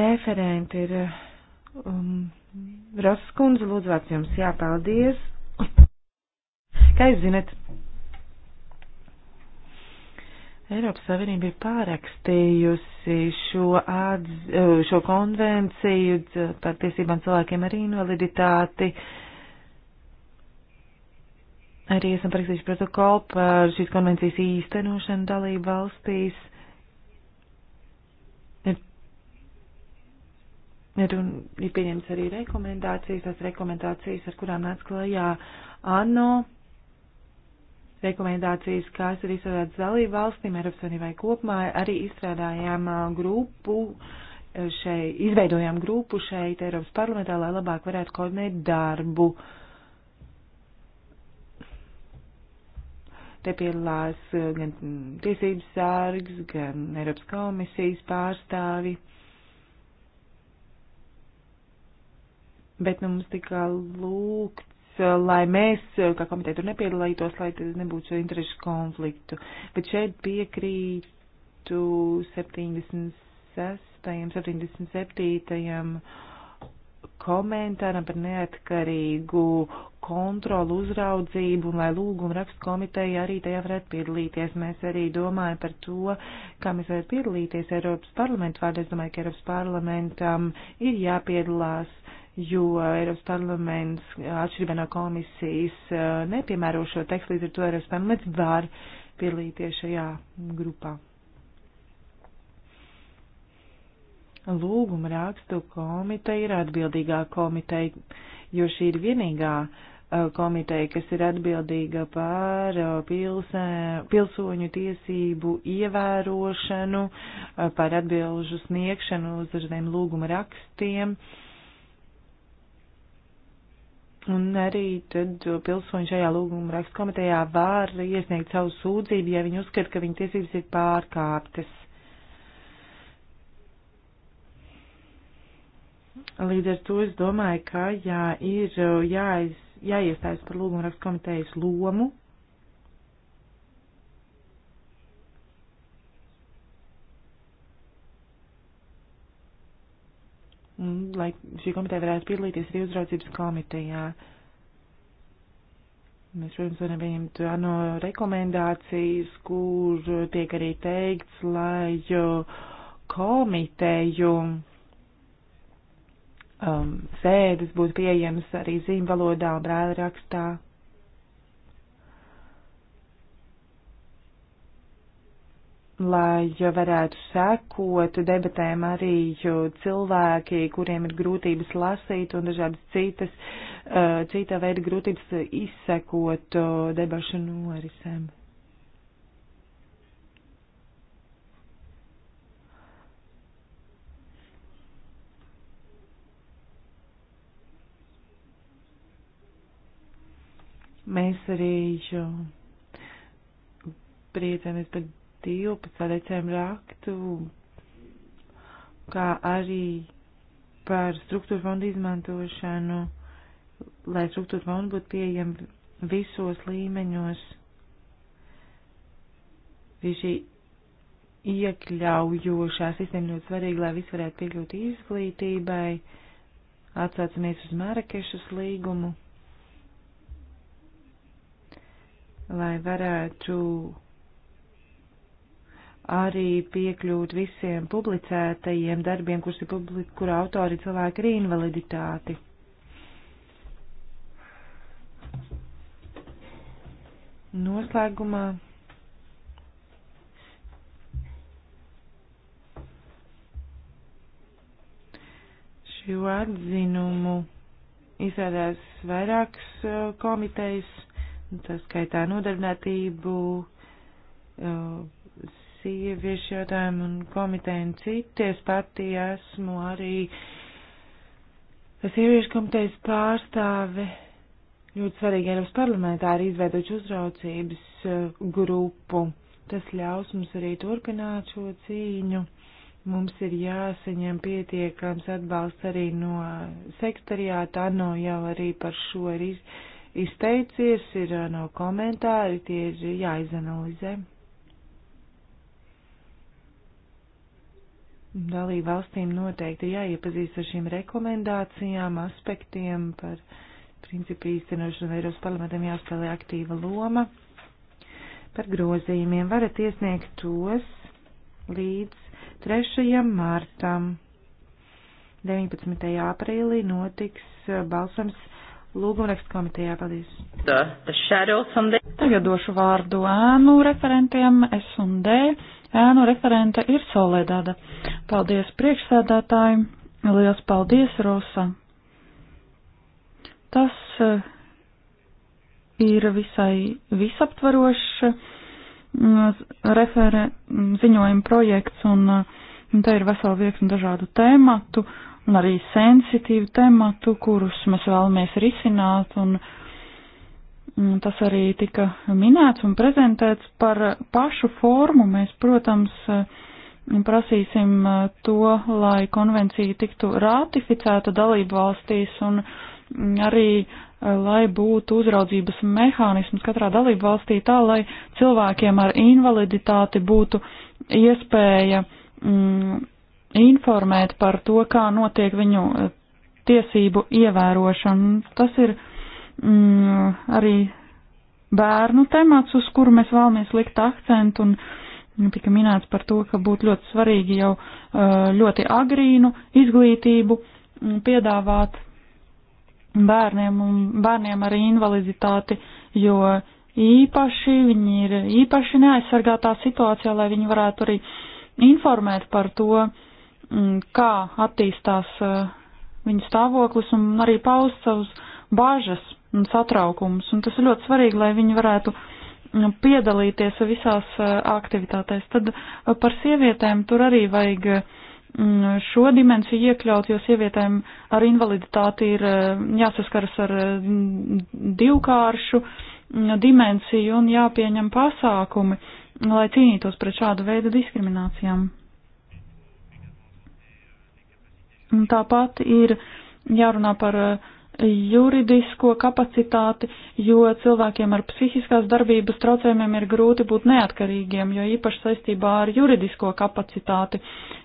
Referenti ir um, Rasas kundze, lūdzu, vārds jums jāpaldies. Kā jūs zinat, Eiropas Savienība ir pārakstījusi šo, atz, eh, šo konvenciju par tiesībām cilvēkiem ar invaliditāti. Arī esam parakstījuši protokolu par šīs konvencijas īstenošanu dalību valstīs. Ir, un, ir pieņemts arī rekomendācijas, tās rekomendācijas, ar kurām nāca klajā ANO, rekomendācijas, kas ir izstrādātas dalību valstīm, Eiropas Savienībai kopumā, arī izstrādājām uh, grupu uh, šeit, izveidojām grupu šeit Eiropas parlamentā, lai labāk varētu koordinēt darbu. Te piedalās uh, gan tiesības sārgs, gan Eiropas komisijas pārstāvi. Bet nu, mums tika lūgts, eh, lai mēs, eh, kā komiteja, tur nepiedalītos, lai nebūtu šo interešu konfliktu. Bet šeit piekrītu 76. 77. komentāram par neatkarīgu kontrolu uzraudzību un lai lūguma rakstu komiteja arī tajā varētu piedalīties. Mēs arī domājam par to, kā mēs varētu piedalīties Eiropas parlamentu vārdā. Es domāju, ka Eiropas parlamentam ir jāpiedalās uh, jo Eiropas parlaments atšķirībā no komisijas eh, nepiemēro šo tekstu, līdz ar to Eiropas parlaments var piedalīties šajā grupā. Lūguma rakstu komiteja ir atbildīgā komiteja, jo šī ir vienīgā eh, komiteja, kas ir atbildīga par eh, pilsē, pilsoņu tiesību ievērošanu, par atbilžu sniegšanu uz dažādiem lūguma rakstiem. Uh, Un arī tad pilsoņi šajā lūguma rakstu komitejā var iesniegt savu sūdzību, ja viņi uzskata, ka viņu tiesības ir pārkāptas. Līdz ar to es domāju, ka jā, ir jāiz, jāiestājas par lūguma rakstu komitejas lomu lai šī komiteja varētu piedalīties arī uzraudzības komitejā. Mēs, protams, varam pieņemt ANO rekomendācijas, kur tiek arī teikts, lai komiteju um, sēdes būtu pieejamas arī zīmvalodā un brēlrakstā. rakstā. lai varētu sekot debatēm arī cilvēki, kuriem ir grūtības lasīt un dažādas citas, uh, citā veida grūtības izsekot uh, debašu norisēm. Mēs arī priecājamies par 12 par aicinājumu raktu, kā arī par struktūra fondu izmantošanu, lai struktūra fondu būtu pieejami visos līmeņos. Visi iekļaujošā sistēma ļoti svarīga, lai visi varētu piekļūt izglītībai. Atsācamies uz Marakešas līgumu, lai varētu arī piekļūt visiem publicētajiem darbiem, kurus ir publik, kur autori cilvēki ir invaliditāti. Noslēgumā. Šo atzinumu izrādās vairākas uh, komitejas, tā skaitā nodarbinātību, uh, sieviešu jautājumu un komiteju un citi. Es pati esmu arī sieviešu komitejas pārstāve. Ļoti svarīgi Eiropas parlamentā ir izveidot uzraucības eh, grupu. Tas ļaus mums arī turpināt šo cīņu. Mums ir jāsaņem pietiekams atbalsts arī no sekretariāta, no jau arī par šo ir iz, izteicies, ir eh, no komentāri, tie ir jāizanalizē. dalību valstīm noteikti jāiepazīst ar šīm rekomendācijām, aspektiem par principu īstenošanu Eiropas parlamentam jāspēlē aktīva loma. Par grozījumiem varat iesniegt tos līdz 3. martam. 19. aprīlī notiks eh, balsams lūgumrakstu komitejā. Paldies! The, the Tagad došu vārdu ēnu referentiem S un D ēnu referente ir Solēdāda. Paldies priekšsēdētāji, liels paldies, Rosa. Tas eh, ir visai visaptvarošs mm, referē ziņojuma projekts, un eh, te ir vesela virkni dažādu tēmatu, un arī sensitīvu tēmatu, kurus mēs vēlamies risināt, un uh, Tas arī tika minēts un prezentēts par pašu formu. Mēs, protams, prasīsim uh, to, lai konvencija tiktu ratificēta dalību valstīs un arī, uh, lai būtu uzraudzības mehānisms katrā dalību valstī tā, lai cilvēkiem ar invaliditāti būtu iespēja mm, informēt par to, kā notiek viņu uh, tiesību ievērošana. Tas ir mm, arī bērnu temats, uz kuru mēs vēlamies likt akcentu, un tika minēts par to, ka būtu ļoti svarīgi jau uh, ļoti agrīnu izglītību mm, piedāvāt bērniem un bērniem ar invaliditāti, jo īpaši viņi ir īpaši neaizsargātā situācijā, lai viņi varētu arī informēt par to, mm, kā attīstās uh, viņu stāvoklis un arī paust savus bažas un satraukums, un tas ir ļoti svarīgi, lai viņi varētu mm, piedalīties visās eh, aktivitātēs. Tad eh, par sievietēm tur arī vajag mm, šo dimensiju iekļaut, jo sievietēm ar invaliditāti ir eh, jāsaskaras ar mm, divkāršu dimensiju un jāpieņem pasākumi, lai cīnītos pret šādu veidu diskriminācijām. Un tāpat ir jārunā par uh, juridisko kapacitāti, jo cilvēkiem ar psihiskās darbības traucējumiem ir grūti būt neatkarīgiem, jo īpaši saistībā ar juridisko kapacitāti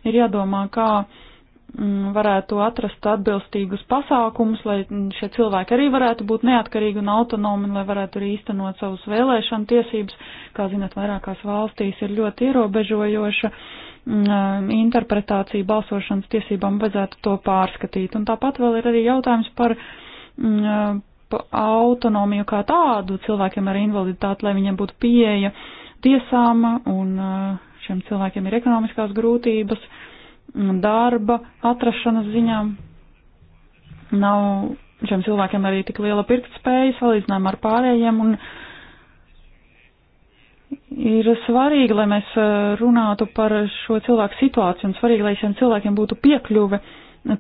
ir jādomā, kā mm, varētu atrast atbilstīgus pasākumus, lai šie cilvēki arī varētu būt neatkarīgi un autonomi, lai varētu arī īstenot savus vēlēšanu tiesības. Kā zinat, vairākās valstīs ir ļoti ierobežojoša uh, Mm, um, interpretāciju balsošanas tiesībām vajadzētu to pārskatīt. Un tāpat vēl ir arī jautājums par mm, um, autonomiju kā tādu cilvēkiem ar invaliditāti, lai viņiem būtu pieeja tiesām un uh, šiem cilvēkiem ir ekonomiskās grūtības, mm, darba atrašanas ziņā. Nav šiem cilvēkiem arī tik liela pirktspēja salīdzinājumā ar pārējiem un uh, ir svarīgi, lai mēs eh, runātu par šo cilvēku situāciju un svarīgi, lai šiem cilvēkiem būtu piekļuve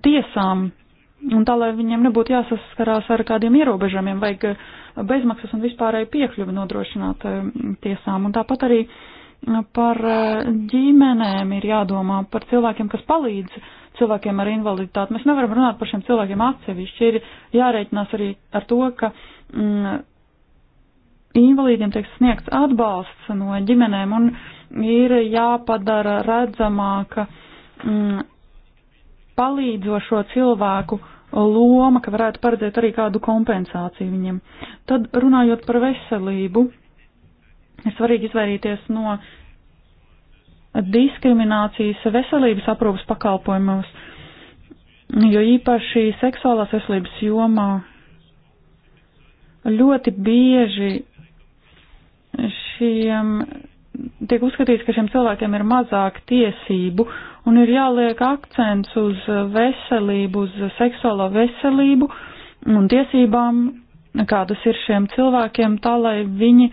tiesām un tā, lai viņiem nebūtu jāsaskarās ar kādiem ierobežojumiem, vajag eh, bezmaksas un vispārēju piekļuvi nodrošināt eh, tiesām. Un tāpat arī par ģimenēm ir jādomā par cilvēkiem, kas palīdz cilvēkiem ar invaliditāti. Mēs nevaram runāt par šiem cilvēkiem atsevišķi, ir jārēķinās arī ar to, ka. Mm, invalīdiem tiek sniegts atbalsts no ģimenēm un ir jāpadara redzamāka mm, palīdzošo cilvēku loma, ka varētu paredzēt arī kādu kompensāciju viņiem. Tad runājot par veselību, ir svarīgi izvairīties no diskriminācijas veselības aprūpas pakalpojumos, jo īpaši seksuālās veselības jomā ļoti bieži šiem, tiek uzskatīts, ka šiem cilvēkiem ir mazāk tiesību un ir jāliek akcents uz veselību, uz seksuālo veselību un tiesībām, kādas ir šiem cilvēkiem, tā lai viņi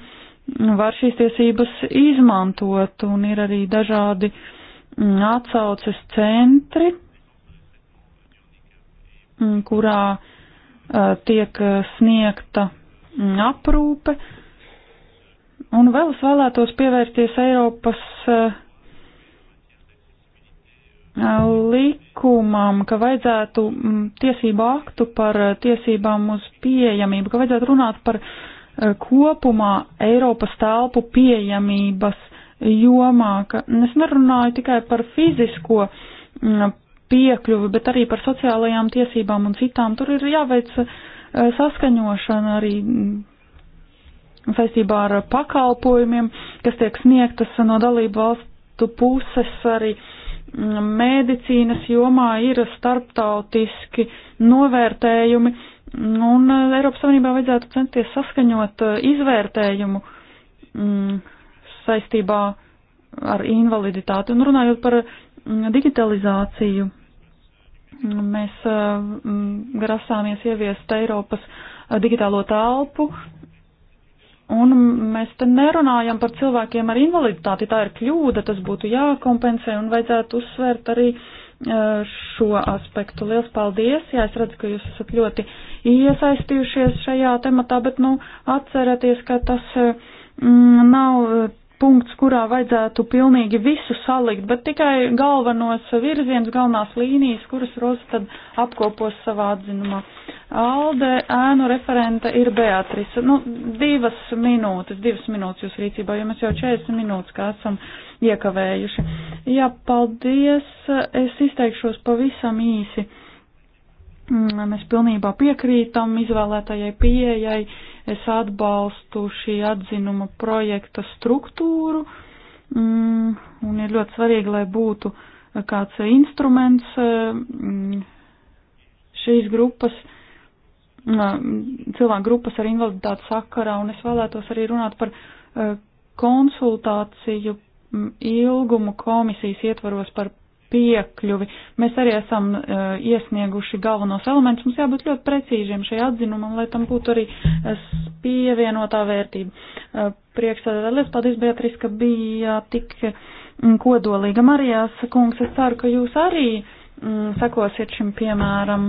var šīs tiesības izmantot un ir arī dažādi mm, atsauces centri, mm, kurā eh, tiek eh, sniegta mm, aprūpe, uh, Un vēl es vēlētos pievērsties Eiropas eh, likumam, ka vajadzētu mm, tiesību aktu par tiesībām uz pieejamību, ka vajadzētu runāt par eh, kopumā Eiropas telpu pieejamības jomā, ka es nerunāju tikai par fizisko mm, piekļuvi, bet arī par sociālajām tiesībām un citām. Tur ir jāveic eh, saskaņošana arī mm, saistībā ar pakalpojumiem, kas tiek sniegtas no dalību valstu puses arī mm, medicīnas jomā ir starptautiski novērtējumi, un Eiropas Savienībā vajadzētu centies saskaņot eh, izvērtējumu mm, saistībā ar invaliditāti. Un runājot par mm, digitalizāciju, mēs eh, grasāmies ieviest Eiropas eh, digitālo telpu, Un mēs te nerunājam par cilvēkiem ar invaliditāti, tā ir kļūda, tas būtu jākompensē un vajadzētu uzsvērt arī e, šo aspektu. Liels paldies, jā, es redzu, ka jūs esat ļoti iesaistījušies šajā tematā, bet, nu, atcerieties, ka tas mm, nav punkts, kurā vajadzētu pilnīgi visu salikt, bet tikai galvenos virziens, galvenās līnijas, kuras Roza tad apkopos savā atzinumā. Alde ēnu referenta ir Beatrisa. Nu, divas minūtes, divas minūtes jūs rīcībā, jo mēs jau 40 minūtes kā esam iekavējuši. Jā, paldies, es izteikšos pavisam īsi. Mm, mēs pilnībā piekrītam izvēlētajai pieejai. Es atbalstu šī atzinuma projekta struktūru. Mm, un ir ļoti svarīgi, lai būtu kāds instruments mm, šīs grupas, cilvēku grupas ar invaliditāti sakarā. Un es vēlētos arī runāt par eh, konsultāciju ilgumu komisijas ietvaros par piekļuvi. Mēs arī esam uh, iesnieguši galvenos elementus. Mums jābūt ļoti precīžiem šajā atzinumam, lai tam būtu arī e, pievienotā vērtība. Uh, e, Prieks, liels paldies, Beatrice, ka bija tik kodolīga. Marijas kungs, es ceru, ka jūs arī mm, sakosiet šim piemēram.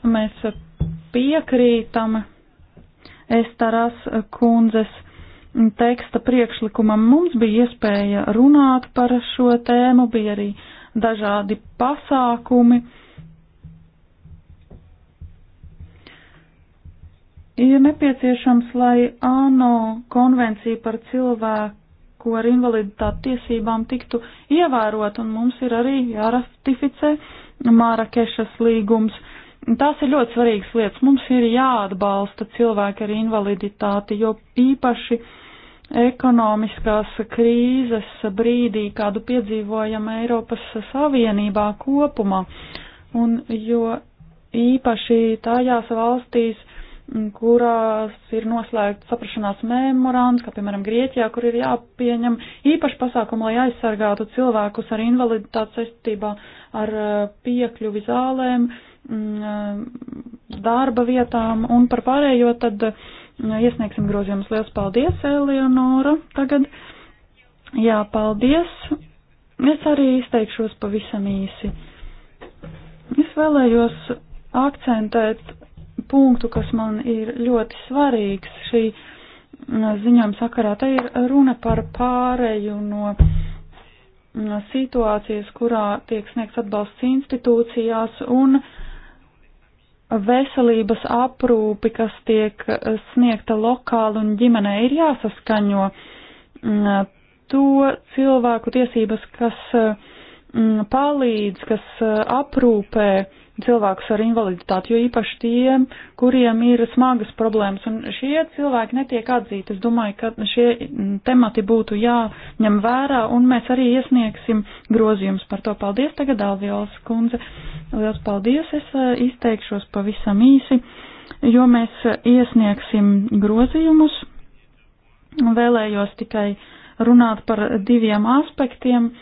Mēs piekrītam Estarās kundzes teksta priekšlikumam mums bija iespēja runāt par šo tēmu, bija arī dažādi pasākumi. Ir nepieciešams, lai ANO konvencija par cilvēku ar invaliditāti tiesībām tiktu ievērot, un mums ir arī jāratificē Mārakešas līgums. Tās ir ļoti svarīgas lietas. Mums ir jāatbalsta cilvēki ar invaliditāti, jo īpaši uh, ekonomiskās krīzes brīdī, kādu piedzīvojam Eiropas Savienībā kopumā, un jo īpaši tajās valstīs, kurās ir noslēgts saprašanās memorands, kā piemēram Grieķijā, kur ir jāpieņem īpaši pasākumu, lai aizsargātu cilvēkus ar invaliditāti saistībā ar eh, piekļuvi zālēm, mm, eh, darba vietām un par pārējo, tad uh, iesniegsim grozījumus. Lielas paldies, Eleonora. Tagad, jā, paldies. Es arī izteikšos pavisam īsi. Es vēlējos akcentēt punktu, kas man ir ļoti svarīgs šī mm, ziņojuma sakarā. Te ir runa par pāreju no mm, situācijas, kurā tiek sniegts atbalsts institūcijās un uh, veselības aprūpi, kas tiek eh, sniegta lokāli un ģimenē, ir jāsaskaņo mm, eh, to cilvēku tiesības, kas eh, Mm, palīdz, kas eh, aprūpē cilvēkus ar invaliditāti, jo īpaši tiem, kuriem ir smagas problēmas, un šie cilvēki netiek atzīti. Es domāju, ka šie mm, temati būtu jāņem vērā, un mēs arī iesniegsim grozījums par to. Paldies tagad, Alviolas kundze. Liels paldies, es eh, izteikšos pavisam īsi, jo mēs eh, iesniegsim grozījumus. Vēlējos tikai runāt par diviem aspektiem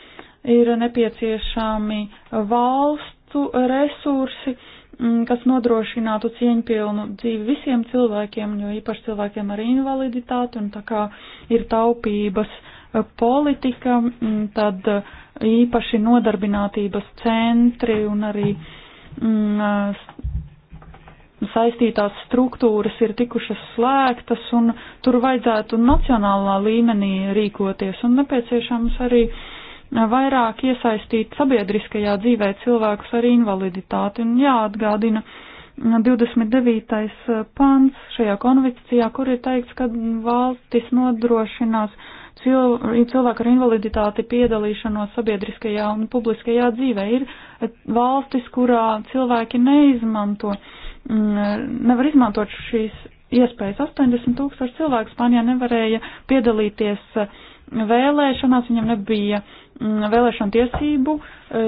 ir nepieciešami valstu resursi, mm, kas nodrošinātu cieņpilnu dzīvi visiem cilvēkiem, jo īpaši cilvēkiem ar invaliditāti, un tā kā ir taupības eh, politika, mm, tad eh, īpaši nodarbinātības centri un arī mm, eh, saistītās struktūras ir tikušas slēgtas, un tur vajadzētu nacionālā līmenī rīkoties, un nepieciešams arī uh, vairāk iesaistīt sabiedriskajā dzīvē cilvēkus ar invaliditāti. Un jāatgādina 29. pants šajā konvencijā, kur ir teikts, ka valstis nodrošinās cilvēku ar invaliditāti piedalīšanos sabiedriskajā un publiskajā dzīvē. Ir valstis, kurā cilvēki neizmanto, mm, nevar izmantot šīs iespējas. 80 tūkstoši cilvēku Spānijā nevarēja piedalīties vēlēšanās, viņam nebija uh, Mm, vēlēšanu tiesību, e,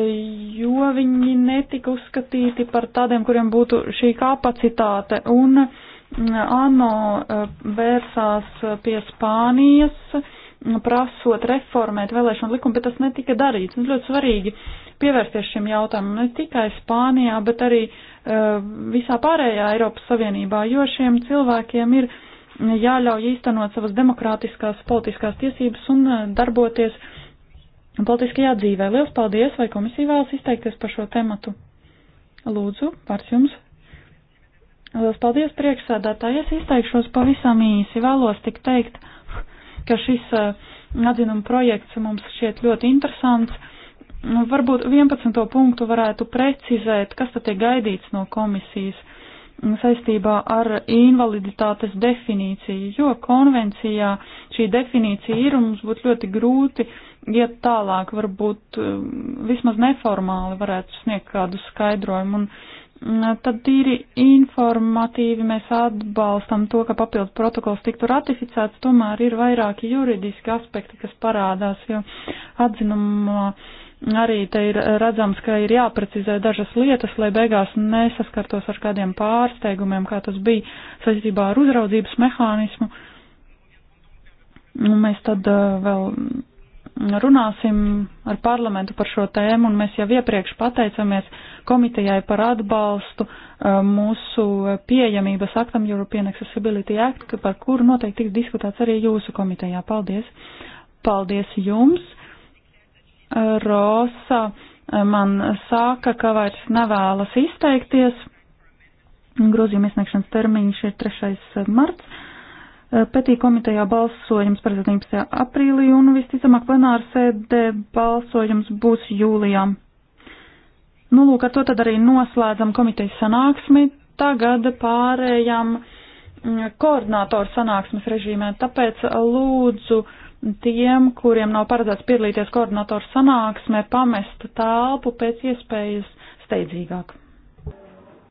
jo viņi netika uzskatīti par tādiem, kuriem būtu šī kapacitāte. Un mm, ANO e, vērsās pie Spānijas, mm, prasot reformēt vēlēšanu likumu, bet tas netika darīts. Un ļoti svarīgi pievērsties šim jautājumam ne tikai Spānijā, bet arī e, visā pārējā Eiropas Savienībā, jo šiem cilvēkiem ir jāļauj īstenot savas demokrātiskās politiskās tiesības un darboties uh, un politiskajā dzīvē. Liels paldies, vai komisija vēlas izteikties par šo tematu? Lūdzu, vārds jums. Liels paldies, priekšsēdētāji. Es izteikšos pavisam īsi. Vēlos tik teikt, ka šis eh, atzinuma projekts mums šķiet ļoti interesants. Nu, varbūt 11. punktu varētu precizēt, kas tad tiek gaidīts no komisijas saistībā ar invaliditātes definīciju, jo konvencijā šī definīcija ir un mums būtu ļoti grūti uh, iet tālāk, varbūt eh, vismaz neformāli varētu sniegt kādu skaidrojumu. Un mm, tad tīri informatīvi mēs atbalstam to, ka papildu protokols tiktu ratificēts, tomēr ir vairāki juridiski aspekti, kas parādās, jo atzinumā arī te ir redzams, ka ir jāprecizē dažas lietas, lai beigās nesaskartos ar kādiem pārsteigumiem, kā tas bija saistībā ar uzraudzības mehānismu. Un mēs tad eh, vēl runāsim ar parlamentu par šo tēmu, un mēs jau iepriekš pateicamies komitejai par atbalstu uh, mūsu pieejamības aktam European Accessibility Act, par kuru noteikti tiks diskutēts arī jūsu komitejā. Paldies! Paldies jums! Rosa uh, man sāka, ka vairs nevēlas izteikties. Grozījuma iesniegšanas termiņš ir 3. Uh, marts. Eh, Petī komitejā balsojums par 17. aprīlī un visticamāk plenāra sēdē balsojums būs jūlijā. Nu, lūk, ar to tad arī noslēdzam komitejas sanāksmi. Tagad pārējām mm, koordinātoru sanāksmes režīmē, tāpēc lūdzu tiem, kuriem nav paredzēts piedalīties koordinātoru sanāksmē, pamest telpu pēc iespējas steidzīgāk.